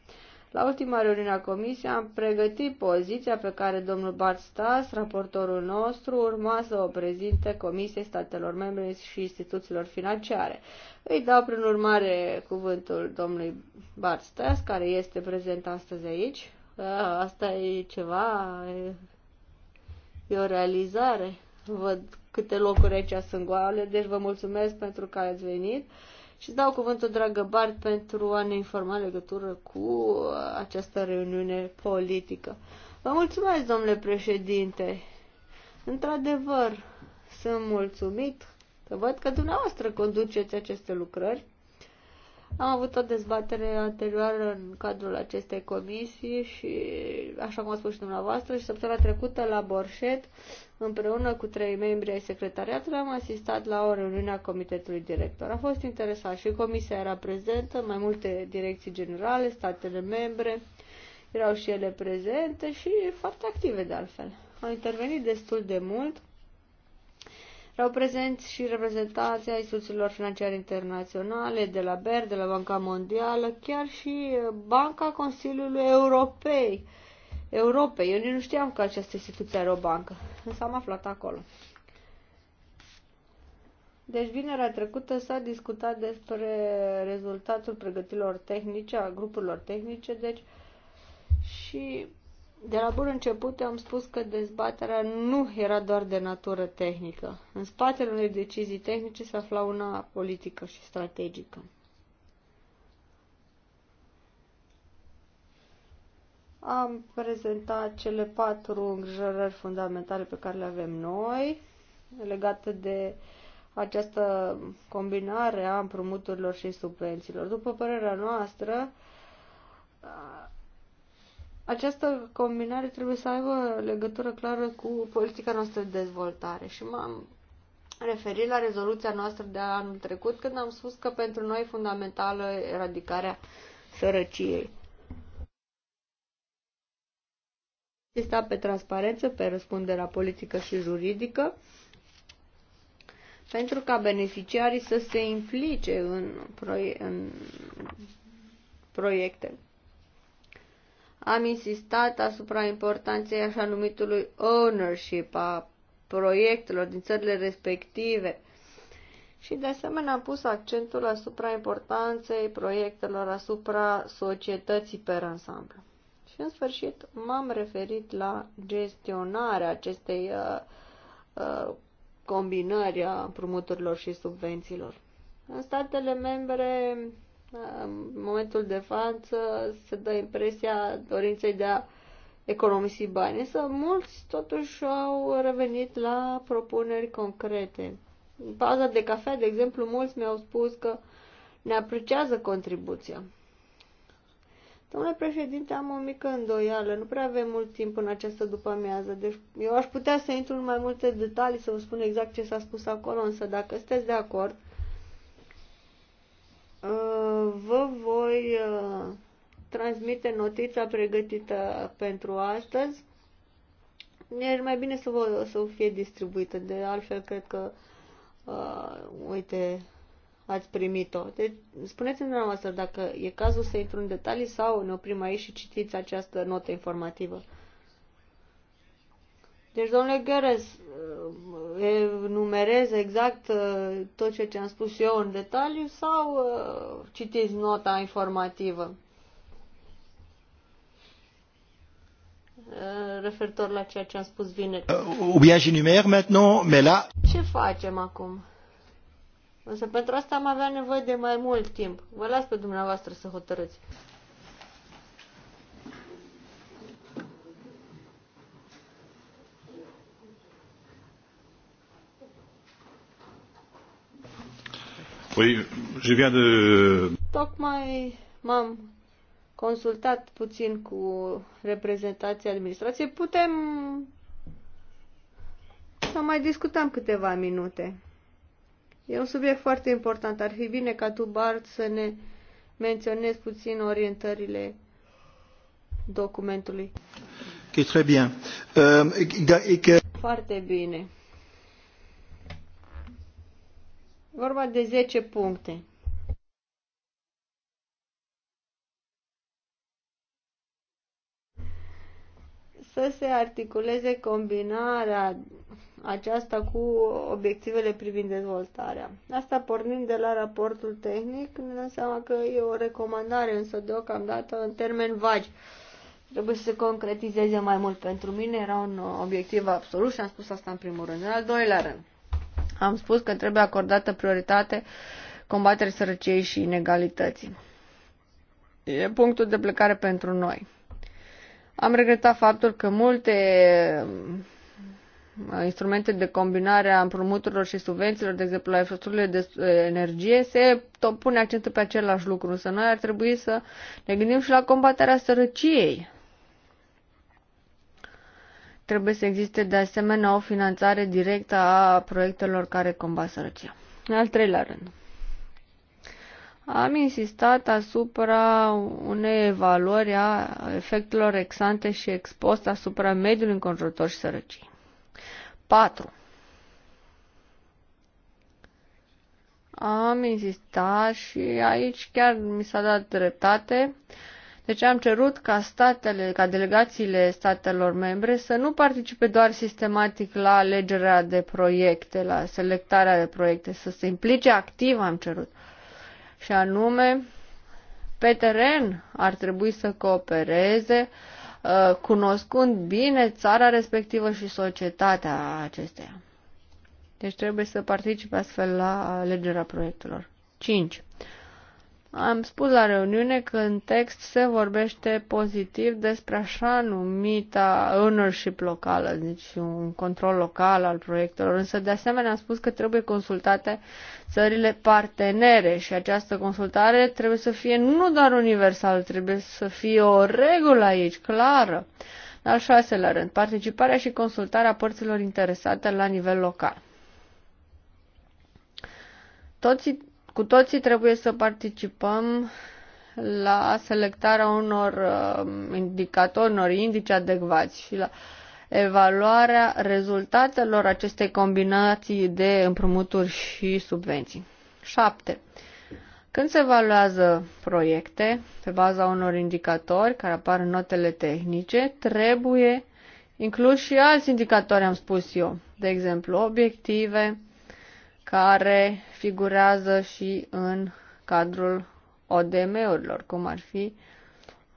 S3: La ultima reuniune a comisiei am pregătit poziția pe care domnul Bart Stas, raportorul nostru, urma să o prezinte Comisiei Statelor Membre și instituțiilor financiare. Îi dau prin urmare cuvântul domnului Bart Stas, care este prezent astăzi aici asta e ceva, e, e o realizare. Văd câte locuri aici sunt goale, deci vă mulțumesc pentru că ați venit și dau cuvântul, dragă Bart, pentru a ne informa legătură cu această reuniune politică. Vă mulțumesc, domnule președinte. Într-adevăr, sunt mulțumit că văd că dumneavoastră conduceți aceste lucrări am avut o dezbatere anterioară în cadrul acestei comisii și, așa cum a spus și dumneavoastră, și săptămâna trecută la Borșet, împreună cu trei membri ai secretariatului, am asistat la o reuniune a comitetului director. A fost interesant și comisia era prezentă, mai multe direcții generale, statele membre, erau și ele prezente și foarte active de altfel. Au intervenit destul de mult erau prezenți și reprezentanții ai instituțiilor financiare internaționale, de la BER, de la Banca Mondială, chiar și uh, Banca Consiliului Europei. Europei. Eu nici nu știam că această instituție are o bancă, însă am aflat acolo. Deci vinerea trecută s-a discutat despre rezultatul pregătirilor tehnice, a grupurilor tehnice, deci și de la bun început am spus că dezbaterea nu era doar de natură tehnică. În spatele unei decizii tehnice se afla una politică și strategică. Am prezentat cele patru îngrijorări fundamentale pe care le avem noi legate de această combinare a împrumuturilor și subvențiilor. După părerea noastră, această combinare trebuie să aibă legătură clară cu politica noastră de dezvoltare și m-am referit la rezoluția noastră de anul trecut când am spus că pentru noi fundamentală eradicarea sărăciei. Insista pe transparență, pe răspunderea politică și juridică, pentru ca beneficiarii să se implice în, proie- în proiecte am insistat asupra importanței așa numitului ownership a proiectelor din țările respective și de asemenea am pus accentul asupra importanței proiectelor asupra societății pe ansamblu. Și în sfârșit m-am referit la gestionarea acestei uh, uh, combinări a împrumuturilor și subvențiilor. În statele membre în momentul de față se dă impresia dorinței de a economisi bani, însă mulți totuși au revenit la propuneri concrete. În pauza de cafea, de exemplu, mulți mi-au spus că ne apreciază contribuția. Domnule președinte, am o mică îndoială. Nu prea avem mult timp în această după-amiază, deci eu aș putea să intru în mai multe detalii, să vă spun exact ce s-a spus acolo, însă dacă sunteți de acord, Uh, vă voi uh, transmite notița pregătită pentru astăzi. E deci, mai bine să, vă, să fie distribuită, de altfel cred că, uh, uite, ați primit-o. Deci, spuneți-mi dumneavoastră dacă e cazul să intru în detalii sau ne oprim aici și citiți această notă informativă. Deci, domnule Gheres, uh, enumerez exact uh, tot ce ți-am spus eu în detaliu sau uh, citiți nota informativă? referitor la ceea ce am spus vineri. Ou bien
S4: j'énumère maintenant, mais là...
S3: Ce facem acum? Însă pentru asta am avea nevoie de mai mult timp. Vă las pe dumneavoastră să hotărâți.
S1: Păi, je viens de...
S3: Tocmai m-am consultat puțin cu reprezentația administrației. Putem să mai discutăm câteva minute. E un subiect foarte important. Ar fi bine ca tu, Bart, să ne menționezi puțin orientările documentului.
S1: Okay, très bien. Uh, ik, ik,
S3: Foarte bine. vorba de 10 puncte. Să se articuleze combinarea aceasta cu obiectivele privind dezvoltarea. Asta pornind de la raportul tehnic, ne dăm seama că e o recomandare, însă deocamdată în termen vagi. Trebuie să se concretizeze mai mult. Pentru mine era un obiectiv absolut și am spus asta în primul rând. În al doilea rând, am spus că trebuie acordată prioritate combaterii sărăciei și inegalității. E punctul de plecare pentru noi. Am regretat faptul că multe uh, instrumente de combinare a împrumuturilor și subvențiilor, de exemplu la infrastructurile de uh, energie, se pune accentul pe același lucru. Însă noi ar trebui să ne gândim și la combaterea sărăciei Trebuie să existe de asemenea o finanțare directă a proiectelor care combat sărăcia. În al treilea rând, am insistat asupra unei evaluări a efectelor exante și expost asupra mediului înconjurător și sărăciei. 4. Am insistat și aici chiar mi s-a dat dreptate deci am cerut ca statele, ca delegațiile statelor membre să nu participe doar sistematic la alegerea de proiecte, la selectarea de proiecte, să se implice activ, am cerut. Și anume, pe teren ar trebui să coopereze, uh, cunoscând bine țara respectivă și societatea acesteia. Deci trebuie să participe astfel la alegerea proiectelor. 5. Am spus la reuniune că în text se vorbește pozitiv despre așa numita ownership locală, deci un control local al proiectelor, însă de asemenea am spus că trebuie consultate țările partenere și această consultare trebuie să fie nu doar universală, trebuie să fie o regulă aici, clară. Al șaselea rând, participarea și consultarea părților interesate la nivel local. Toți cu toții trebuie să participăm la selectarea unor uh, indicatori, unor indici adecvați și la evaluarea rezultatelor acestei combinații de împrumuturi și subvenții. 7. Când se evaluează proiecte pe baza unor indicatori care apar în notele tehnice, trebuie inclus și alți indicatori, am spus eu, de exemplu, obiective, care figurează și în cadrul ODM-urilor, cum ar fi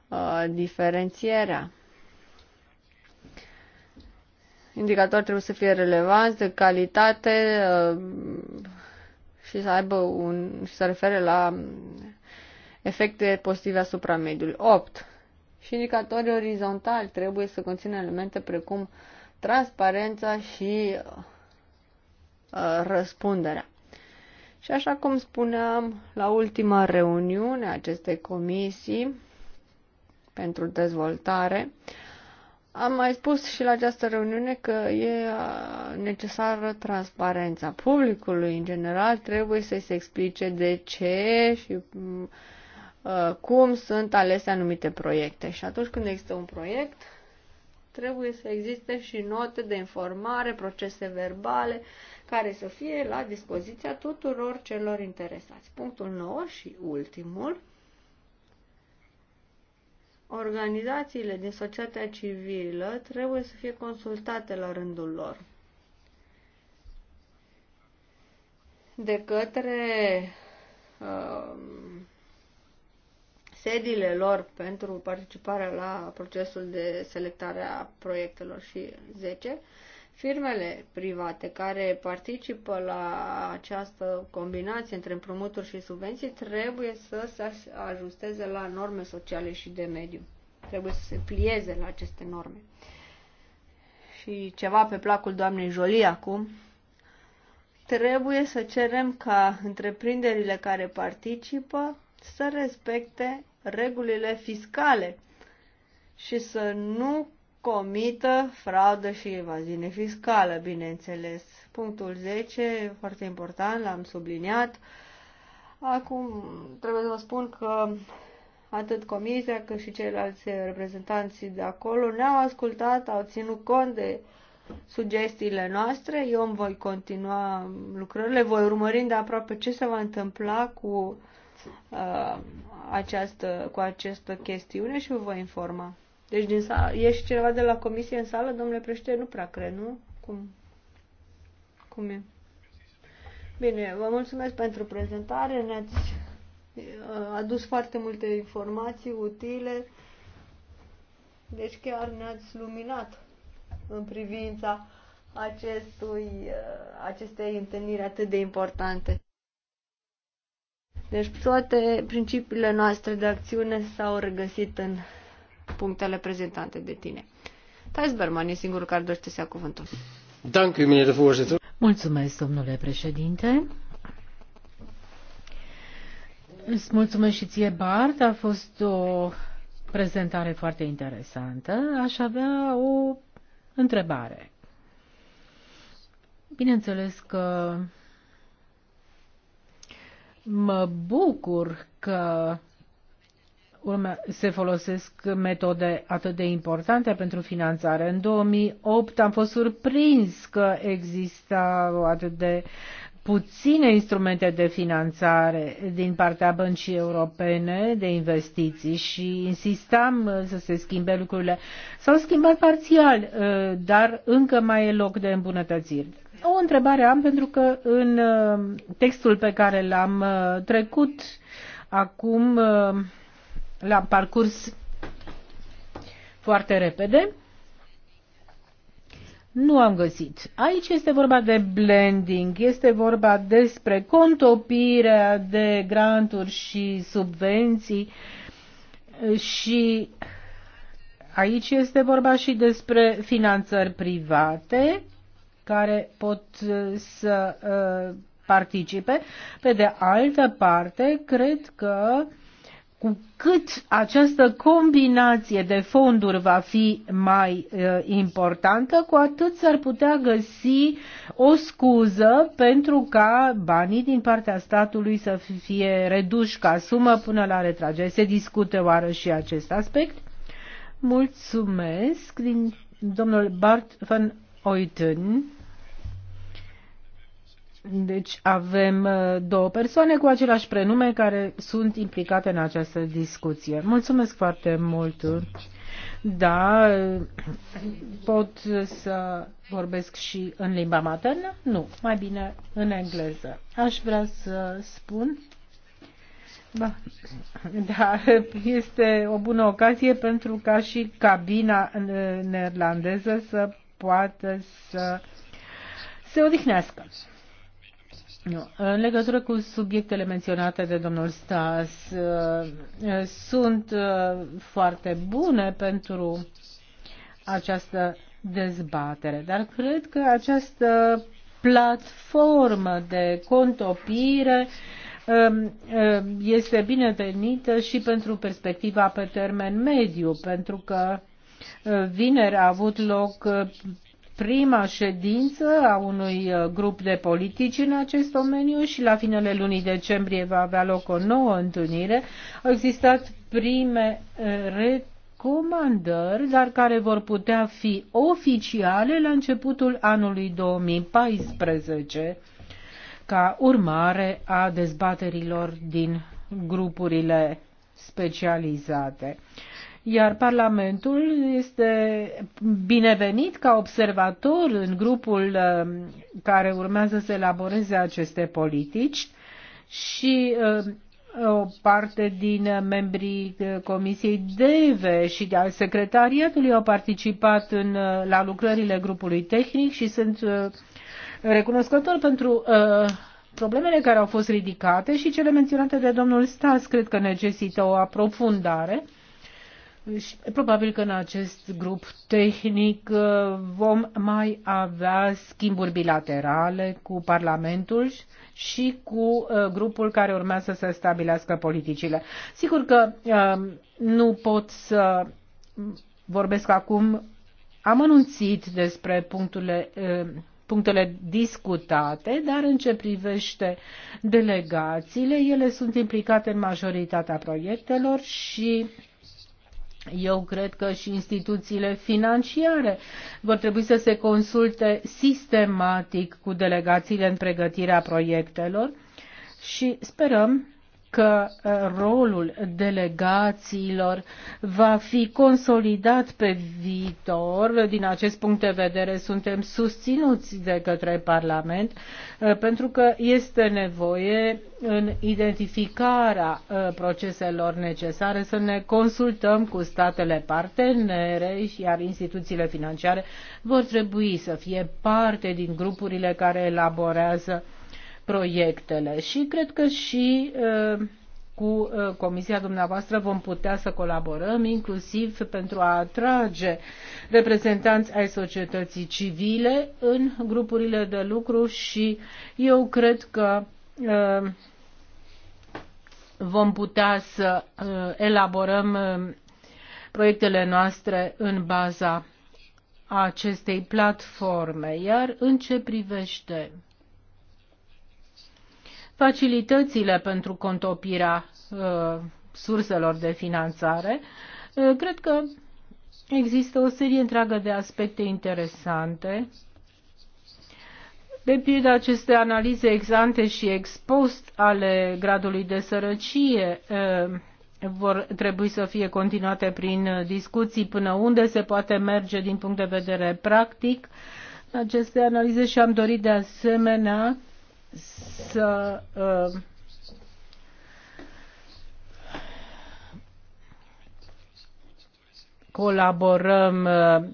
S3: uh, diferențierea. Indicatori trebuie să fie relevanți, de calitate uh, și să aibă un, și să refere la efecte pozitive asupra mediului. 8. Și indicatorii orizontali trebuie să conțină elemente precum transparența și Uh, răspunderea. Și așa cum spuneam la ultima reuniune a acestei comisii pentru dezvoltare, am mai spus și la această reuniune că e uh, necesară transparența publicului. În general, trebuie să se explice de ce și uh, cum sunt alese anumite proiecte. Și atunci când există un proiect, trebuie să existe și note de informare, procese verbale, uh, care să fie la dispoziția tuturor celor interesați. Punctul 9 și ultimul, organizațiile din societatea civilă trebuie să fie consultate la rândul lor de către uh, sediile lor pentru participarea la procesul de selectare a proiectelor și 10. Firmele private care participă la această combinație între împrumuturi și subvenții trebuie să se ajusteze la norme sociale și de mediu. Trebuie să se plieze la aceste norme. Și ceva pe placul doamnei Jolie acum. Trebuie să cerem ca întreprinderile care participă să respecte regulile fiscale și să nu comită fraudă și evaziune fiscală, bineînțeles. Punctul 10, foarte important, l-am subliniat. Acum trebuie să vă spun că atât comisia cât și ceilalți reprezentanți de acolo ne-au ascultat, au ținut cont de sugestiile noastre. Eu îmi voi continua lucrările, voi urmări de aproape ce se va întâmpla cu, uh, această, cu această chestiune și vă voi informa. Deci din sa- și cineva de la comisie în sală, domnule președinte? Nu prea cred, nu? Cum? Cum e? Bine, vă mulțumesc pentru prezentare, ne-ați uh, adus foarte multe informații utile, deci chiar ne-ați luminat în privința acestui, uh, acestei întâlniri atât de importante. Deci toate principiile noastre de acțiune s-au regăsit în punctele prezentate de tine. Thijs Berman e singurul care dorește să ia cuvântul.
S2: Mulțumesc, domnule președinte. Îți mulțumesc și ție, Bart. A fost o prezentare foarte interesantă. Aș avea o întrebare. Bineînțeles că mă bucur că se folosesc metode atât de importante pentru finanțare. În 2008 am fost surprins că există atât de puține instrumente de finanțare din partea băncii europene de investiții și insistam să se schimbe lucrurile. S-au schimbat parțial, dar încă mai e loc de îmbunătățiri. O întrebare am pentru că în uh, textul pe care l-am uh, trecut acum uh, l-am parcurs foarte repede. Nu am găsit. Aici este vorba de blending, este vorba despre contopirea de granturi și subvenții și aici este vorba și despre finanțări private care pot să uh, participe. Pe de altă parte, cred că uh, cu cât această combinație de fonduri va fi mai uh, importantă, cu atât s-ar putea găsi o scuză pentru ca banii din partea statului să fie reduși ca sumă până la retragere. Se discute oară și acest aspect. Mulțumesc din domnul Bart van Oiten. Deci avem uh, două persoane cu același prenume care sunt implicate în această discuție. Mulțumesc foarte mult. Da, uh, pot să vorbesc și în limba maternă? Nu, mai bine în engleză. Aș vrea să spun. Da, da este o bună ocazie pentru ca și cabina uh, neerlandeză să poată să se odihnească. Nu. În legătură cu subiectele menționate de domnul Stas, uh, sunt uh, foarte bune pentru această dezbatere, dar cred că această platformă de contopire um, uh, este binevenită și pentru perspectiva pe termen mediu, pentru că Vineri a avut loc prima ședință a unui uh, grup de politici în acest domeniu și la finele lunii decembrie va avea loc o nouă întâlnire. Au existat prime uh, recomandări, dar care vor putea fi oficiale la începutul anului 2014 ca urmare a dezbaterilor din grupurile specializate iar Parlamentul este binevenit ca observator în grupul um, care urmează să elaboreze aceste politici și um, o parte din membrii uh, Comisiei DEVE și al secretariatului au participat în, uh, la lucrările grupului tehnic și sunt uh, recunoscător pentru uh, problemele care au fost ridicate și cele menționate de domnul Stas cred că necesită o aprofundare și probabil că în acest grup tehnic uh, vom mai avea schimburi bilaterale cu Parlamentul și cu uh, grupul care urmează să stabilească politicile. Sigur că uh, nu pot să vorbesc acum Am anunțit despre punctele punctele discutate, dar în ce privește delegațiile, ele sunt implicate în majoritatea proiectelor și eu cred că și instituțiile financiare vor trebui să se consulte sistematic cu delegațiile în pregătirea proiectelor și sperăm că uh, rolul delegațiilor va fi consolidat pe viitor. Din acest punct de vedere suntem susținuți de către Parlament uh, pentru că este nevoie în identificarea uh, proceselor necesare să ne consultăm cu statele partenere, iar instituțiile financiare vor trebui să fie parte din grupurile care elaborează proiectele și cred că și uh, cu uh, comisia dumneavoastră vom putea să colaborăm, inclusiv pentru a atrage reprezentanți ai societății civile în grupurile de lucru și eu cred că uh, vom putea să elaborăm proiectele noastre în baza acestei platforme. Iar în ce privește facilitățile pentru contopirea uh, surselor de finanțare, uh, cred că există o serie întreagă de aspecte interesante. De pildă aceste analize exante și expost ale gradului de sărăcie uh, vor trebui să fie continuate prin discuții până unde se poate merge din punct de vedere practic. Aceste analize și am dorit de asemenea să uh, colaborăm uh,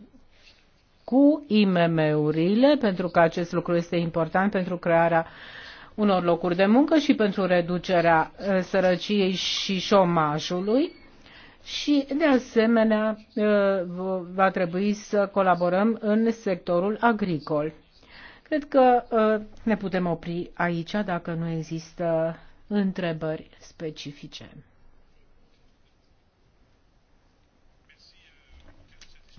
S2: cu IMM-urile, pentru că acest lucru este important pentru crearea unor locuri de muncă și pentru reducerea uh, sărăciei și șomajului. Și, de asemenea, va trebui să colaborăm în sectorul agricol. Cred că uh, ne putem opri aici dacă nu există întrebări specifice.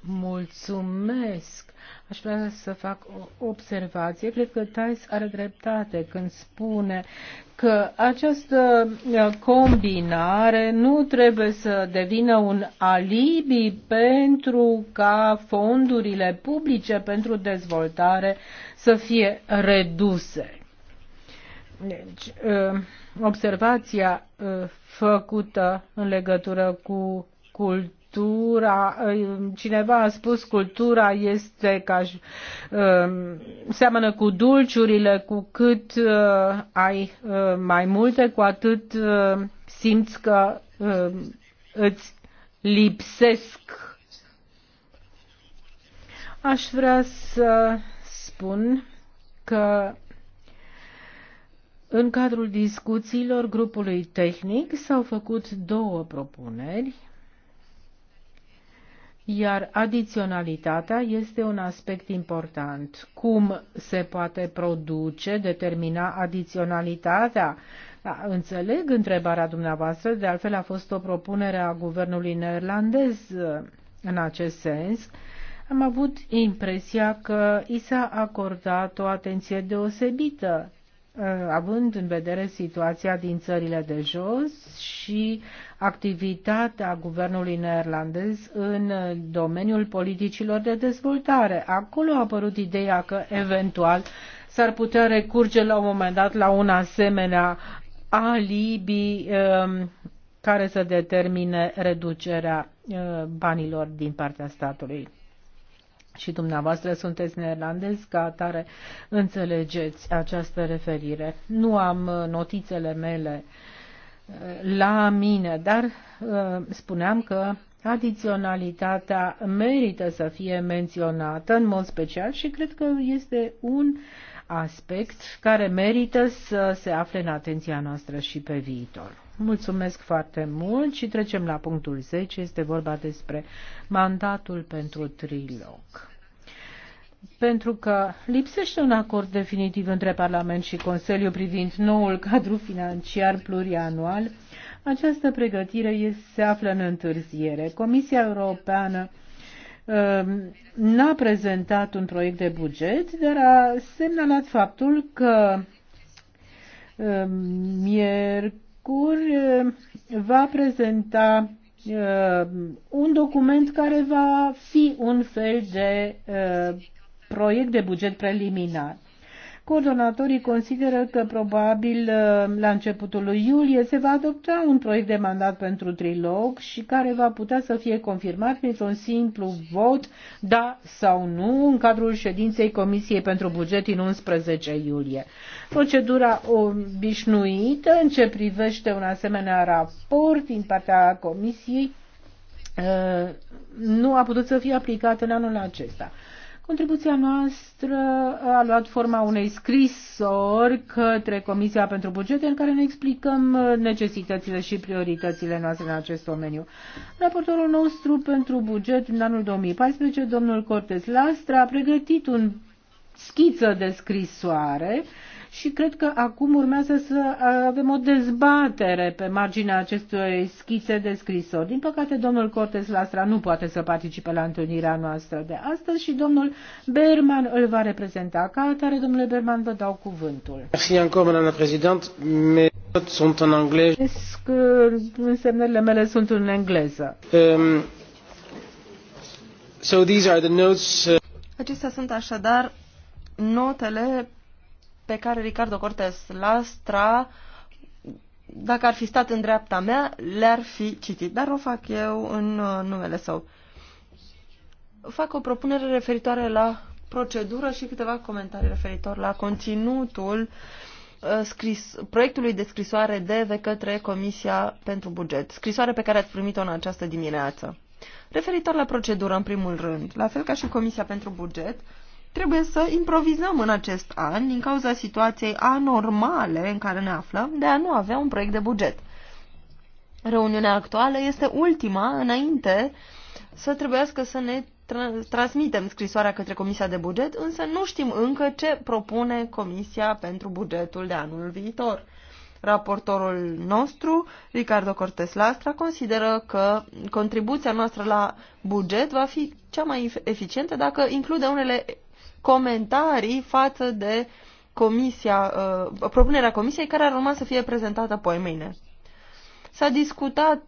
S2: Mulțumesc! Aș vrea să fac o observație. Cred că Tais are dreptate când spune că această uh, combinare nu trebuie să devină un alibi pentru ca fondurile publice pentru dezvoltare să fie reduse. Deci, uh, observația uh, făcută în legătură cu cultura cultura, cineva a spus cultura este ca seamănă cu dulciurile, cu cât uh, ai uh, mai multe, cu atât uh, simți că um, îți lipsesc. Aș vrea să spun că în cadrul discuțiilor grupului tehnic s-au făcut două propuneri iar adiționalitatea este un aspect important. Cum se poate produce, determina adiționalitatea? Da, înțeleg întrebarea dumneavoastră, de altfel a fost o propunere a guvernului neerlandez uh, în acest sens. Am avut impresia că i s-a acordat o atenție deosebită Uh, având în vedere situația din țările de jos și activitatea guvernului neerlandez în domeniul politicilor de dezvoltare. Acolo a apărut ideea că eventual s-ar putea recurge la un moment dat la un asemenea alibi um, care să determine reducerea uh, banilor din partea statului și dumneavoastră sunteți neerlandez, ca atare înțelegeți această referire. Nu am uh, notițele mele uh, la mine, dar uh, spuneam că Adiționalitatea merită să fie menționată în mod special și cred că este un aspect care merită să se afle în atenția noastră și pe viitor. Mulțumesc foarte mult și trecem la punctul 10. Este vorba despre mandatul pentru trilog. Pentru că lipsește un acord definitiv între Parlament și Consiliu privind noul cadru financiar plurianual, această pregătire se află în întârziere. Comisia Europeană um, n-a prezentat un proiect de buget, dar a semnalat faptul că um, miercuri um, va prezenta un document care va fi un fel de uh, proiect de buget preliminar. Coordonatorii consideră că probabil uh, la începutul lui iulie se va adopta un proiect de mandat pentru trilog și care va putea să fie confirmat printr-un simplu vot, da sau nu, în cadrul ședinței Comisiei pentru Buget din 11 iulie. Procedura obișnuită în ce privește un asemenea raport din partea Comisiei uh, nu a putut să fie aplicat în anul acesta. Contribuția noastră uh, a luat forma unei scrisori către Comisia pentru Bugete în care ne explicăm uh, necesitățile și prioritățile noastre în acest domeniu. Raportorul nostru pentru buget în anul 2014, domnul Cortes Lastra, a pregătit un schiță de scrisoare uh, și cred că acum urmează să avem o dezbatere pe marginea acestui schițe de scrisori. Din păcate, domnul Cortes Lastra nu poate să participe la întâlnirea noastră de astăzi și domnul Berman îl va reprezenta. Ca atare, domnule Berman, vă dau cuvântul. Uh, însemnările mele sunt în engleză. Um, so these are the notes, uh...
S4: Acestea sunt așadar notele pe care Ricardo Cortes Lastra, dacă ar fi stat în dreapta mea, le-ar fi citit, dar o fac eu în uh, numele său. Fac o propunere referitoare la procedură și câteva comentarii referitor la conținutul uh, scris, proiectului de scrisoare de către Comisia pentru Buget, scrisoare pe care ați primit-o în această dimineață. Referitor la procedură, în primul rând, la fel ca și Comisia pentru Buget, Trebuie să improvizăm în acest an din cauza situației anormale în care ne aflăm de a nu avea un proiect de buget. Reuniunea actuală este ultima înainte să trebuiască să ne tra- transmitem scrisoarea către Comisia de Buget, însă nu știm încă ce propune Comisia pentru bugetul de anul viitor. Raportorul nostru, Ricardo Cortes Lastra, consideră că contribuția noastră la buget va fi cea mai eficientă dacă include unele comentarii față de comisia, uh, propunerea comisiei care ar urma să fie prezentată poi mâine. S-a discutat,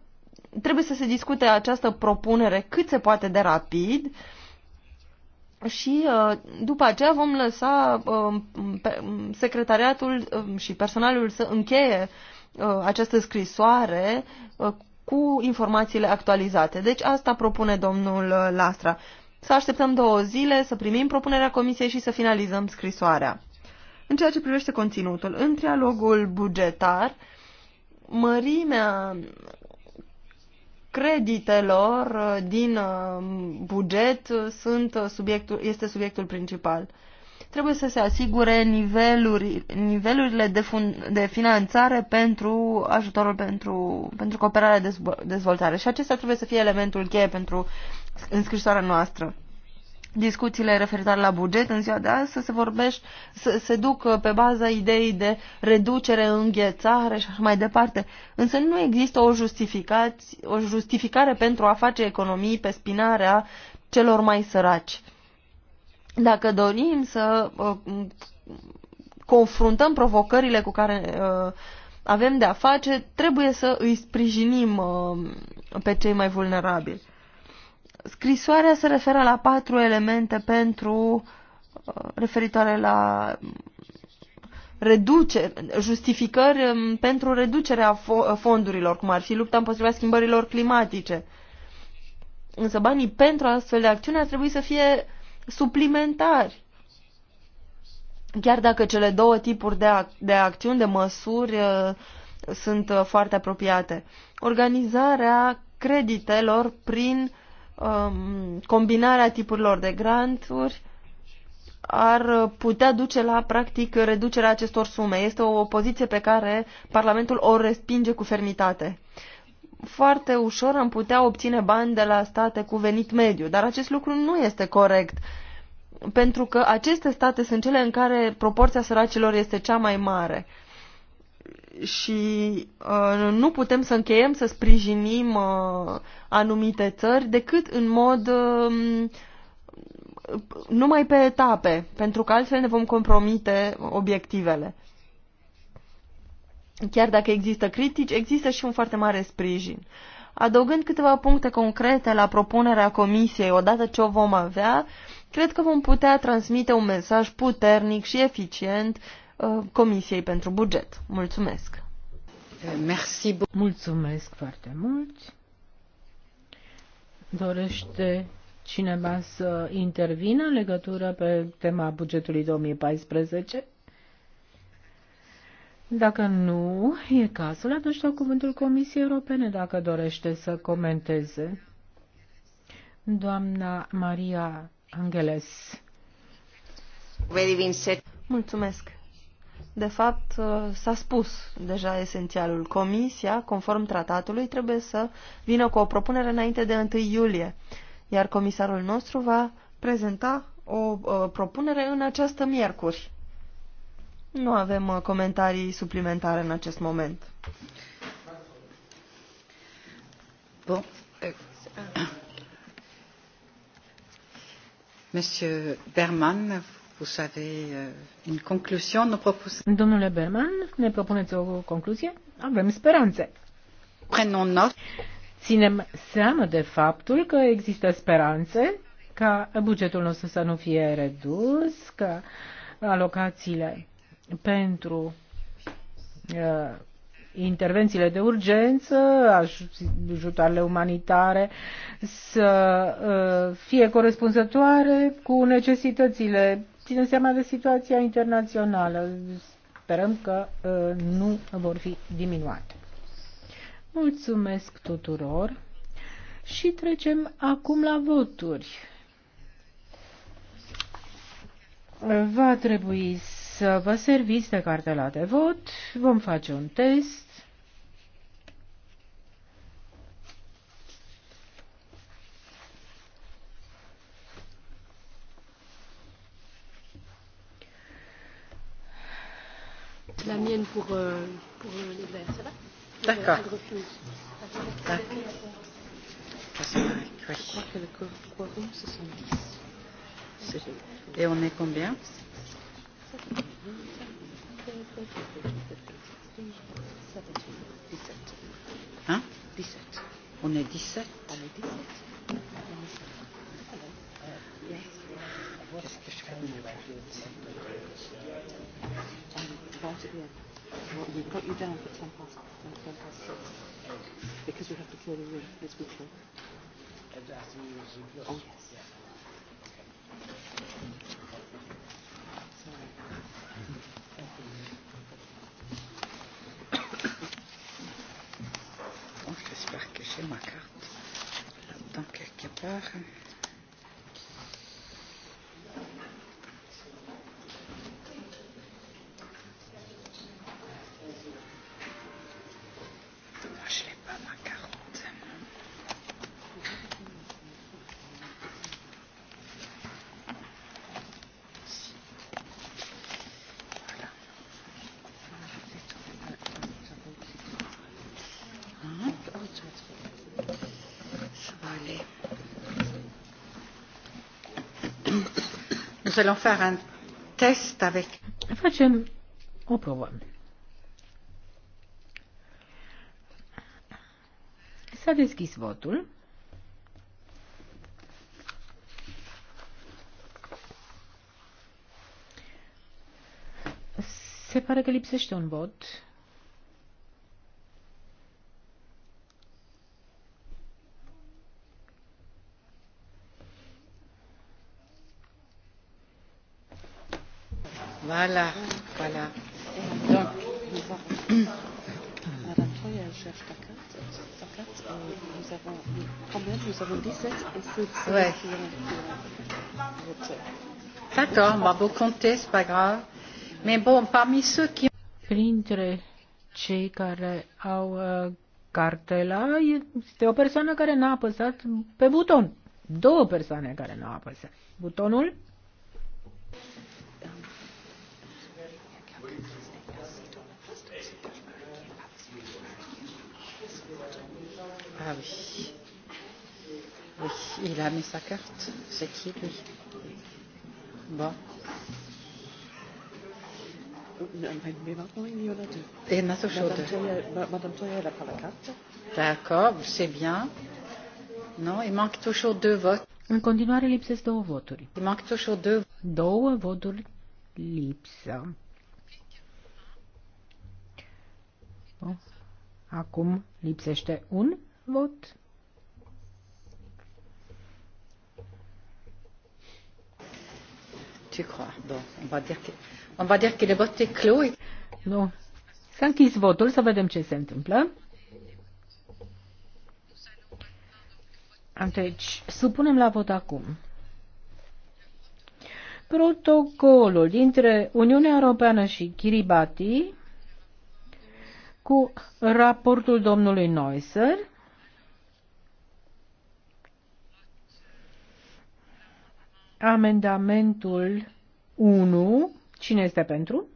S4: trebuie să se discute această propunere cât se poate de rapid și uh, după aceea vom lăsa uh, pe, secretariatul uh, și personalul să încheie uh, această scrisoare uh, cu informațiile actualizate. Deci asta propune domnul uh, Lastra să așteptăm două zile, să primim propunerea comisiei și să finalizăm scrisoarea. În ceea ce privește conținutul, în trialogul bugetar, mărimea creditelor uh, din uh, buget sunt uh, subiectul, este subiectul principal. Trebuie să se asigure niveluri, nivelurile de, fun, de finanțare pentru ajutorul pentru, pentru cooperarea de dezvoltare și acesta trebuie să fie elementul cheie pentru în scrisoarea noastră. Discuțiile referitoare la buget în ziua de azi să se vorbești, să se ducă pe baza ideii de reducere, înghețare și așa mai departe. Însă nu există o, o justificare pentru a face economii pe spinarea celor mai săraci. Dacă dorim să uh, confruntăm provocările cu care uh, avem de a face, trebuie să îi sprijinim uh, pe cei mai vulnerabili. Scrisoarea se referă la patru elemente pentru uh, referitoare la reducere, justificări um, pentru reducerea uh, fondurilor, cum ar fi lupta împotriva schimbărilor climatice. Însă banii pentru astfel de acțiuni ar trebui să fie suplimentari. Chiar dacă cele două tipuri de, ac- de acțiuni, de măsuri uh, sunt foarte apropiate. Organizarea creditelor prin uh, um, combinarea tipurilor de granturi ar putea duce la, practic, reducerea acestor sume. Este o poziție pe care Parlamentul o respinge cu fermitate. Foarte ușor am putea obține bani de la state cu venit mediu, dar acest lucru nu este corect, pentru că aceste state sunt cele în care proporția săracilor este cea mai mare și uh, nu putem să încheiem să sprijinim uh, anumite țări decât în mod uh, numai pe etape, pentru că altfel ne vom compromite obiectivele. Chiar dacă există critici, există și un foarte mare sprijin. Adăugând câteva puncte concrete la propunerea Comisiei, odată ce o vom avea, cred că vom putea transmite un mesaj puternic și eficient uh, Uh, Comisiei
S2: pentru Buget. Mulțumesc! Merci. Mulțumesc foarte mult! Dorește cineva să intervină în legătură pe tema bugetului 2014? Dacă nu e cazul, atunci dau cuvântul Comisiei Europene dacă dorește să comenteze. Doamna Maria Angeles. Mulțumesc de fapt,
S4: uh, s-a spus deja esențialul. Comisia, conform tratatului, trebuie să vină cu o propunere înainte de 1 iulie, iar comisarul nostru va prezenta o uh, propunere în această miercuri. Nu avem uh, comentarii suplimentare în acest moment.
S1: Bun. Euh, Monsieur Berman, Euh, Domnule
S2: Berman, ne propuneți o concluzie? Avem speranțe. Ținem seama de faptul că există speranțe ca bugetul nostru să nu fie redus, că alocațiile pentru uh, intervențiile de urgență, ajutoarele umanitare, să uh, fie corespunzătoare cu necesitățile ține seama de situația internațională. Sperăm că uh, nu vor fi diminuate. Mulțumesc tuturor și trecem acum la voturi. Va trebui să vă serviți de cartela de vot, vom face un test.
S1: la mienne pour, euh, pour les verts. Ça va D'accord. Et on est combien Hein 17. On est 17 On est 17. Qu'est-ce que je fais right at the end. Well, we've got you down for 10 past, 10 uh, past 6. Because we have to clear the room It's good for Oh, yes. Yeah. J'espère que j'ai ma carte là-dedans quelque part. nous allons faire un test avec... Facem o probă. S-a deschis votul.
S2: Se pare că lipsește un vot.
S1: Ouais. D'accord, bah,
S2: vous comptez, c'est pas grave. Mais bon, parmi ceux qui... Printre cei care au uh, cartela este o persoană care n-a apăsat pe buton. Două persoane care n-au apăsat. Butonul? Ah oui.
S1: Oui, il a mis sa carte. C'est qui lui Bon. Mais maintenant, il y en a deux. Il y en Madame Toya, elle n'a pas la carte. D'accord, c'est bien. Non, il manque toujours deux votes.
S2: În continuare lipsesc două voturi. Două voturi lipsă. Bun. Acum lipsește un vot.
S1: Tu crois. Bon, on va dire que, on va dire que le vote est clos. Nu.
S2: S-a votul, să vedem ce se întâmplă. Deci, supunem la vot acum protocolul dintre Uniunea Europeană și Kiribati cu raportul domnului Neusser Amendamentul 1. Cine este pentru?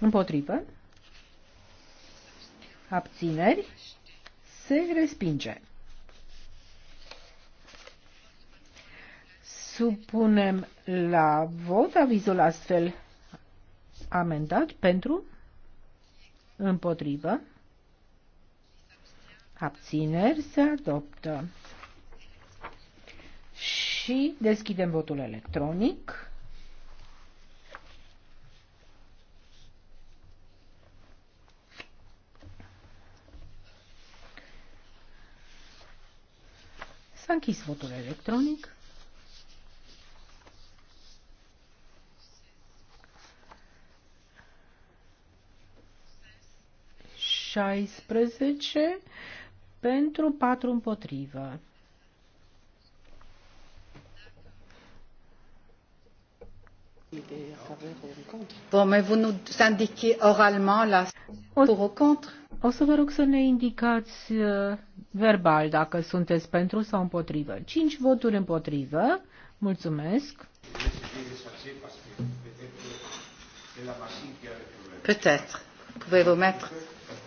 S2: Împotrivă. Abțineri. Se respinge. Supunem la vot avizul astfel amendat pentru împotrivă. Abțineri se adoptă și deschidem votul electronic. S-a închis votul electronic. șaisprezece pentru patru împotrivă. Bon, mais vous
S1: nous indiquez oralement la pour contre? O să vă rog să ne indicați
S2: uh, verbal dacă sunteți pentru sau împotrivă. Cinci voturi împotrivă. Mulțumesc.
S1: Peut-être. Pouvez-vous mettre?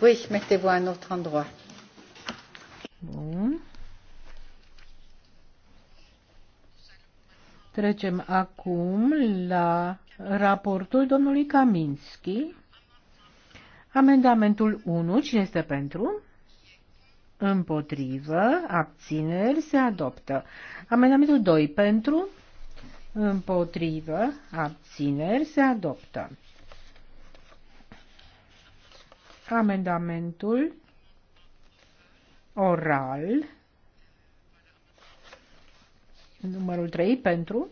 S1: Oui, mettez-vous à un autre endroit.
S2: Bun. Trecem acum la raportul domnului Kaminski. Amendamentul 1, cine este pentru? Împotrivă, abțineri, se adoptă. Amendamentul 2, pentru? Împotrivă, abțineri, se adoptă. Amendamentul oral Numărul 3 pentru,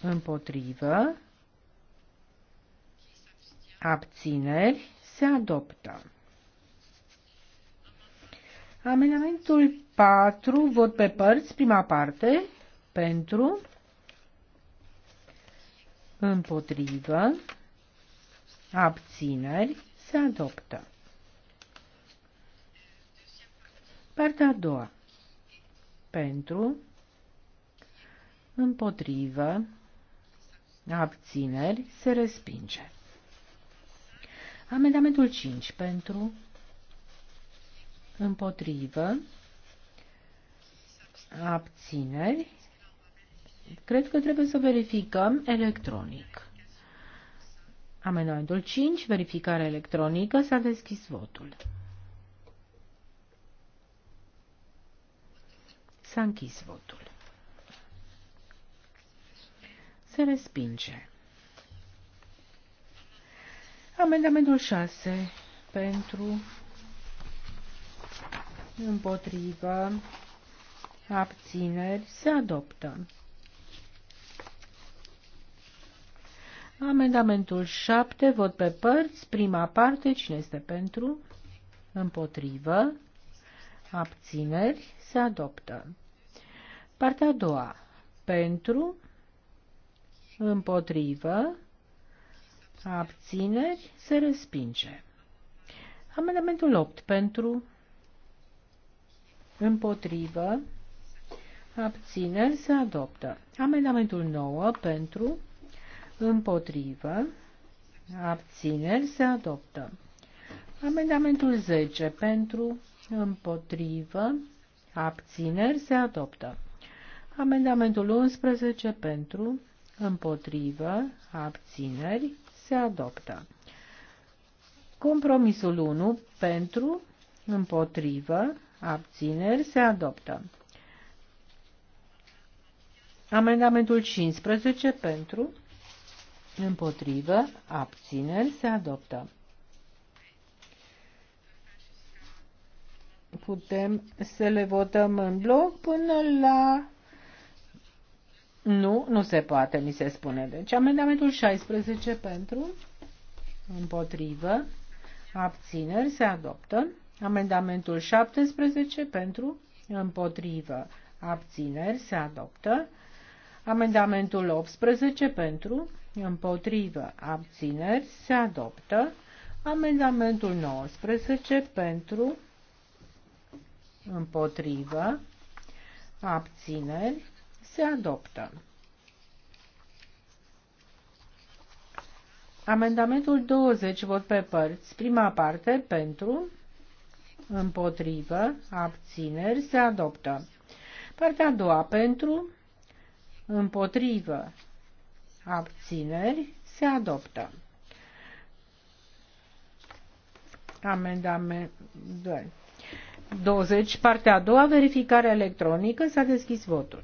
S2: împotrivă, abțineri, se adoptă. Amendamentul 4, vot pe părți, prima parte, pentru, împotrivă, abțineri, se adoptă. Partea a doua pentru, împotrivă, abțineri, se respinge. Amendamentul 5 pentru, împotrivă, abțineri, cred că trebuie să verificăm electronic. Amendamentul 5, verificare electronică, s-a deschis votul. S-a închis votul. Se respinge. Amendamentul 6 pentru împotrivă abțineri se adoptă. Amendamentul 7, vot pe părți, prima parte, cine este pentru? Împotrivă, abțineri, se adoptă. Partea a doua, pentru, împotrivă, abțineri, se respinge. Amendamentul 8, pentru, împotrivă, abțineri, se adoptă. Amendamentul 9, pentru, împotrivă, abțineri, se adoptă. Amendamentul 10, pentru, împotrivă, abțineri se adoptă. Amendamentul 11 pentru, împotrivă, abțineri se adoptă. Compromisul 1 pentru, împotrivă, abțineri se adoptă. Amendamentul 15 pentru, împotrivă, abțineri se adoptă. putem să le votăm în bloc până la... Nu, nu se poate, mi se spune. Deci amendamentul 16 pentru, împotrivă, abțineri, se adoptă. Amendamentul 17 pentru, împotrivă, abțineri, se adoptă. Amendamentul 18 pentru, împotrivă, abțineri, se adoptă. Amendamentul 19 pentru, împotrivă, abțineri, se adoptă. Amendamentul 20, vot pe părți, prima parte, pentru, împotrivă, abțineri, se adoptă. Partea a doua, pentru, împotrivă, abțineri, se adoptă. Amendament 2. 20, partea a doua, verificare electronică, s-a deschis votul.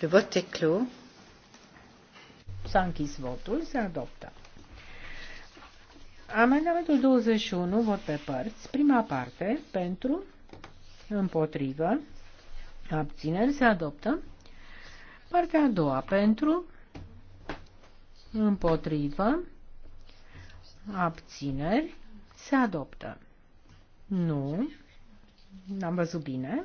S2: Le vot est clos. S-a închis votul, se adoptă. Amendamentul 21, vot pe părți, prima parte, pentru, împotrivă, abțineri, se adoptă. Partea a doua, pentru, împotrivă, abțineri, se adoptă. Nu. N-am văzut bine.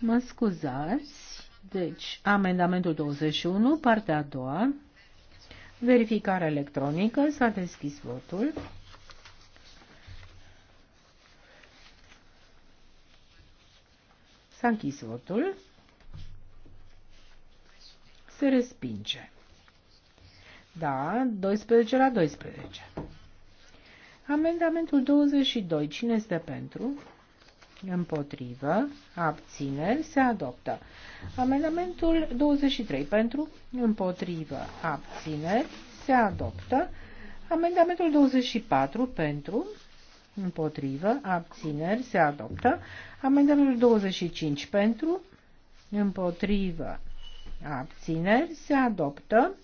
S2: Mă scuzați. Deci, amendamentul 21, partea a doua. Verificare electronică. S-a deschis votul. S-a închis votul. Se respinge. Da, 12 la 12. Amendamentul 22. Cine este pentru? Împotrivă. Abțineri. Se adoptă. Amendamentul 23. Pentru? Împotrivă. Abțineri. Se adoptă. Amendamentul 24. Pentru? Împotrivă. Abțineri. Se adoptă. Amendamentul 25. Pentru? Împotrivă. Abțineri. Se adoptă.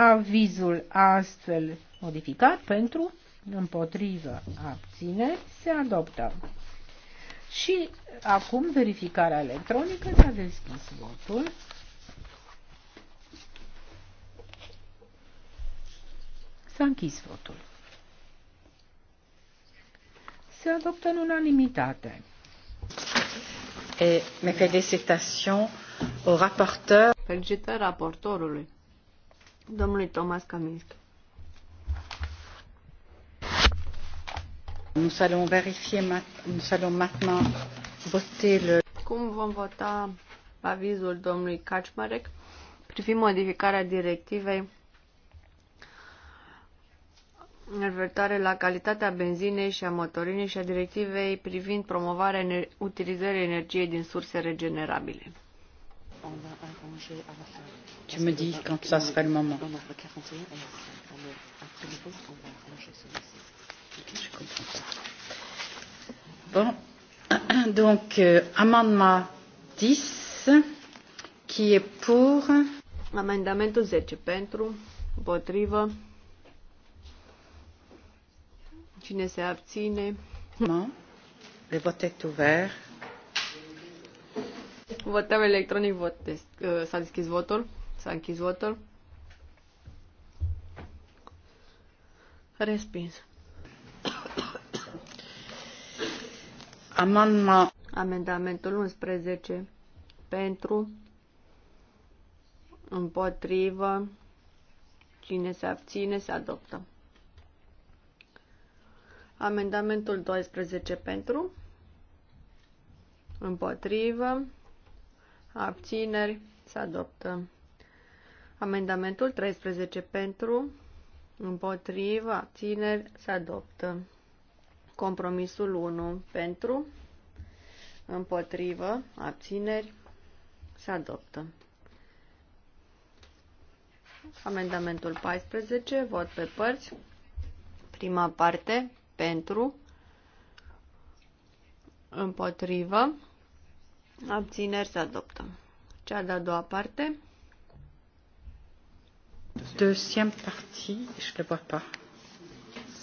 S2: Avizul astfel modificat pentru, împotrivă, abține se adoptă. Și acum verificarea electronică s-a deschis votul. S-a închis votul. Se adoptă în
S1: unanimitate. Et mes félicitations au rapporteur. Felicitări raportorului domnului Thomas Kaminski. Nous allons vérifier, nous allons maintenant voter le...
S3: Cum vom vota avizul domnului Kaczmarek privind modificarea directivei referitoare la calitatea benzinei și a motorinei și a directivei privind promovarea utilizării energiei din surse regenerabile
S1: on va arranger à la fin. Tu me dis quand ça sera le moment. après le vote, on va arranger celui-ci. Je comprends pas. Bon. Donc, euh, amendement 10, qui est pour...
S3: Amendamentul 10 pentru, împotrivă, cine se abține.
S1: Non. Le vote est ouvert.
S3: Votăm electronic, votez. Uh, s-a deschis votul. S-a închis votul. Respins. Amendamentul 11 pentru împotrivă cine se abține se adoptă. Amendamentul 12 pentru împotrivă abțineri, se adoptă. Amendamentul 13 pentru, împotrivă, abțineri, se adoptă. Compromisul 1 pentru, împotrivă, abțineri, se adoptă. Amendamentul 14, vot pe părți. Prima parte, pentru, împotrivă, Abțineri să adoptăm. Cea de-a doua parte.
S1: Deuxième partie, je ne vois pas.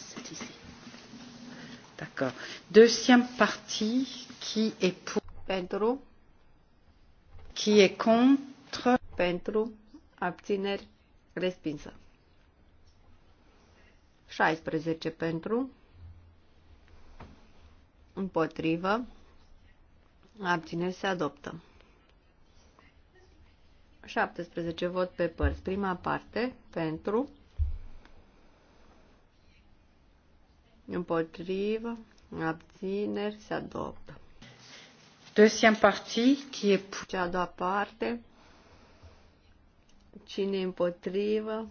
S1: C'est ici. D'accord. Deuxième partie qui est pour. Pentru. Qui est contre. Pentru. Abtiner. Respinsa.
S3: 16 pentru. Împotrivă. Abțineri se adoptă. 17 vot pe părți. Prima parte pentru, împotrivă, abțineri se adoptă. Deuxième partie qui est Cea a doua parte. Cine împotrivă,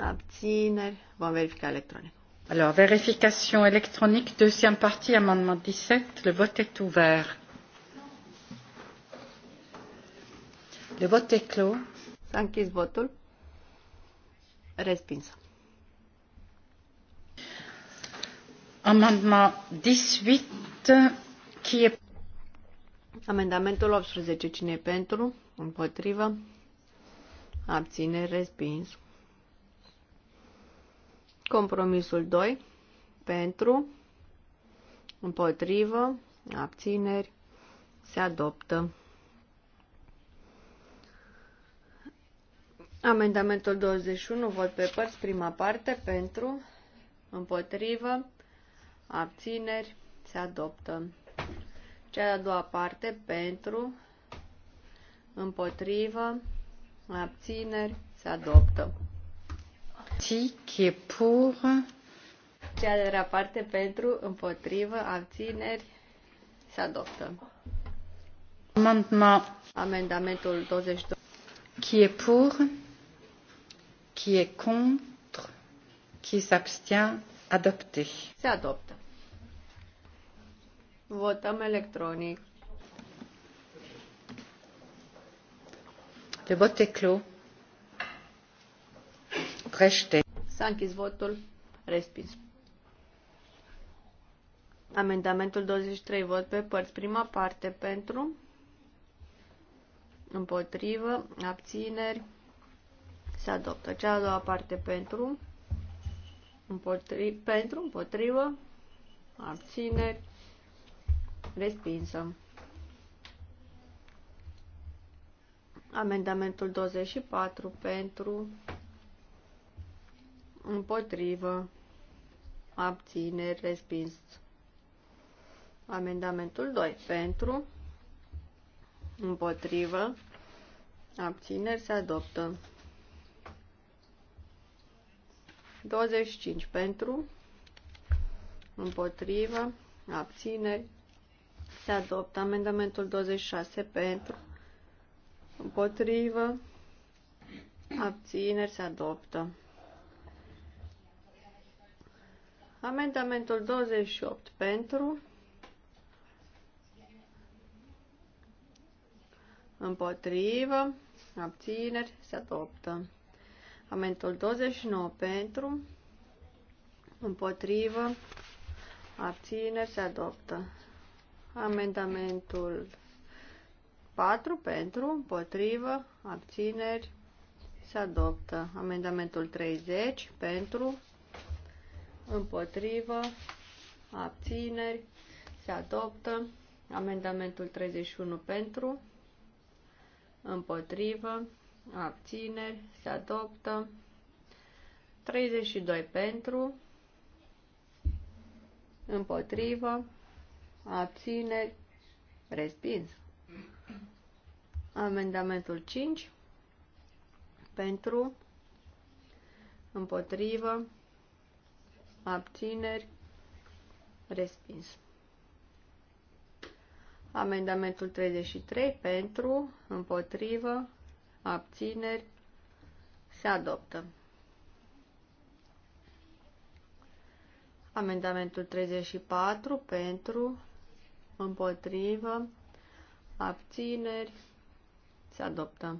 S3: abțineri, vom verifica electronic.
S1: Alors, vérification électronique, deuxième partie, amendement 17. Le vote est ouvert. Le vote est clos. s votul. Respins. Amendement 18. Qui e... Amendamentul 18. Cine e pentru?
S3: Împotrivă? Abține. Respins. Compromisul 2 pentru, împotrivă, abțineri, se adoptă. Amendamentul 21, vot pe părți, prima parte, pentru, împotrivă, abțineri, se adoptă. Cea de-a doua parte, pentru, împotrivă, abțineri, se adoptă.
S1: Qui est pour?
S3: Cea de la parte pentru, împotrivă, abțineri, se adoptă.
S1: Amendement. Amendamentul 22. Qui est pour? Qui est contre? Qui s'abstient? Adopté. Se adoptă.
S3: Votăm electronic.
S1: Le vote est clos crește. S-a
S3: închis votul. Respins. Amendamentul 23, vot pe părți. Prima parte pentru, împotrivă, abțineri, se adoptă. Cea a doua parte pentru, împotri, pentru împotrivă, abțineri, respinsă. Amendamentul 24 pentru, împotrivă, abțineri, respins. Amendamentul 2 pentru, împotrivă, abțineri, se adoptă. 25 pentru, împotrivă, abțineri, se adoptă. Amendamentul 26 pentru, împotrivă, abțineri, se adoptă. Amendamentul 28 pentru, împotrivă, abțineri, se adoptă. Amendamentul 29 pentru, împotrivă, abțineri, se adoptă. Amendamentul 4 pentru, împotrivă, abțineri, se adoptă. Amendamentul 30 pentru, împotrivă, abțineri, se adoptă. Amendamentul 31 pentru, împotrivă, abțineri, se adoptă. 32 pentru, împotrivă, abțineri, respins. Amendamentul 5 pentru, împotrivă, abțineri, respins. Amendamentul 33 pentru, împotrivă, abțineri, se adoptă. Amendamentul 34 pentru, împotrivă, abțineri, se adoptă.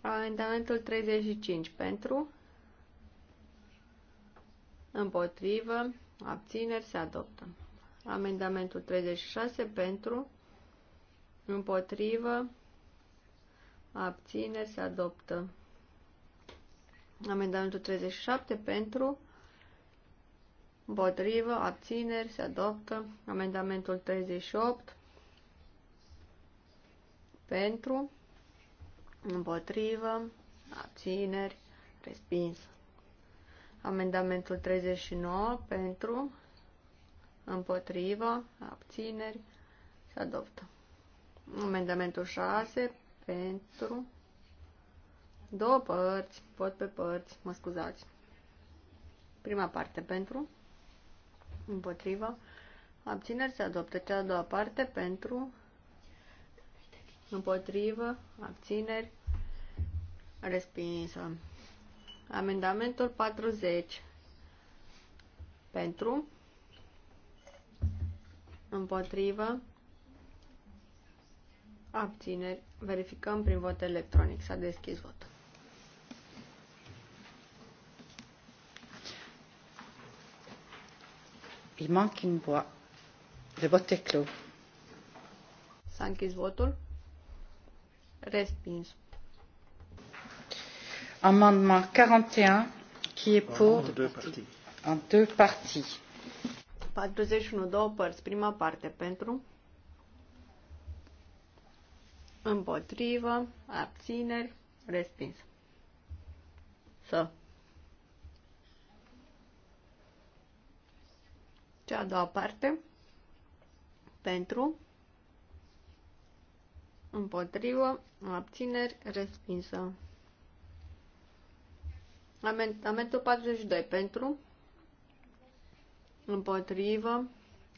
S3: Amendamentul 35 pentru, împotrivă, abțineri, se adoptă. Amendamentul 36 pentru, împotrivă, abțineri, se adoptă. Amendamentul 37 pentru, împotrivă, abțineri, se adoptă. Amendamentul 38 pentru, împotrivă, abțineri, respins. Amendamentul 39 pentru, împotrivă, abțineri, se adoptă. Amendamentul 6 pentru, două părți, pot pe părți, mă scuzați. Prima parte pentru, împotrivă, abțineri, se adoptă. Cea a doua parte pentru, împotrivă, abțineri, respinsă. Amendamentul 40 pentru, împotrivă, abțineri. Verificăm prin vot electronic. S-a deschis votul.
S1: Il manque une voix. Le vote est clos. S-a închis votul. Respins. Amendement 41, qui est pour... În două partii.
S3: două părți. Prima parte pentru, împotrivă, abțineri, respins. Să. Cea a doua parte, pentru, împotrivă, abțineri, respinsă. Amendamentul 42 pentru, împotrivă,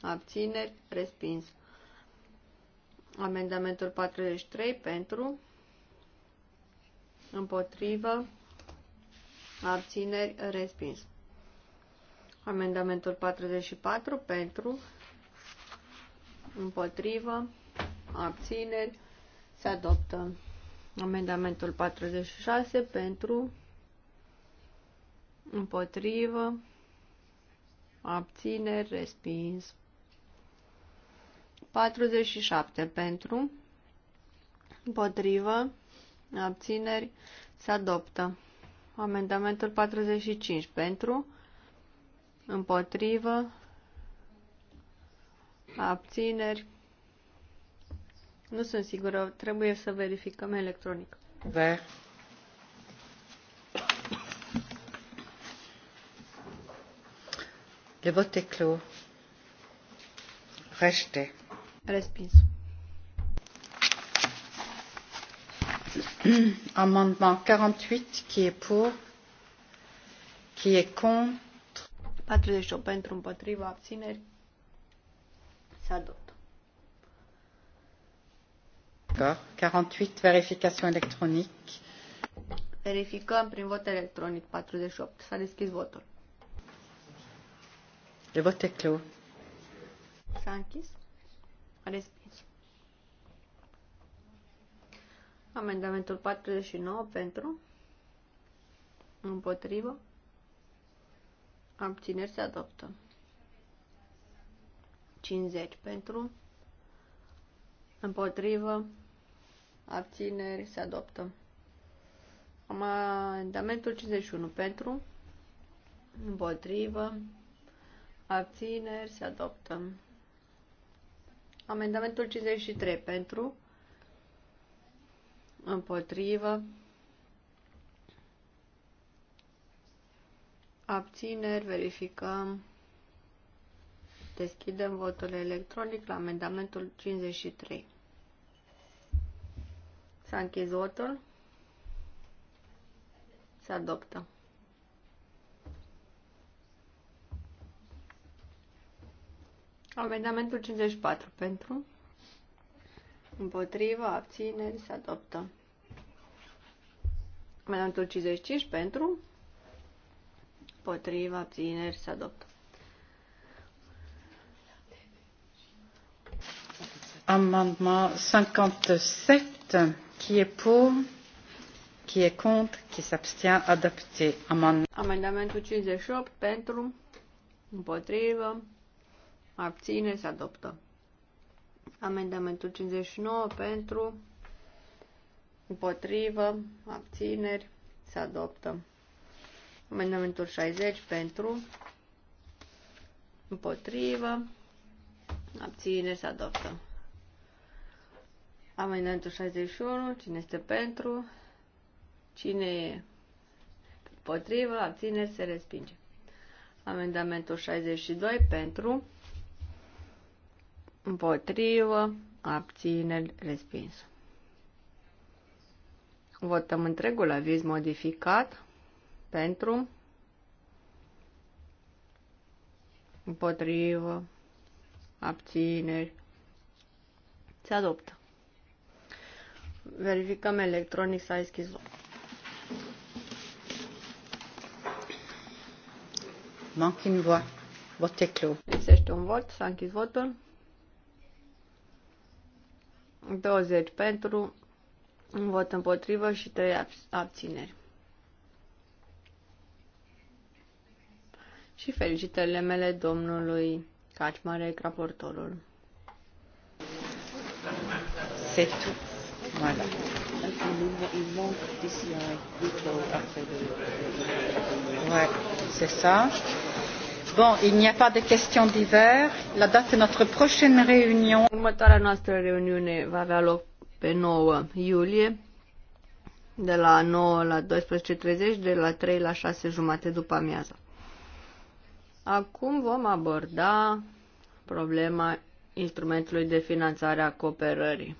S3: abțineri, respins. Amendamentul 43 pentru, împotrivă, abțineri, respins. Amendamentul 44 pentru, împotrivă, abțineri, se adoptă. Amendamentul 46 pentru, împotrivă, abțineri, respins. 47 pentru, împotrivă, abțineri, se adoptă. Amendamentul 45 pentru, împotrivă, abțineri. Nu sunt sigură, trebuie să verificăm electronic.
S1: Ver. Le vote est clos. Rejeté. Respins. Amendement 48 qui est pour, qui est contre.
S3: 48 pentru împotriva abțineri se adoptă.
S1: 48 verification electronic.
S3: Verificăm prin vot electronic 48. S-a deschis votul.
S1: Le vot est clos.
S3: s închis. Amendamentul 49 pentru. Împotrivă. Abțineri se adoptă. 50 pentru. Împotrivă. Abțineri se adoptă. Amendamentul 51 pentru. Împotrivă. Abțineri se adoptă. Amendamentul 53 pentru. Împotrivă. Abțineri, verificăm. Deschidem votul electronic la amendamentul 53. S-a închis votul. Se adoptă. Amendamentul 54 pentru. împotriva abțineri, se adoptă. Amendamentul 55 pentru. Împotriva, abțineri, se adoptă.
S1: Amendement 57 qui est pour, qui est contre, qui s'abstient, adopté.
S3: Amendamentul 58 pentru, împotriva abține, se adoptă. Amendamentul 59 pentru, împotrivă, abțineri, se adoptă. Amendamentul 60 pentru, împotrivă, abțineri, se adoptă. Amendamentul 61, cine este pentru, cine e împotrivă, abțineri, se respinge. Amendamentul 62 pentru, Împotrivă. Abțineri. Respins. Votăm întregul aviz modificat. Pentru. Împotrivă. Abțineri. Se adoptă. Verificăm electronic s-a deschis votul.
S1: Manque une voix. Vot e clos. Lipsește un vot, s-a închis votul. 20 pentru,
S3: un vot împotrivă și 3 abțineri. Și felicitările mele domnului Cacimarec, raportorul.
S1: C'est tout. Voilà. Ouais, c'est ça. Bun, il n'y a pas de questions La date de notre prochaine réunion. Următoarea noastră reuniune va avea loc pe 9
S3: iulie de la 9 la 12.30, de la 3 la 6 jumate după amiază. Acum vom aborda problema instrumentului de finanțare a cooperării.